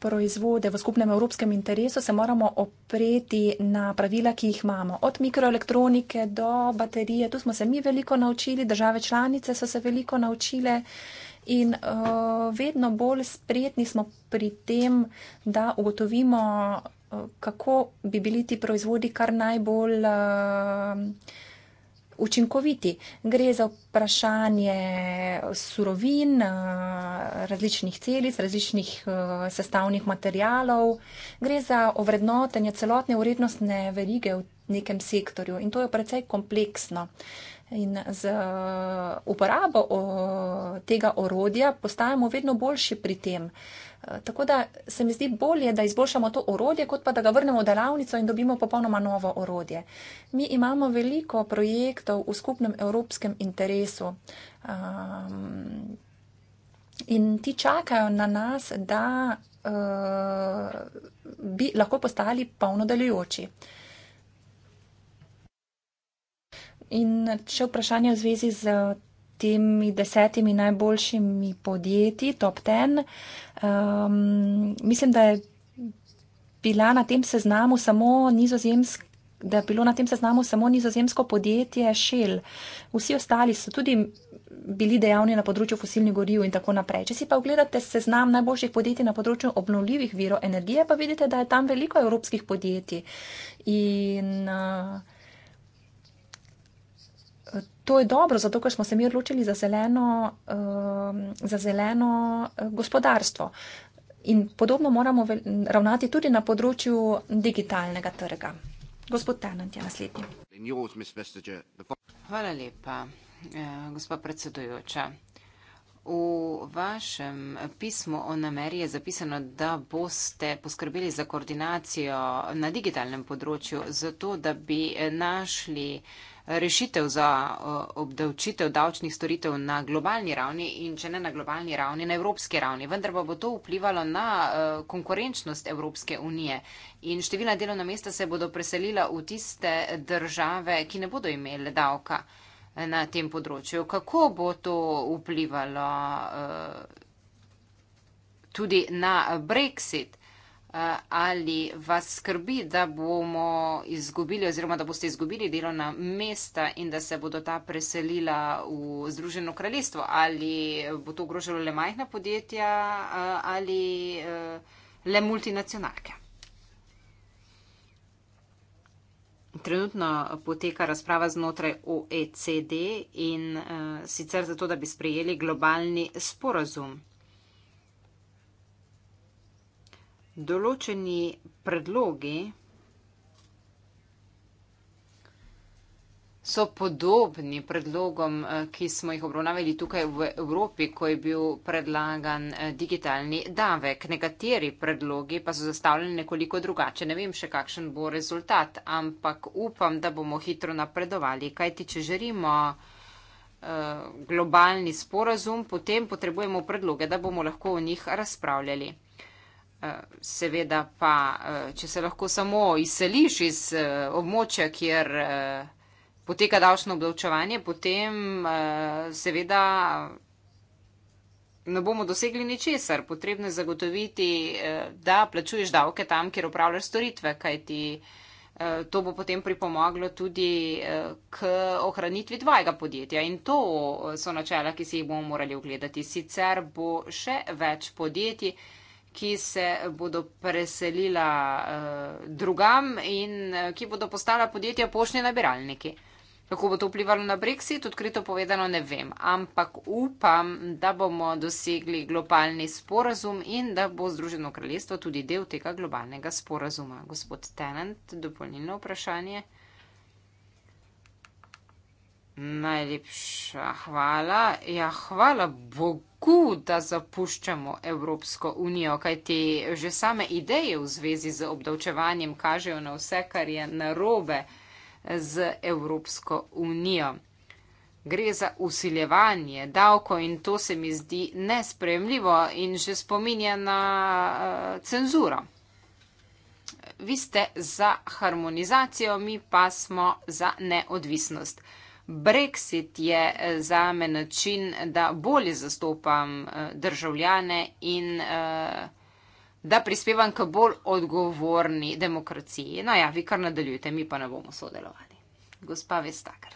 proizvode v skupnem evropskem interesu, se moramo opreti na pravila, ki jih imamo. Od mikroelektronike do baterije, tu smo se mi veliko naučili, države članice so se veliko naučile in uh, vedno bolj spretni smo pri tem, da ugotovimo, uh, kako bi bili ti proizvodi kar najbolj. Uh, učinkoviti. Gre za vprašanje surovin, eh, različnih celic, različnih eh, sestavnih materialov. Gre za ovrednotenje celotne urednostne verige v nekem sektorju in to je precej kompleksno. In z eh, uporabo tega orodja postajamo vedno boljši pri tem. Eh, tako da se mi zdi bolje, da izboljšamo to orodje, kot pa da ga vrnemo v delavnico in dobimo popolnoma novo orodje. Mi imamo veliko projektov v skupnem evropskem interesu. Um, In ti čakajo na nas, da uh, bi lahko postali polnodelujoči. In še vprašanje v zvezi z temi desetimi najboljšimi podjetji, top ten. Um, mislim, da je bila na tem seznamu samo nizozemska. Da je bilo na tem seznamu samo nizozemsko podjetje Shell. Vsi ostali so tudi bili dejavni na področju fosilnih goriv in tako naprej. Če si pa ogledate seznam najboljših podjetij na področju obnovljivih virov energije, pa vidite, da je tam veliko evropskih podjetij. In uh, to je dobro, zato ker smo se mi odločili za zeleno, ehm, za zeleno eh, gospodarstvo. In podobno moramo ravnati tudi na področju digitalnega trga. Gospod Tenant je naslednji. Hvala lepa, eh, gospa predsedujoča. V vašem pismu o nameri je zapisano, da boste poskrbeli za koordinacijo na digitalnem področju, zato da bi našli rešitev za obdavčitev davčnih storitev na globalni ravni in če ne na globalni ravni, na evropski ravni. Vendar pa bo to vplivalo na konkurenčnost Evropske unije in številna delovna mesta se bodo preselila v tiste države, ki ne bodo imele davka e, na tem področju. Kako bo to vplivalo e, tudi na Brexit? Eh, ali vas skrbi, da bomo izgubili oziroma da boste izgubili delovna mesta in da se bodo ta preselila v Združeno kraljestvo, ali bo to ogrožalo le majhna podjetja eh, ali eh, le multinacionalke. Trenutno poteka razprava znotraj OECD in uh, sicer zato, da bi sprejeli globalni sporazum. določeni predlogi so podobni predlogom, eh, ki smo jih obravnavali tukaj v Evropi, ko je bil predlagan eh, digitalni davek. Nekateri predlogi pa so zastavljeni nekoliko drugače. Ne vem še, kakšen bo rezultat, ampak upam, da bomo hitro napredovali, kajti če želimo eh, globalni sporazum, potem potrebujemo predloge, da bomo lahko o njih razpravljali seveda pa, eh, če se lahko samo izseliš iz eh, območja, kjer eh, poteka davčno obdavčevanje, potem seveda ne bomo dosegli ničesar. Potrebno je zagotoviti, da plačuješ davke tam, kjer upravljaš storitve, kajti to bo potem pripomoglo tudi k ohranitvi tvojega podjetja. In to so načela, ki si jih bomo morali ogledati. Sicer bo še več podjetij, ki se bodo preselila uh, drugam in uh, ki bodo postala podjetja pošni nabiralniki. Kako bo to vplivalo na Brexit, odkrito povedano ne vem, ampak upam, da bomo dosegli globalni sporazum in da bo Združeno kraljestvo tudi del tega globalnega sporazuma. Gospod Tenant, dopolnilno vprašanje. Najlepša hvala. Ja, hvala Bogu, da zapuščamo Evropsko unijo, kajti že same ideje v zvezi z obdavčevanjem kažejo na vse, kar je narobe z Evropsko unijo. Gre za usiljevanje davko in to se mi zdi nespremljivo in že spominja na uh, cenzuro. Vi ste za harmonizacijo, mi pa smo za neodvisnost. Uh, Brexit je eh, za me način, da bolje zastopam eh, državljane in eh, da prispevam k bolj odgovorni demokraciji. No ja, vi kar nadaljujte, mi pa ne bomo sodelovali. Gospa Vestakar.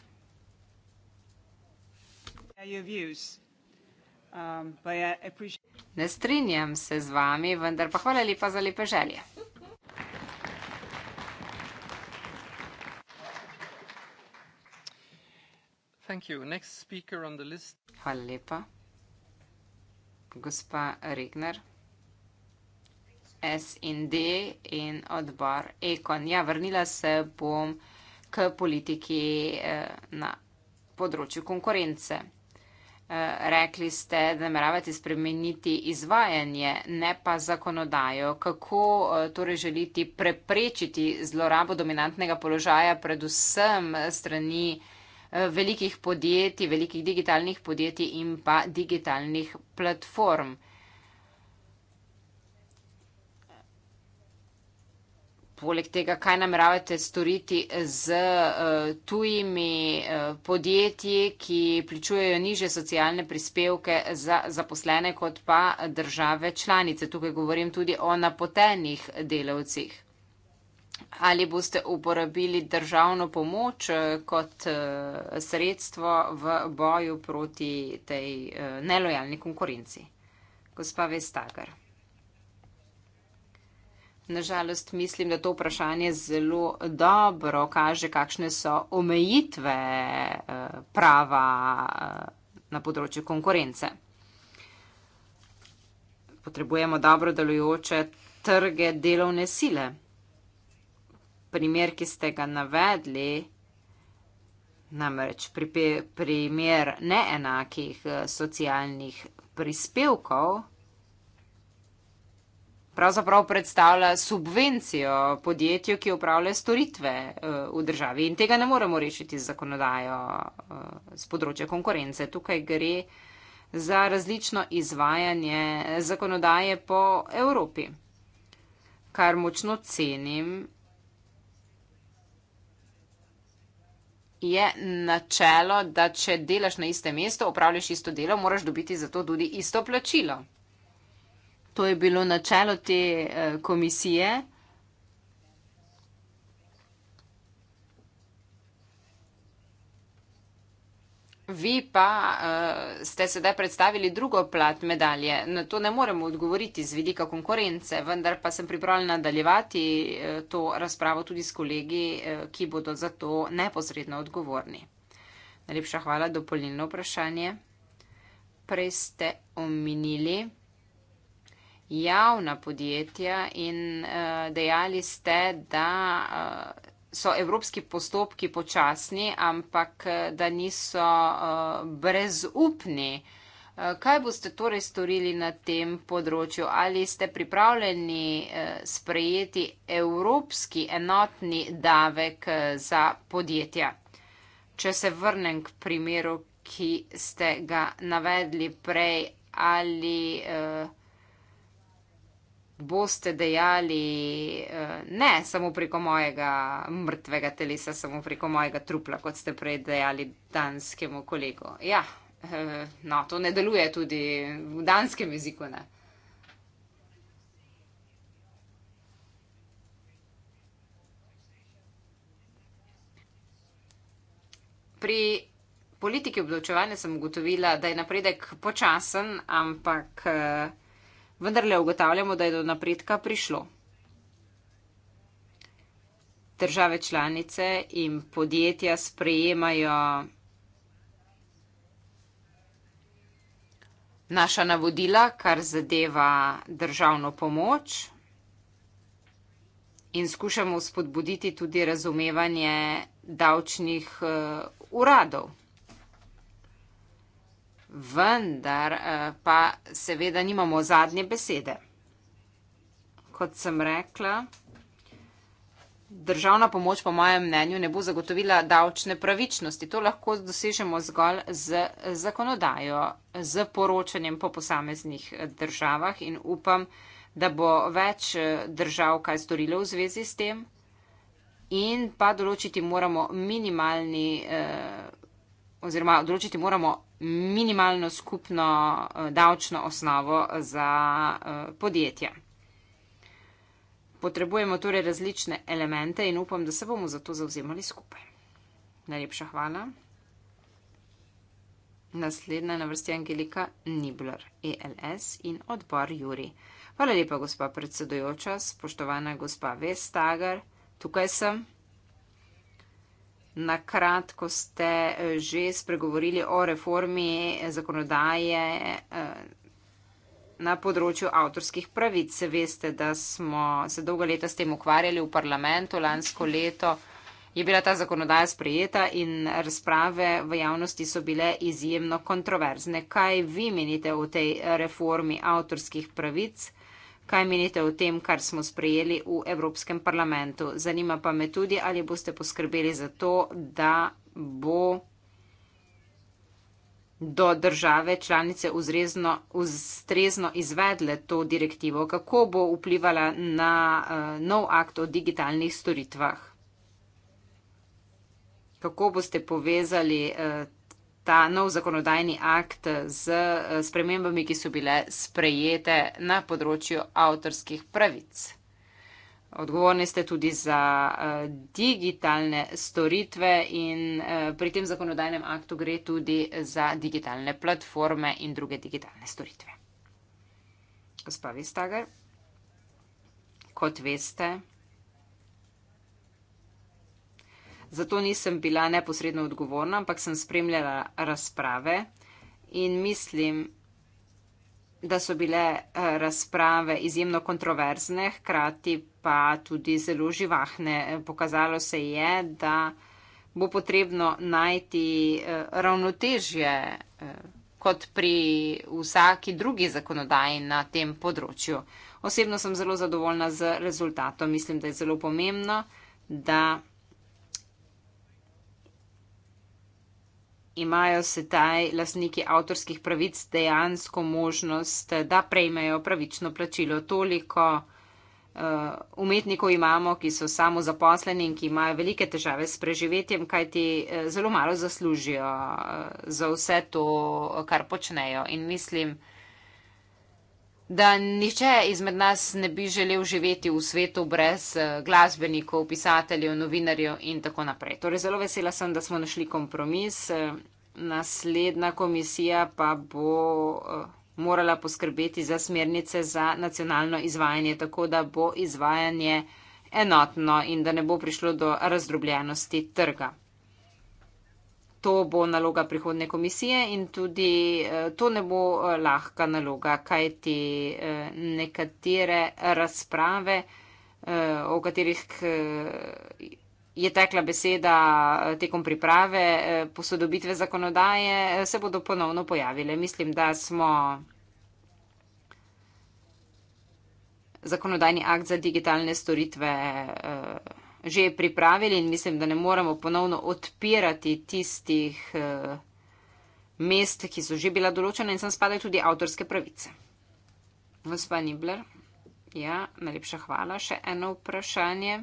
Um, ne strinjam se z vami, vendar pa hvala lepa za lepe želje. Thank you. Next speaker on the list. Hvala lepa. Gospa Regner. SND in odbor Ekon. Ja, vrnila se bom k politiki eh, na področju konkurence. Eh, rekli ste, da nameravate spremeniti izvajanje, ne pa zakonodajo. Kako eh, torej želiti preprečiti zlorabo dominantnega položaja predvsem strani konkurence? Eh, velikih podjetij, velikih digitalnih podjetij in pa digitalnih platform. Poleg tega, kaj nameravate storiti z eh, tujimi eh, podjetji, ki pričujejo niže socialne prispevke za zaposlene kot pa države članice. Tukaj govorim tudi o napotenih delavcih. Ali boste uporabili državno pomoč eh, kot eh, sredstvo v boju proti tej eh, nelojalni konkurenci? Gospa Vestager. Nažalost, mislim, da to vprašanje zelo dobro kaže, kakšne so omejitve prava na področju konkurence. Potrebujemo dobro delujoče trge delovne sile primer, ki ste ga navedli, namreč pri, primer neenakih eh, socialnih prispevkov, pravzaprav predstavlja subvencijo podjetju, ki upravlja storitve eh, v državi in tega ne moremo rešiti z zakonodajo z eh, področja konkurence. Tukaj gre za različno izvajanje zakonodaje po Evropi, kar močno cenim je načelo, da če delaš na istem mestu, opravljaš isto delo, moraš dobiti za to tudi isto plačilo. To je bilo načelo te eh, komisije. Vi pa uh, ste sedaj predstavili drugo plat medalje. Na to ne moremo odgovoriti z vidika konkurence, vendar pa sem pripravljen nadaljevati uh, to razpravo tudi s kolegi, uh, ki bodo za to neposredno odgovorni. Najlepša hvala, dopolnilno vprašanje. Prej ste omenili javna podjetja in uh, dejali ste, da. Uh, so evropski postopki počasni, ampak eh, da niso eh, brezupni. Eh, kaj boste torej storili na tem področju? Ali ste pripravljeni sprejeti evropski enotni davek za podjetja? Če se vrnem k primeru, ki ste ga navedli prej, ali. Uh, boste dejali, eh, ne samo preko mojega mrtvega telesa, samo preko mojega trupla, kot ste prej dejali danskemu kolegu. Ja, eh, no, to ne deluje tudi v danskem jeziku, ne. Pri politiki obdavčevanja sem ugotovila, da je napredek počasen, ampak eh, vendar le ugotavljamo, da je do napredka prišlo. Države članice in podjetja sprejemajo naša navodila, kar zadeva državno pomoč in skušamo spodbuditi tudi razumevanje davčnih eh, uradov. Uh, vendar eh, pa seveda nimamo zadnje besede. Kot sem rekla, državna pomoč po mojem mnenju ne bo zagotovila davčne pravičnosti. To lahko dosežemo zgolj z zakonodajo, z poročanjem po posameznih državah in upam, da bo več eh, držav kaj storilo v zvezi s tem. In pa določiti moramo minimalni, eh, oziroma določiti moramo minimalno skupno eh, davčno osnovo za eh, podjetja. Potrebujemo torej različne elemente in upam, da se bomo za to zauzemali skupaj. Najlepša hvala. Naslednja na vrsti je Angelika Nibler, ELS in odbor Juri. Hvala lepa, gospa predsedojoča, spoštovana gospa Vestager, tukaj sem. Na kratko ste eh, že spregovorili o reformi zakonodaje eh, na področju avtorskih pravic. Veste, da smo se dolga leta s tem ukvarjali v parlamentu. Lansko leto je bila ta zakonodaja sprejeta in razprave v javnosti so bile izjemno kontroverzne. Kaj vi menite o tej reformi avtorskih pravic? Kaj menite o tem, kar smo sprejeli v Evropskem parlamentu? Zanima pa me tudi, ali boste poskrbeli za to, da bo do države članice ustrezno, ustrezno izvedle to direktivo, kako bo vplivala na uh, nov akt o digitalnih storitvah. Kako boste povezali uh, ta nov zakonodajni akt z eh, spremembami, ki so bile sprejete na področju avtorskih pravic. Odgovorni ste tudi za eh, digitalne storitve in eh, pri tem zakonodajnem aktu gre tudi za digitalne platforme in druge digitalne storitve. Gospa Vistager, kot veste, zato nisem bila neposredno odgovorna, ampak sem spremljala razprave in mislim, da so bile eh, razprave izjemno kontroverzne, hkrati pa tudi zelo živahne. Pokazalo se je, da bo potrebno najti eh, ravnotežje eh, kot pri vsaki drugi zakonodaji na tem področju. Osebno sem zelo zadovoljna z rezultatom. Mislim, da je zelo pomembno, da imajo sedaj lasniki avtorskih pravic dejansko možnost, da prejmejo pravično plačilo. Toliko uh, umetnikov imamo, ki so samo zaposleni in ki imajo velike težave s preživetjem, kajti eh, zelo malo zaslužijo uh, za vse to, kar počnejo. In mislim, da da niče izmed nas ne bi želel živeti v svetu brez eh, glasbenikov, pisateljev, novinarjev in tako naprej. Torej, zelo vesela sem, da smo našli kompromis. Eh, naslednja komisija pa bo eh, morala poskrbeti za smernice za nacionalno izvajanje, tako da bo izvajanje enotno in da ne bo prišlo do razdrobljenosti trga to bo naloga prihodne komisije in tudi eh, to ne bo eh, lahka naloga, kajti eh, nekatere razprave, o katerih je tekla beseda tekom priprave posodobitve zakonodaje, se bodo ponovno pojavile. Mislim, da smo. Zakonodajni akt za digitalne storitve že pripravili in mislim, da ne moramo ponovno odpirati tistih eh, mest, ki so že bila določena in sem spadajo tudi avtorske pravice. Gospa Nibler, ja, najlepša hvala. Še eno vprašanje.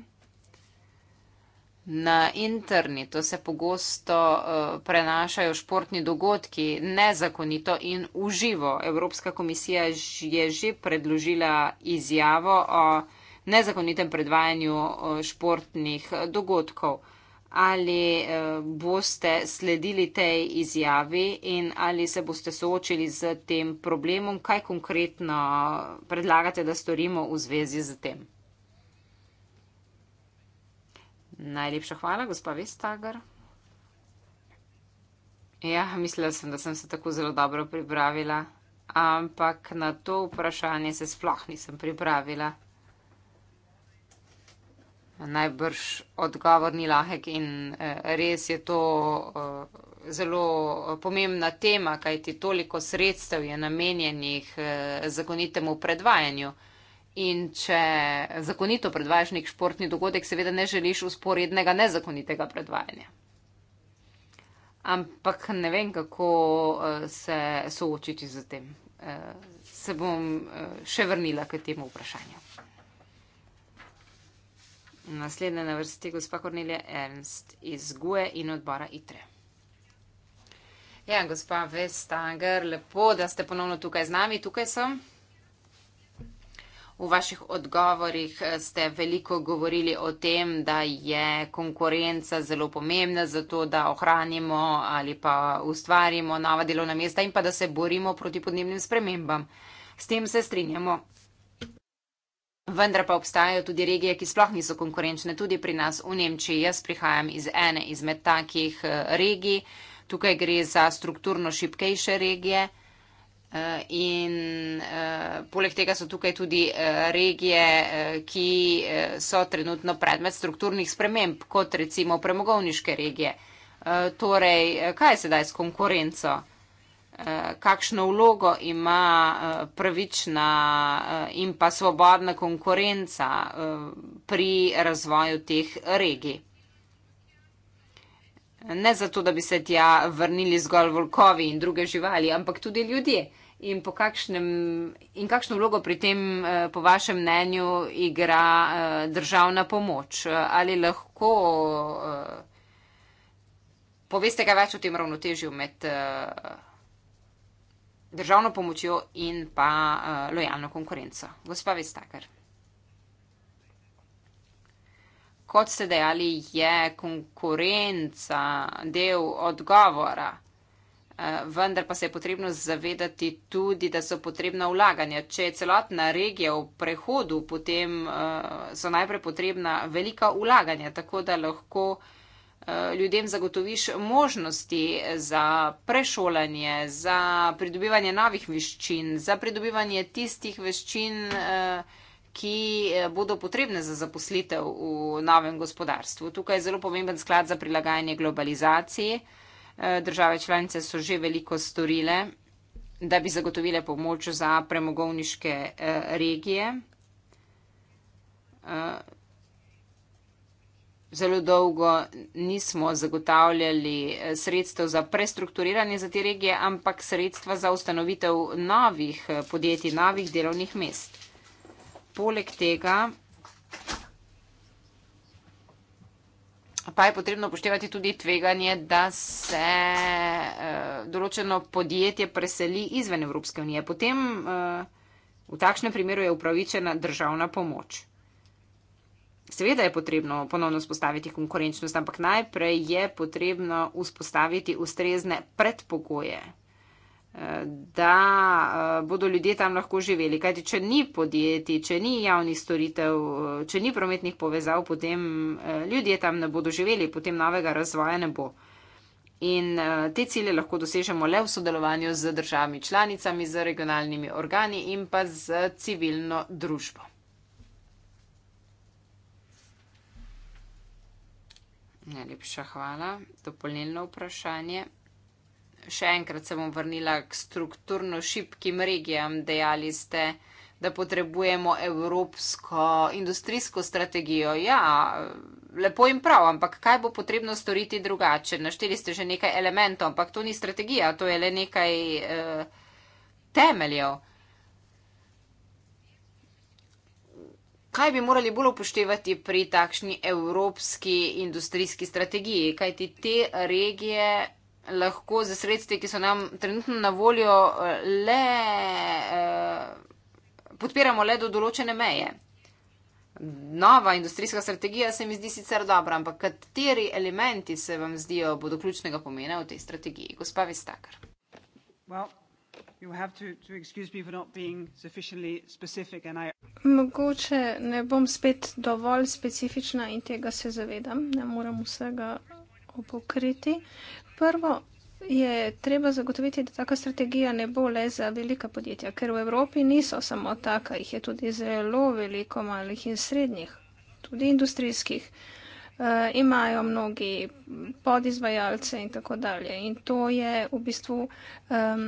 Na internetu se pogosto uh, prenašajo športni dogodki nezakonito in uživo. Evropska komisija je že predložila izjavo o nezakonitem predvajanju eh, športnih eh, dogodkov. Ali eh, boste sledili tej izjavi in ali se boste soočili z tem problemom? Kaj konkretno predlagate, da storimo v zvezi z tem? Najlepša hvala, gospa Vestager. Ja, mislila sem, da sem se tako zelo dobro pripravila, ampak na to vprašanje se sploh nisem pripravila najbrž odgovor ni lahek in eh, res je to eh, zelo pomembna tema, kajti toliko sredstev je namenjenih eh, zakonitemu predvajanju. In če zakonito predvajaš nek športni dogodek, seveda ne želiš usporednega nezakonitega predvajanja. Ampak ne vem, kako se soočiti z tem. Se bom še vrnila k temu vprašanju. Naslednja na vrsti je gospa Kornelija Ernst iz GUE in odbora ITRE. Ja, gospa Vestager, lepo, da ste ponovno tukaj z nami. Tukaj sem. V vaših odgovorih eh, ste veliko govorili o tem, da je konkurenca zelo pomembna za to, da ohranimo ali pa ustvarimo nova delovna mesta in pa da se borimo proti podnebnim spremembam. S tem se strinjamo. Vendar pa obstajajo tudi regije, ki sploh niso konkurenčne, tudi pri nas v Nemčiji. Jaz prihajam iz ene izmed takih eh, regij, tukaj gre za strukturno šipkejše regije. Eh, in eh, poleg tega so tukaj tudi regije, ki so trenutno predmet strukturnih sprememb, kot recimo premogovniške regije. Torej, kaj je sedaj s konkurenco? Eh, kakšno vlogo ima eh, pravična eh, in pa svobodna konkurenca pri razvoju teh regij. Ne zato, da bi se tja vrnili zgolj volkovi in druge živali, ampak tudi ljudje. In, kakšnem, in kakšno vlogo pri tem, po vašem mnenju, igra državna pomoč? Ali lahko poveste kaj več o tem ravnotežju med državno pomočjo in pa uh, lojalno konkurenco. Gospa Vestaker. Kot ste dejali, je konkurenca del odgovora, uh, vendar pa se je potrebno zavedati tudi, da so potrebna vlaganja. Če je celotna regija v prehodu, potem uh, so najprej potrebna velika vlaganja, tako da lahko uh, Eh, ljudem zagotoviš možnosti za prešolanje, za pridobivanje novih veščin, za pridobivanje tistih veščin, eh, ki eh, bodo potrebne za zaposlitev v novem gospodarstvu. Tukaj je zelo pomemben sklad za prilagajanje globalizaciji. Države članice so že veliko storile, da bi zagotovile pomoč za premogovniške regije zelo dolgo nismo zagotavljali eh, sredstev za prestrukturiranje za te regije, ampak sredstva za ustanovitev novih eh, podjetij, novih delovnih mest. Poleg tega pa je potrebno upoštevati tudi tveganje, da se eh, določeno podjetje preseli izven Evropske unije. Potem v takšnem primeru je upravičena državna pomoč. Seveda je potrebno ponovno vzpostaviti konkurenčnost, ampak najprej je potrebno vzpostaviti ustrezne predpogoje, eh, da eh, bodo ljudje tam lahko živeli. Kajti, če ni podjetij, če ni javnih storitev, eh, če ni prometnih povezav, potem ljudje tam ne bodo živeli, potem novega razvoja ne bo. In te cilje lahko dosežemo le v sodelovanju z državami članicami, z regionalnimi organi in pa z civilno družbo. Najlepša hvala. Dopolnilno vprašanje. Še enkrat se bom vrnila k strukturno šipkim regijam. Dejali ste, da potrebujemo evropsko industrijsko strategijo. Ja, lepo in prav, ampak kaj bo potrebno storiti drugače? Našteli ste že nekaj elementov, ampak to ni strategija, to je le nekaj eh, temeljev. kaj bi morali bolj upoštevati pri takšni evropski industrijski strategiji, kajti te regije lahko za sredstve, ki so nam trenutno na voljo, le, eh, podpiramo le do določene meje. Nova industrijska strategija se mi zdi sicer dobra, ampak kateri elementi se vam zdijo bodo ključnega pomena v tej strategiji? Gospa Vistakar. Well. Mogoče ne bom spet dovolj specifična in tega se zavedam, ne moram vsega opokriti. Prvo je treba zagotoviti, da taka strategija ne bo le za velika podjetja, ker v Evropi niso samo taka, jih je tudi zelo veliko malih in srednjih, tudi industrijskih. Uh, imajo mnogi podizvajalce in tako dalje. In to je v bistvu um,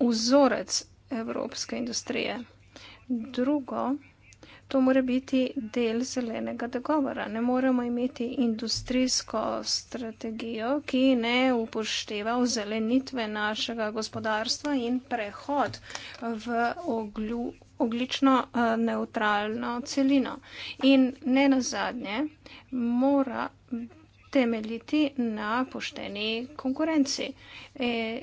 vzorec evropske industrije. Drugo, to mora biti del zelenega dogovora. Ne moremo imeti industrijsko strategijo, ki ne upošteva zelenitve našega gospodarstva in prehod v oglju, oglično eh, neutralno celino. In ne nazadnje, mora temeljiti na pošteni konkurenci. E,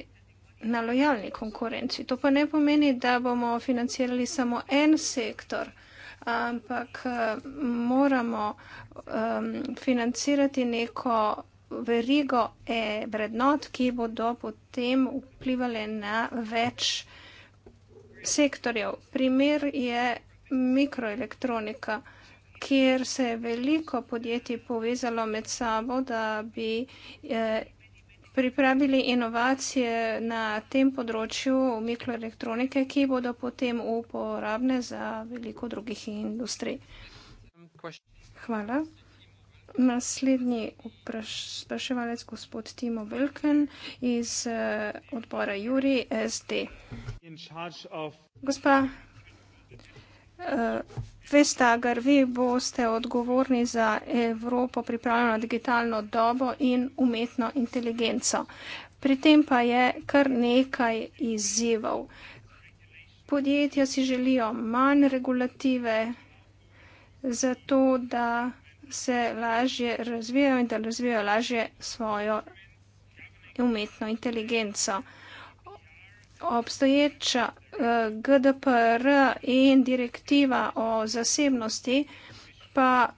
na lojalni konkurenci. To pa ne pomeni, da bomo financirali samo en sektor, ampak moramo um, financirati neko verigo e vrednot, ki bodo potem vplivali na več sektorjev. Primer je mikroelektronika, kjer se je veliko podjetij povezalo med sabo, da bi eh, pripravili inovacije na tem področju mikroelektronike, ki bodo potem uporabne za veliko drugih industrij. Hvala. Naslednji vpraševalec, gospod Timo Vilken iz eh, odbora Juri SD. Gospa Veste, agar vi boste odgovorni za Evropo pripravljeno digitalno dobo in umetno inteligenco. Pri tem pa je kar nekaj izzivov. Podjetja si želijo manj regulative, zato da se lažje razvijajo in da razvijajo lažje svojo umetno inteligenco. Obstoječa GDPR in direktiva o zasebnosti pa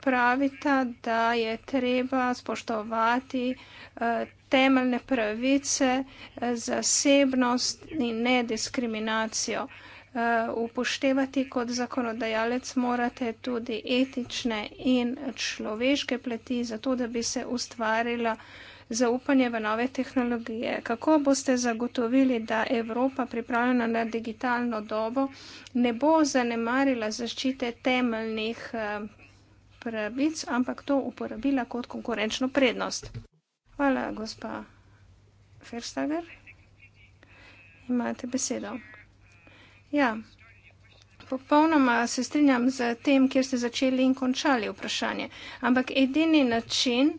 pravita, da je treba spoštovati eh, temeljne pravice, eh, zasebnost in nediskriminacijo. Eh, upoštevati kot zakonodajalec morate tudi etične in človeške pleti, zato da bi se ustvarila uh, zaupanje v nove tehnologije. Kako boste zagotovili, da Evropa pripravljena na digitalno dobo ne bo zanemarila zaščite temeljnih eh, pravic, ampak to uporabila kot konkurenčno prednost? Hvala, gospa Ferstager. Imate besedo. Ja. Popolnoma se strinjam z tem, kjer ste začeli in končali vprašanje. Ampak edini način,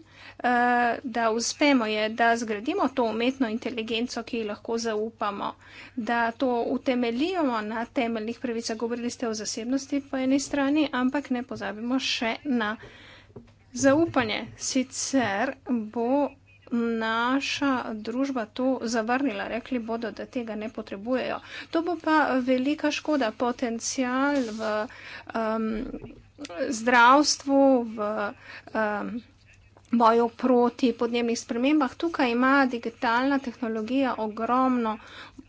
da uspemo je, da zgradimo to umetno inteligenco, ki ji lahko zaupamo, da to utemeljimo na temeljnih pravicah. Govorili ste o zasebnosti po eni strani, ampak ne pozabimo še na zaupanje. Sicer bo naša družba to zavrnila, rekli bodo, da tega ne potrebujejo. To bo pa velika škoda, potencial v um, zdravstvu, v. Um, boju proti podnebnih spremembah. Tukaj ima digitalna tehnologija ogromno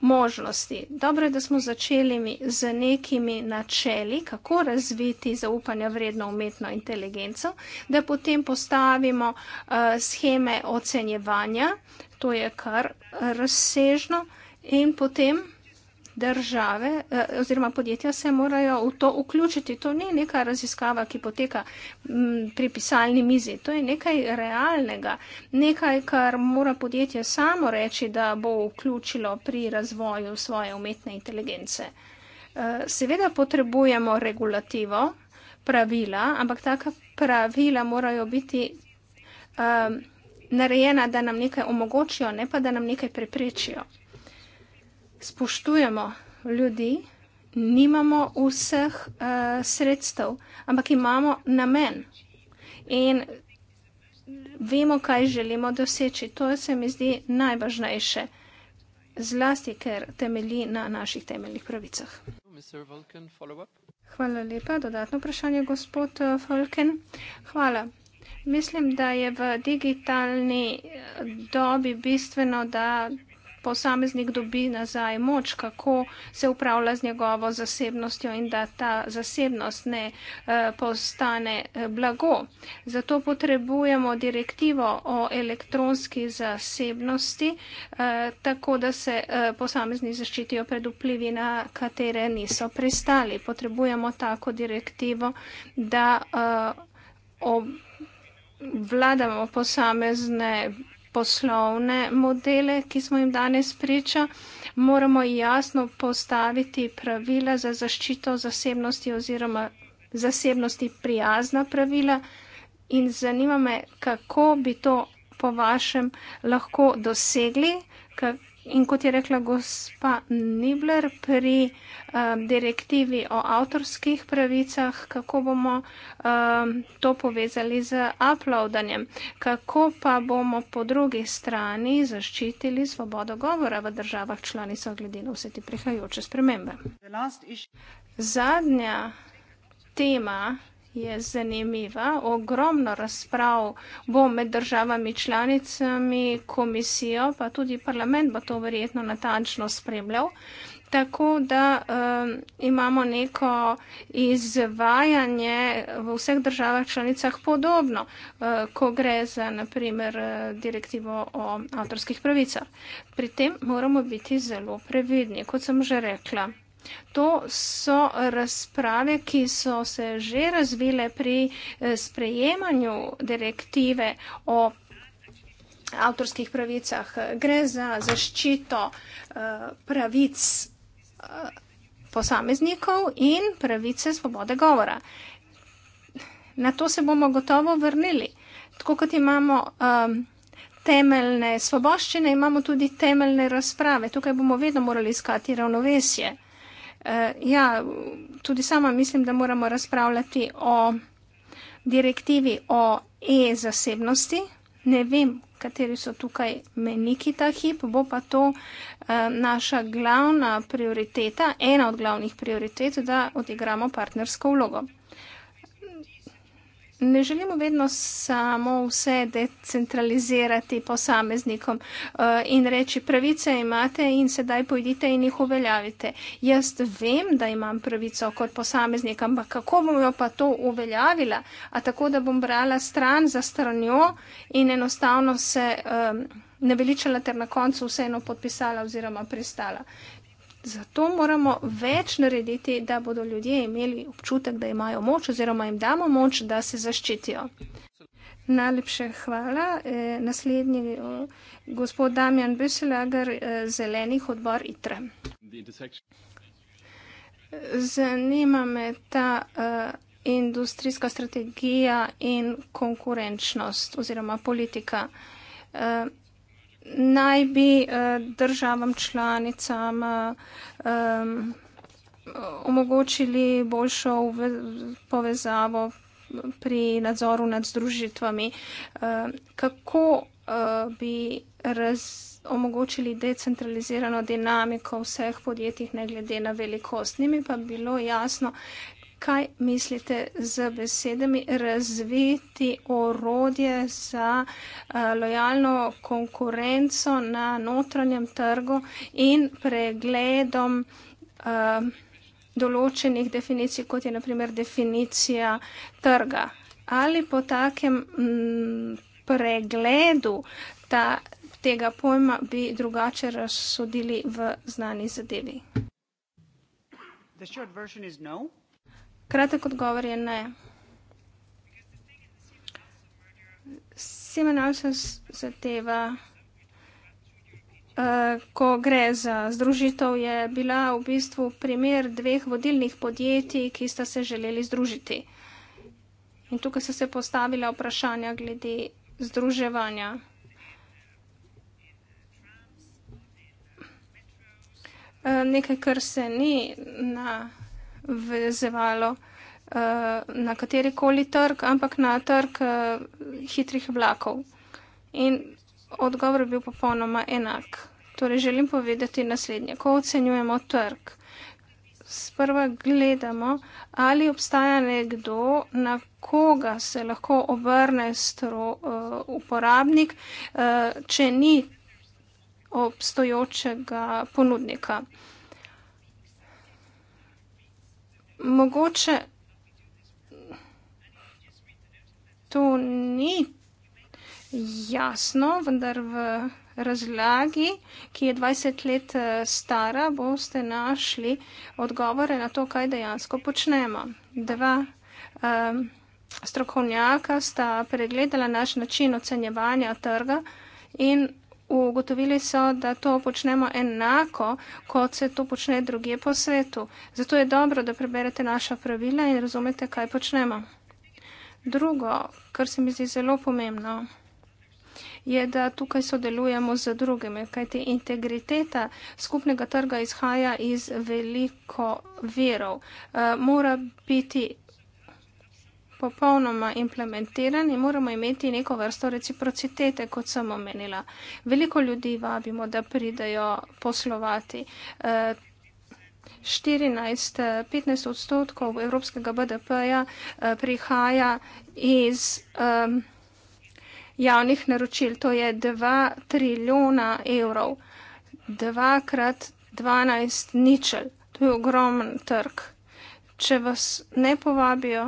možnosti. Dobro je, da smo začeli z nekimi načeli, kako razviti zaupanja vredno umetno inteligenco, da potem postavimo uh, eh, scheme ocenjevanja, to je kar razsežno, in potem države eh, oziroma podjetja se morajo v to vključiti. To ni neka raziskava, ki poteka mm, pri pisalni mizi. To je nekaj realnega, nekaj, kar mora podjetje samo reči, da bo vključilo pri razvoju svoje umetne inteligence. Eh, seveda potrebujemo regulativo, pravila, ampak taka pravila morajo biti um, narejena, da nam nekaj omogočijo, ne pa da nam nekaj preprečijo spoštujemo ljudi, nimamo vseh uh, sredstev, ampak imamo namen in vemo, kaj želimo doseči. To se mi zdi najvažnejše, zlasti, ker temelji na naših temeljnih pravicah. Hvala lepa. Dodatno vprašanje, gospod Falken. Eh, Hvala. Mislim, da je v digitalni eh, dobi bistveno, da posameznik dobi nazaj moč, kako se upravlja z njegovo zasebnostjo in da ta zasebnost ne eh, postane eh, blago. Zato potrebujemo direktivo o elektronski zasebnosti, eh, tako da se posamezni zaščitijo pred vplivi, na katere niso pristali. Potrebujemo tako direktivo, da. Vladamo posamezne poslovne modele, ki smo jim danes priča, moramo jasno postaviti pravila za zaščito zasebnosti oziroma zasebnosti prijazna pravila in zanima me, kako bi to po vašem lahko dosegli, In kot je rekla gospa Nibler pri um, direktivi o avtorskih pravicah, kako bomo um, to povezali z uploadanjem, kako pa bomo po drugi strani zaščitili svobodo govora v državah članicah glede na vse te prihajajoče spremembe. Zadnja tema je zanimiva. Ogromno razprav bo med državami članicami, komisijo, pa tudi parlament bo to verjetno natančno spremljal. Tako da um, imamo neko izvajanje v vseh državah članicah podobno, uh, ko gre za naprimer eh, direktivo o avtorskih pravicah. Pri tem moramo biti zelo previdni, kot sem že rekla. To so razprave, ki so se že razvile pri eh, sprejemanju direktive o avtorskih pravicah. Gre za zaščito eh, pravic eh, posameznikov in pravice svobode govora. Na to se bomo gotovo vrnili. Tako kot imamo um, temeljne svoboščine, imamo tudi temeljne razprave. Tukaj bomo vedno morali iskati ravnovesje. Uh, ja, tudi sama mislim, da moramo razpravljati o direktivi o e-zasebnosti. Ne vem, kateri so tukaj meniki ta hip, bo pa to uh, naša glavna prioriteta, ena od glavnih prioritet, da odigramo partnersko vlogo ne želimo vedno samo vse decentralizirati posameznikom eh, in reči, pravice imate in sedaj pojdite in jih uveljavite. Jaz vem, da imam pravico kot posameznik, ampak kako bom jo pa to uveljavila? A tako, da bom brala stran za stranjo in enostavno se. Um, eh, Naveličala ter na koncu vseeno podpisala oziroma pristala. Zato moramo več narediti, da bodo ljudje imeli občutek, da imajo moč oziroma jim damo moč, da se zaščitijo. Najlepše hvala. E, naslednji e, gospod Damjan Beselager, e, zelenih odbor ITRE. Zanima me ta uh, industrijska strategija in konkurenčnost oziroma politika. Uh, naj bi eh, državam članicam um, omogočili boljšo povezavo pri nadzoru nad združitvami. Um, kako uh, bi raz, omogočili decentralizirano dinamiko vseh podjetij, ne glede na velikost? Nimi pa bilo jasno, kaj mislite z besedami razviti orodje za eh, lojalno konkurenco na notranjem trgu in pregledom eh, določenih definicij, kot je naprimer definicija trga. Ali po takem mm, pregledu ta, tega pojma bi drugače razsodili v znani zadevi? The short version is no. Kratek odgovor je ne. Simon Olsen zateva, uh, ko gre za združitev, je bila v bistvu primer dveh vodilnih podjetij, ki sta se želeli združiti. In tukaj so se postavila vprašanja glede združevanja. Uh, nekaj, kar se ni na vezevalo uh, na katerikoli trg, ampak na trg uh, hitrih vlakov. In odgovor je bil popolnoma enak. Torej, želim povedati naslednje. Ko ocenjujemo trg, sprva gledamo, ali obstaja nekdo, na koga se lahko obrne stro, uh, uporabnik, uh, če ni obstoječega ponudnika. Uh, mogoče to ni jasno, vendar v razlagi, ki je 20 let eh, stara, boste našli odgovore na to, kaj dejansko počnemo. Dva um, strokovnjaka sta pregledala naš način ocenjevanja trga in ugotovili so, da to počnemo enako, kot se to počne druge po svetu. Zato je dobro, da preberete naša pravila in razumete, kaj počnemo. Drugo, kar se mi zdi zelo pomembno, je, da tukaj sodelujemo z drugimi, kajti integriteta skupnega trga izhaja iz veliko verov. E, eh, mora biti popolnoma implementiran in moramo imeti neko vrsto reciprocitete, kot sem omenila. Veliko ljudi vabimo, da pridejo poslovati. 14-15 odstotkov evropskega BDP-ja eh, prihaja iz javnih naročil, to je 2 trilijona evrov, 2 krat 12 ničel, to je ogromen trg. Če vas ne povabijo,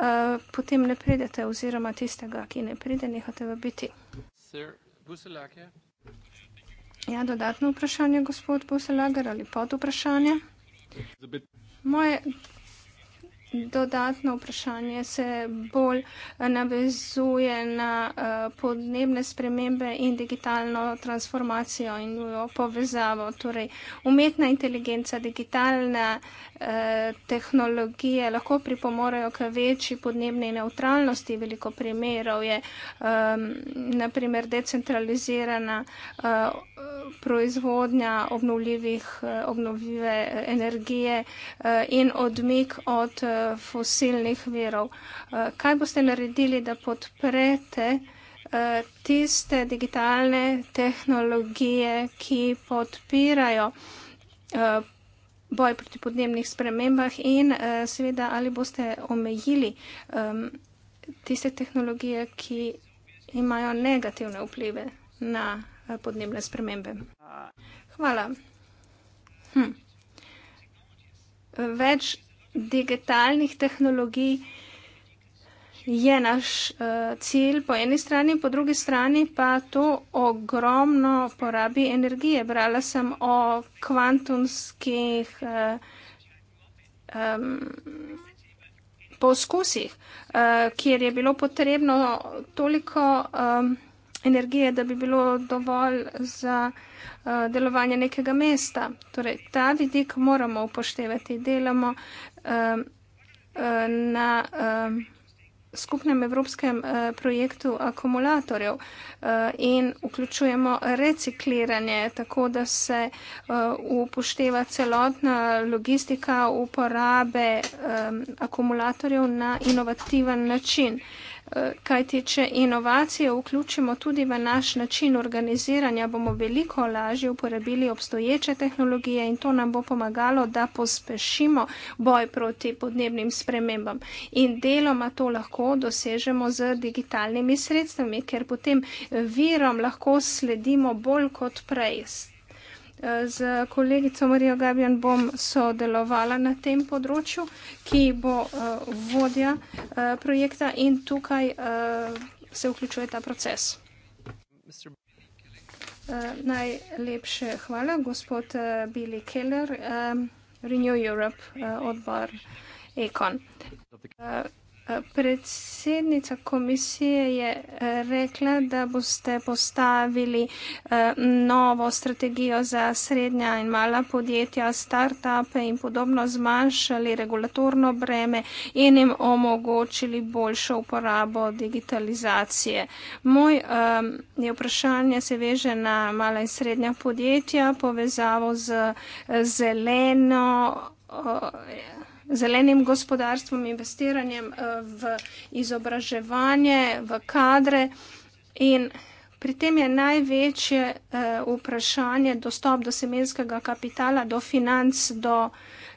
Eh, potem ne pridete oziroma tistega, ki ne pride, nehate v biti. Ja, dodatno vprašanje, gospod Buselager, ali pod vprašanje? Moje dodatno vprašanje se bolj navezuje na eh, podnebne spremembe in digitalno transformacijo in jo povezavo. Torej, umetna inteligenca, digitalna Eh, tehnologije lahko pripomorejo k večji podnebni neutralnosti. Veliko primerov je um, naprimer decentralizirana uh, proizvodnja obnovljivih, eh, obnovljive energije uh, in odmik od uh, fosilnih verov. Uh, kaj boste naredili, da podprete tiste digitalne tehnologije, ki podpirajo boj proti podnebnih spremembah in uh, seveda ali boste omejili um, tiste tehnologije, ki imajo negativne vplive na uh, podnebne spremembe. Hvala. Hm. Več digitalnih tehnologij je naš uh, cilj po eni strani, po drugi strani pa to ogromno porabi energije. Brala sem o kvantumskih uh, um, poskusih, uh, kjer je bilo potrebno toliko um, energije, da bi bilo dovolj za uh, delovanje nekega mesta. Torej, ta vidik moramo upoštevati. Delamo uh, uh, na. Uh, skupnem evropskem eh, projektu akumulatorjev eh, in vključujemo recikliranje, tako da se eh, upošteva celotna logistika uporabe akumulatorjev na inovativen način. Kajti, če inovacije vključimo tudi v naš način organiziranja, bomo veliko lažje uporabili obstoječe tehnologije in to nam bo pomagalo, da pospešimo boj proti podnebnim spremembam. In deloma to lahko dosežemo z digitalnimi sredstvami, ker potem virom lahko sledimo bolj kot prej. Z kolegico Marijo Gabjan bom sodelovala na tem področju, ki bo eh, vodja eh, projekta in tukaj eh, se vključuje ta proces. Najlepše hvala, gospod Billy Keller, Renew Europe, odbor Econ. Predsednica komisije je eh, rekla, da boste postavili eh, novo strategijo za srednja in mala podjetja, start-upe in podobno zmanjšali regulatorno breme in jim omogočili boljšo uporabo digitalizacije. Moj eh, je vprašanje se veže na mala in srednja podjetja, povezavo z zeleno zelenim gospodarstvom, investiranjem eh, v izobraževanje, v kadre. In pri tem je največje eh, vprašanje dostop do semenskega kapitala, do financ, do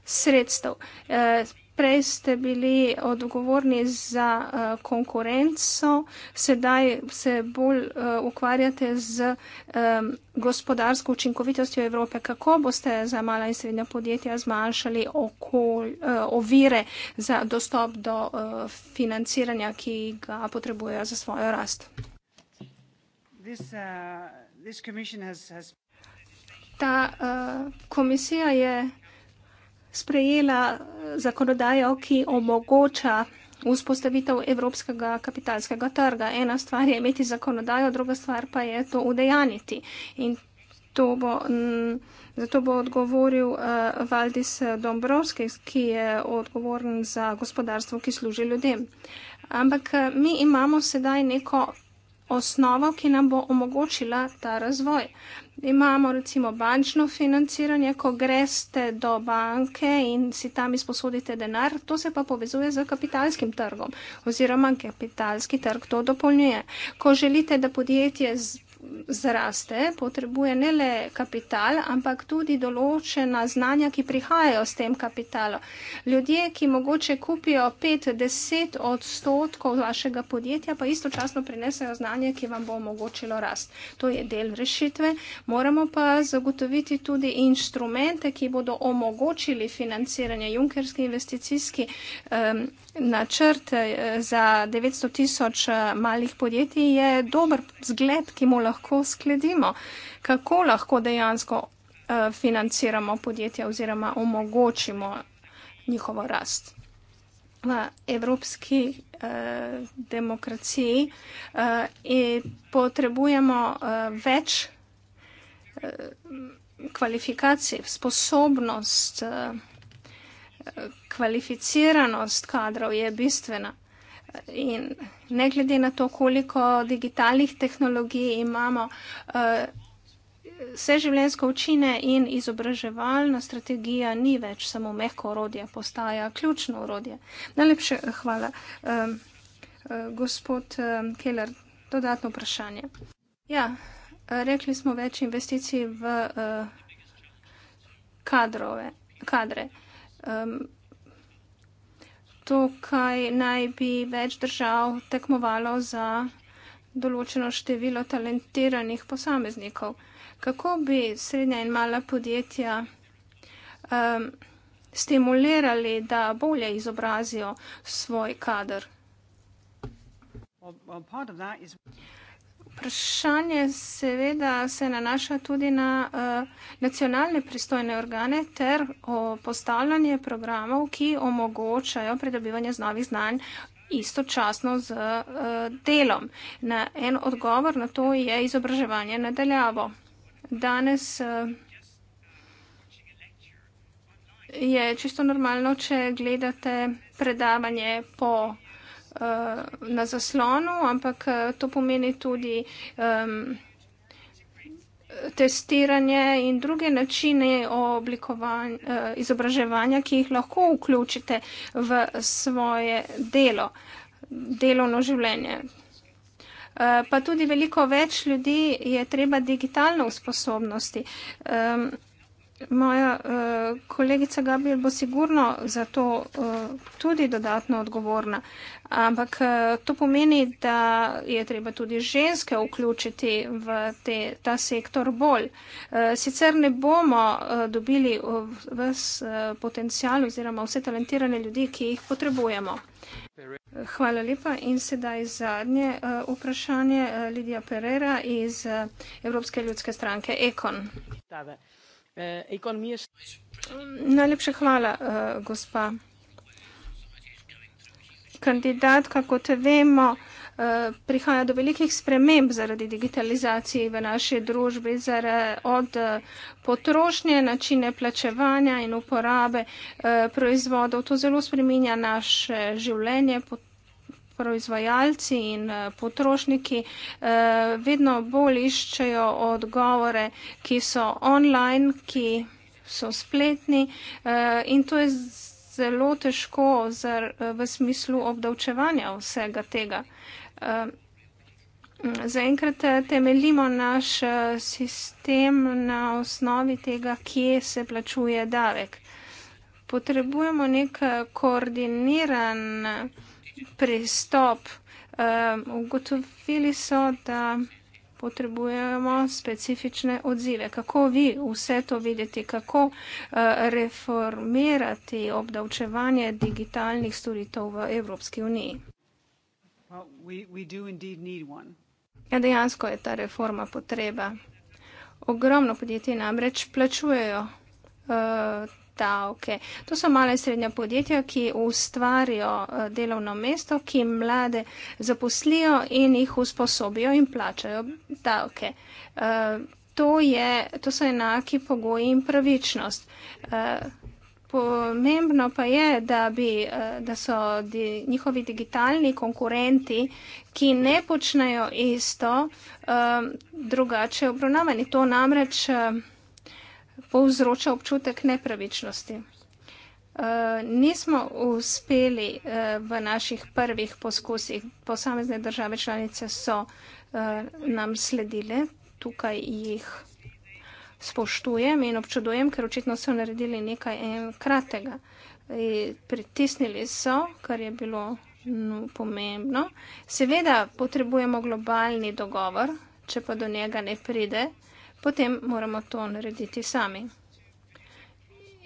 sredstev. Eh, prej ste bili odgovorni za uh, konkurenco, sedaj se bolj uh, ukvarjate z um, gospodarsko učinkovitostjo Evrope. Kako boste za mala in srednja podjetja zmanjšali okol, uh, ovire za dostop do uh, financiranja, ki ga potrebujejo za svojo rast? This, uh, this Ta uh, komisija je sprejela eh, zakonodajo, ki omogoča vzpostavitev evropskega kapitalskega trga. Ena stvar je imeti zakonodajo, druga stvar pa je to udejaniti. In to bo, mm, zato bo odgovoril uh, Valdis Dombrovski, ki je odgovoren za gospodarstvo, ki služi ljudem. Ampak eh, mi imamo sedaj neko osnovo, ki nam bo omogočila ta razvoj. Imamo recimo bančno financiranje, ko greste do banke in si tam izposodite denar, to se pa povezuje z kapitalskim trgom oziroma kapitalski trg to dopolnjuje. Ko želite, da podjetje zraste, potrebuje ne le kapital, ampak tudi določena znanja, ki prihajajo s tem kapitalom. Ljudje, ki mogoče kupijo 5-10 odstotkov vašega podjetja, pa istočasno prinesajo znanje, ki vam bo omogočilo rast. To je del rešitve. Moramo pa zagotoviti tudi inštrumente, ki bodo omogočili financiranje junkerski investicijski um, Načrt eh, za 900 tisoč eh, malih podjetij je dober zgled, ki mu lahko skledimo. Kako lahko dejansko eh, financiramo podjetja oziroma omogočimo njihovo rast? V evropski eh, demokraciji eh, potrebujemo eh, več eh, kvalifikacij, sposobnost. Eh, kvalificiranost kadrov je bistvena. In ne glede na to, koliko digitalnih tehnologij imamo, eh, vse življenjsko učine in izobraževalna strategija ni več samo mehko urodje, postaja ključno urodje. Najlepše hvala. Eh, gospod Keller, dodatno vprašanje. Ja, rekli smo več investicij v eh, kadrove, kadre um, tukaj naj bi več držav tekmovalo za določeno število talentiranih posameznikov. Kako bi srednja in mala podjetja um, stimulirali, da bolje izobrazijo svoj kader? Well, well, vprašanje seveda se nanaša tudi na uh, nacionalne pristojne organe ter o postavljanje programov, ki omogočajo pridobivanje znovih znanj istočasno z uh, delom. Na en odgovor na to je izobraževanje nadaljavo. Danes uh, je čisto normalno, če gledate predavanje po. Eh, na zaslonu, ampak eh, to pomeni tudi um, testiranje in druge načine eh, izobraževanja, ki jih lahko vključite v svoje delo, delovno življenje. Pa tudi veliko več ljudi je treba digitalno usposobnosti. Um, Moja uh, kolegica Gabriel bo sigurno za to uh, tudi dodatno odgovorna, ampak uh, to pomeni, da je treba tudi ženske vključiti v te, ta sektor bolj. Uh, sicer ne bomo uh, dobili vse uh, potencijal oziroma vse talentirane ljudi, ki jih potrebujemo. Hvala lepa in sedaj zadnje uh, vprašanje uh, Lidija Pereira iz uh, Evropske ljudske stranke Ekon. Tave. Eh, Najlepša hvala, e, gospa kandidatka. Kot vemo, e, prihaja do velikih sprememb zaradi digitalizacije v naši družbi, od e, potrošnje, načine plačevanja in uporabe proizvodov. To zelo spreminja naše življenje, potrošnje proizvajalci in eh, potrošniki eh, vedno bolj iščejo odgovore, ki so online, ki so spletni eh, in to je zelo težko v smislu obdavčevanja vsega tega. Zaenkrat temeljimo naš sistem na osnovi tega, kje se plačuje davek. Potrebujemo nek koordiniran pristop. Um, ugotovili so, da potrebujemo specifične odzive. Kako vi vse to vidite, kako uh, reformirati obdavčevanje digitalnih storitev v Evropski uniji? Well, we, we ja, dejansko je ta reforma potreba. Ogromno podjetij namreč plačujejo. Uh, stavke. To so male srednja podjetja, ki ustvarijo eh, delovno mesto, ki mlade zaposlijo in jih usposobijo in plačajo davke. Eh, to, je, to so enaki pogoji in pravičnost. Eh, pomembno pa je, da, bi, da so di, njihovi digitalni konkurenti, ki ne počnejo isto, drugače obravnavani. To namreč povzroča občutek nepravičnosti. Uh, nismo uspeli uh, v naših prvih poskusih, posamezne države članice so uh, nam sledile, tukaj jih spoštujem in občudujem, ker očitno so naredili nekaj enkratega. E, pritisnili so, kar je bilo no, pomembno. Seveda potrebujemo globalni dogovor, če pa do njega ne pride, uh, potem moramo to narediti sami.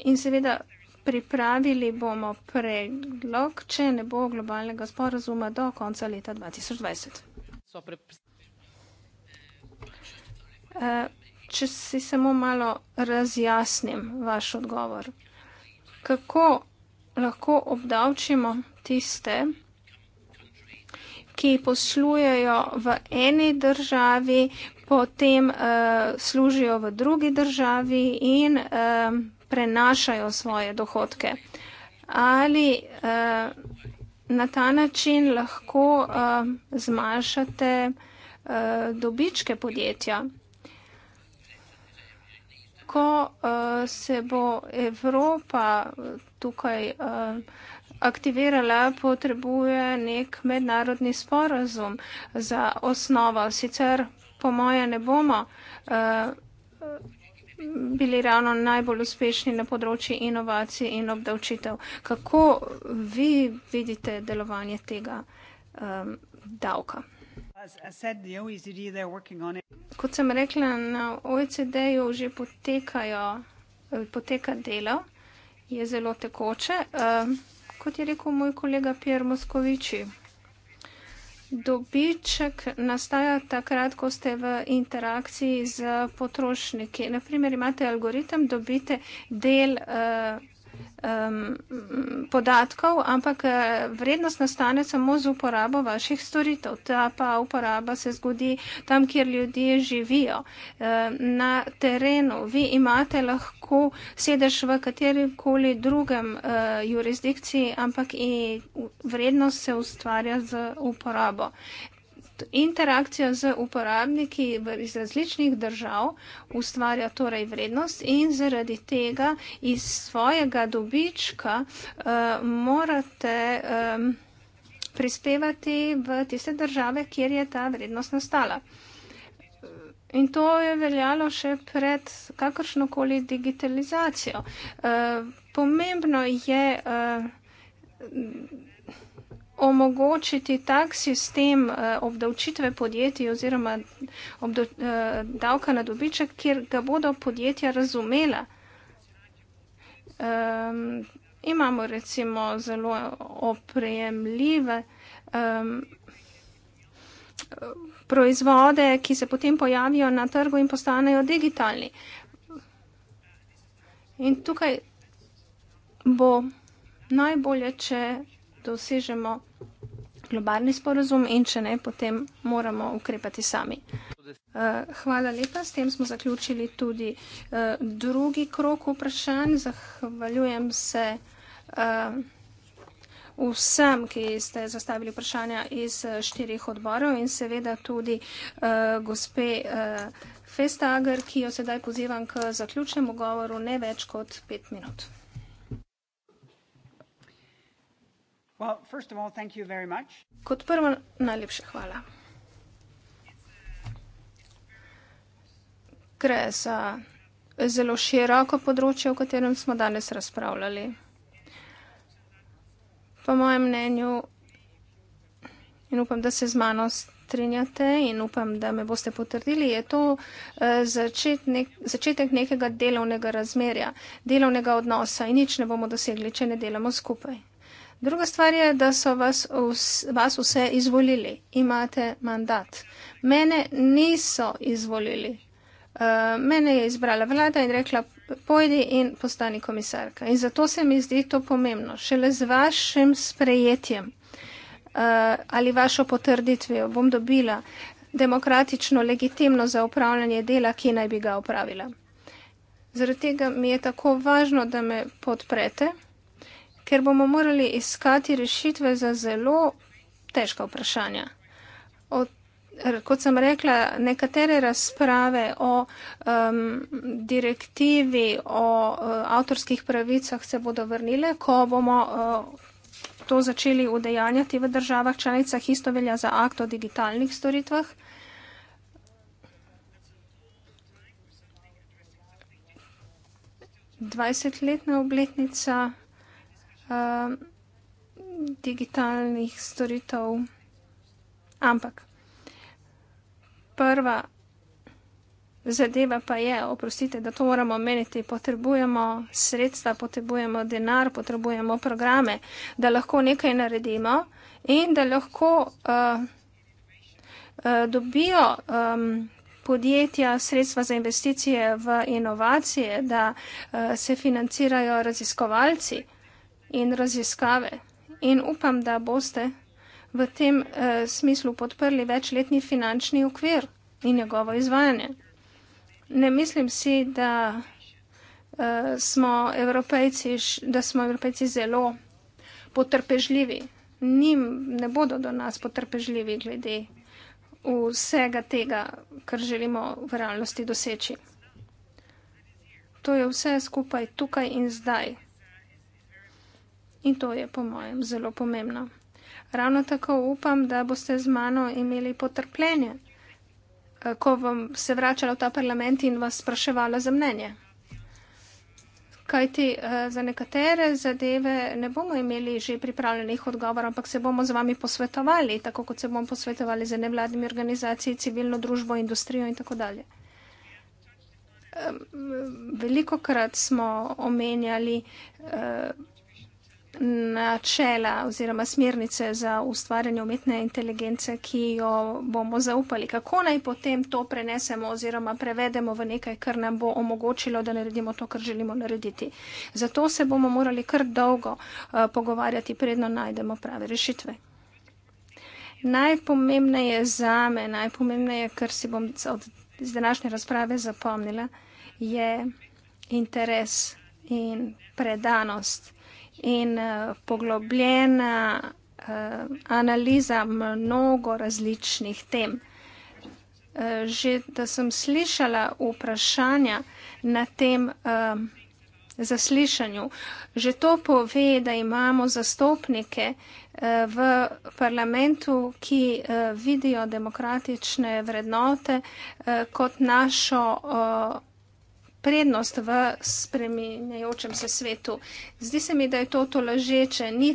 In seveda pripravili bomo predlog, če ne bo globalnega sporazuma do konca leta 2020. Eh, če si samo malo razjasnim vaš odgovor. Kako lahko obdavčimo tiste, ki poslujejo v eni državi, potem uh, služijo v drugi državi in um, prenašajo svoje dohodke. Ali uh, na ta način lahko uh, zmanjšate uh, dobičke podjetja? Ko uh, se bo Evropa tukaj uh, aktivirala, potrebuje nek mednarodni sporazum za osnovo. Sicer po moje ne bomo uh, bili ravno najbolj uspešni na področju inovacij in obdavčitev. Kako vi vidite delovanje tega um, davka? E kot sem rekla, na OECD-ju že potekajo, eh, poteka delo, je zelo tekoče. Um, kot je rekel moj kolega Pierre Moskovici, dobiček nastaja takrat, ko ste v interakciji z potrošniki. Naprimer, imate algoritem, dobite del. Uh, um, podatkov, ampak eh, vrednost nastane samo z uporabo vaših storitev. Ta pa uporaba se zgodi tam, kjer ljudje živijo, na terenu. Vi imate lahko sedež v katerikoli drugem eh, jurisdikciji, ampak vrednost se ustvarja z uporabo interakcija z uporabniki iz različnih držav ustvarja torej vrednost in zaradi tega iz svojega dobička uh, morate um, prispevati v tiste države, kjer je ta vrednost nastala. In to je veljalo še pred kakršnokoli digitalizacijo. Uh, pomembno je. Uh, omogočiti tak sistem eh, obdavčitve podjetij oziroma obdav, eh, davka na dobiček, kjer ga bodo podjetja razumela. Um, imamo recimo zelo oprejemljive um, proizvode, ki se potem pojavijo na trgu in postanejo digitalni. In tukaj bo najbolje, če dosežemo globalni sporozum in če ne, potem moramo ukrepati sami. Eh, hvala lepa, s tem smo zaključili tudi eh, drugi krok vprašanj. Zahvaljujem se eh, vsem, ki ste zastavili vprašanja iz štirih odborov in seveda tudi gospe Festager, ki jo sedaj pozivam k zaključnemu govoru ne več kot pet minut. Kot prvo, najlepša hvala. Gre za zelo široko področje, o katerem smo danes razpravljali. Po mojem mnenju, in upam, da se z mano strinjate in upam, da me boste potrdili, je to eh, začetnek, začetek nekega delovnega razmerja, delovnega odnosa in nič ne bomo dosegli, če ne delamo skupaj. Druga stvar je, da so vas, vas vse izvolili, imate mandat. Mene niso izvolili. Uh, mene je izbrala vlada in rekla, pojdi in postani komisarka. In zato se mi zdi to pomembno. Šele z vašim sprejetjem uh, ali vašo potrditvijo bom dobila demokratično legitimno za upravljanje dela, ki naj bi ga upravila. Zaradi tega mi je tako važno, da me podprete ker bomo morali iskati rešitve za zelo težka vprašanja. Od Kot sem rekla, nekatere razprave o um, direktivi o uh, avtorskih pravicah se bodo vrnile, ko bomo uh, to začeli udejanjati v državah članicah. Isto velja za akt o digitalnih storitvah. Dvajsetletna obletnica um, digitalnih storitev. Ampak prva zadeva pa je, oprostite, da to moramo meniti, potrebujemo sredstva, potrebujemo denar, potrebujemo programe, da lahko nekaj naredimo in da lahko uh, uh, dobijo. Um, podjetja, sredstva za investicije v inovacije, da uh, se financirajo raziskovalci in raziskave in upam, da boste v tem eh, smislu podprli večletni finančni okvir in njegovo izvajanje. Ne mislim si, da, eh, smo, evropejci, da smo evropejci zelo potrpežljivi. Nim ne bodo do nas potrpežljivi glede vsega tega, kar želimo v realnosti doseči. To je vse skupaj tukaj in zdaj in to je po mojem zelo pomembno. Ravno tako upam, da boste z mano imeli potrpljenje, eh, ko vam se vračala v ta parlament in vas spraševala za mnenje. Kajti eh, za nekatere zadeve ne bomo imeli že pripravljenih odgovorov, ampak se bomo z vami posvetovali, tako kot se bomo posvetovali za nevladnimi organizacijami, civilno družbo, industrijo in tako dalje. Veliko krat smo omenjali eh, načela oziroma smernice za ustvarjanje umetne inteligence, ki jo bomo zaupali. Kako naj potem to prenesemo oziroma prevedemo v nekaj, kar nam bo omogočilo, da naredimo to, kar želimo narediti. Zato se bomo morali kar dolgo uh, pogovarjati, predno najdemo prave rešitve. Najpomembneje za me, najpomembneje, kar si bom od, z današnje razprave zapomnila, je interes in predanost in uh, poglobljena uh, analiza mnogo različnih tem. Eh, že da sem slišala vprašanja na tem um, zaslišanju, že to pove, da imamo zastopnike uh, v parlamentu, ki uh, vidijo demokratične vrednote uh, kot našo uh, prednost v spremenjajočem se svetu. Zdi se mi, da je to to lažeče, ni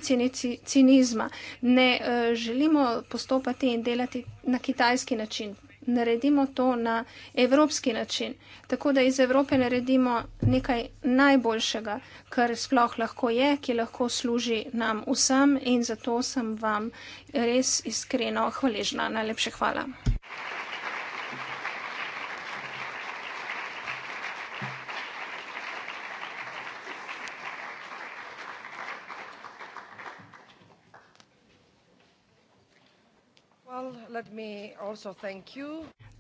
cinizma. Ne uh, želimo postopati in delati na kitajski način. Naredimo to na evropski način, tako da iz Evrope naredimo nekaj najboljšega, kar sploh lahko je, ki lahko služi nam vsem in zato sem vam res iskreno hvaležna. Najlepše hvala.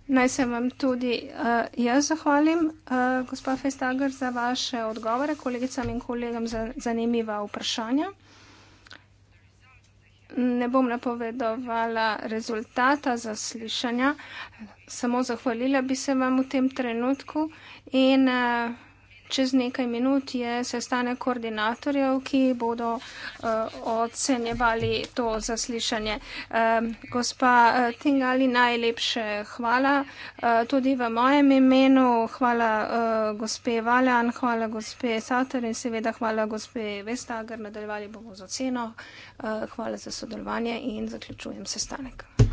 Naj se vam tudi uh, jaz zahvalim, uh, eh, gospod Feistager, za vaše odgovore, kolegicam in kolegam za zanimiva vprašanja. Ne bom napovedovala rezultata zaslišanja, samo zahvalila bi se vam v tem trenutku in uh, čez nekaj minut je sestane koordinatorjev, ki bodo uh, ocenjevali to zaslišanje. Uh, gospa eh, Tingali, najlepše hvala uh, tudi v mojem imenu. Hvala uh, gospe Valjan, hvala gospe Sater in seveda hvala gospe Vestager. Nadaljevali bomo z oceno. Uh, hvala za sodelovanje in zaključujem sestanek.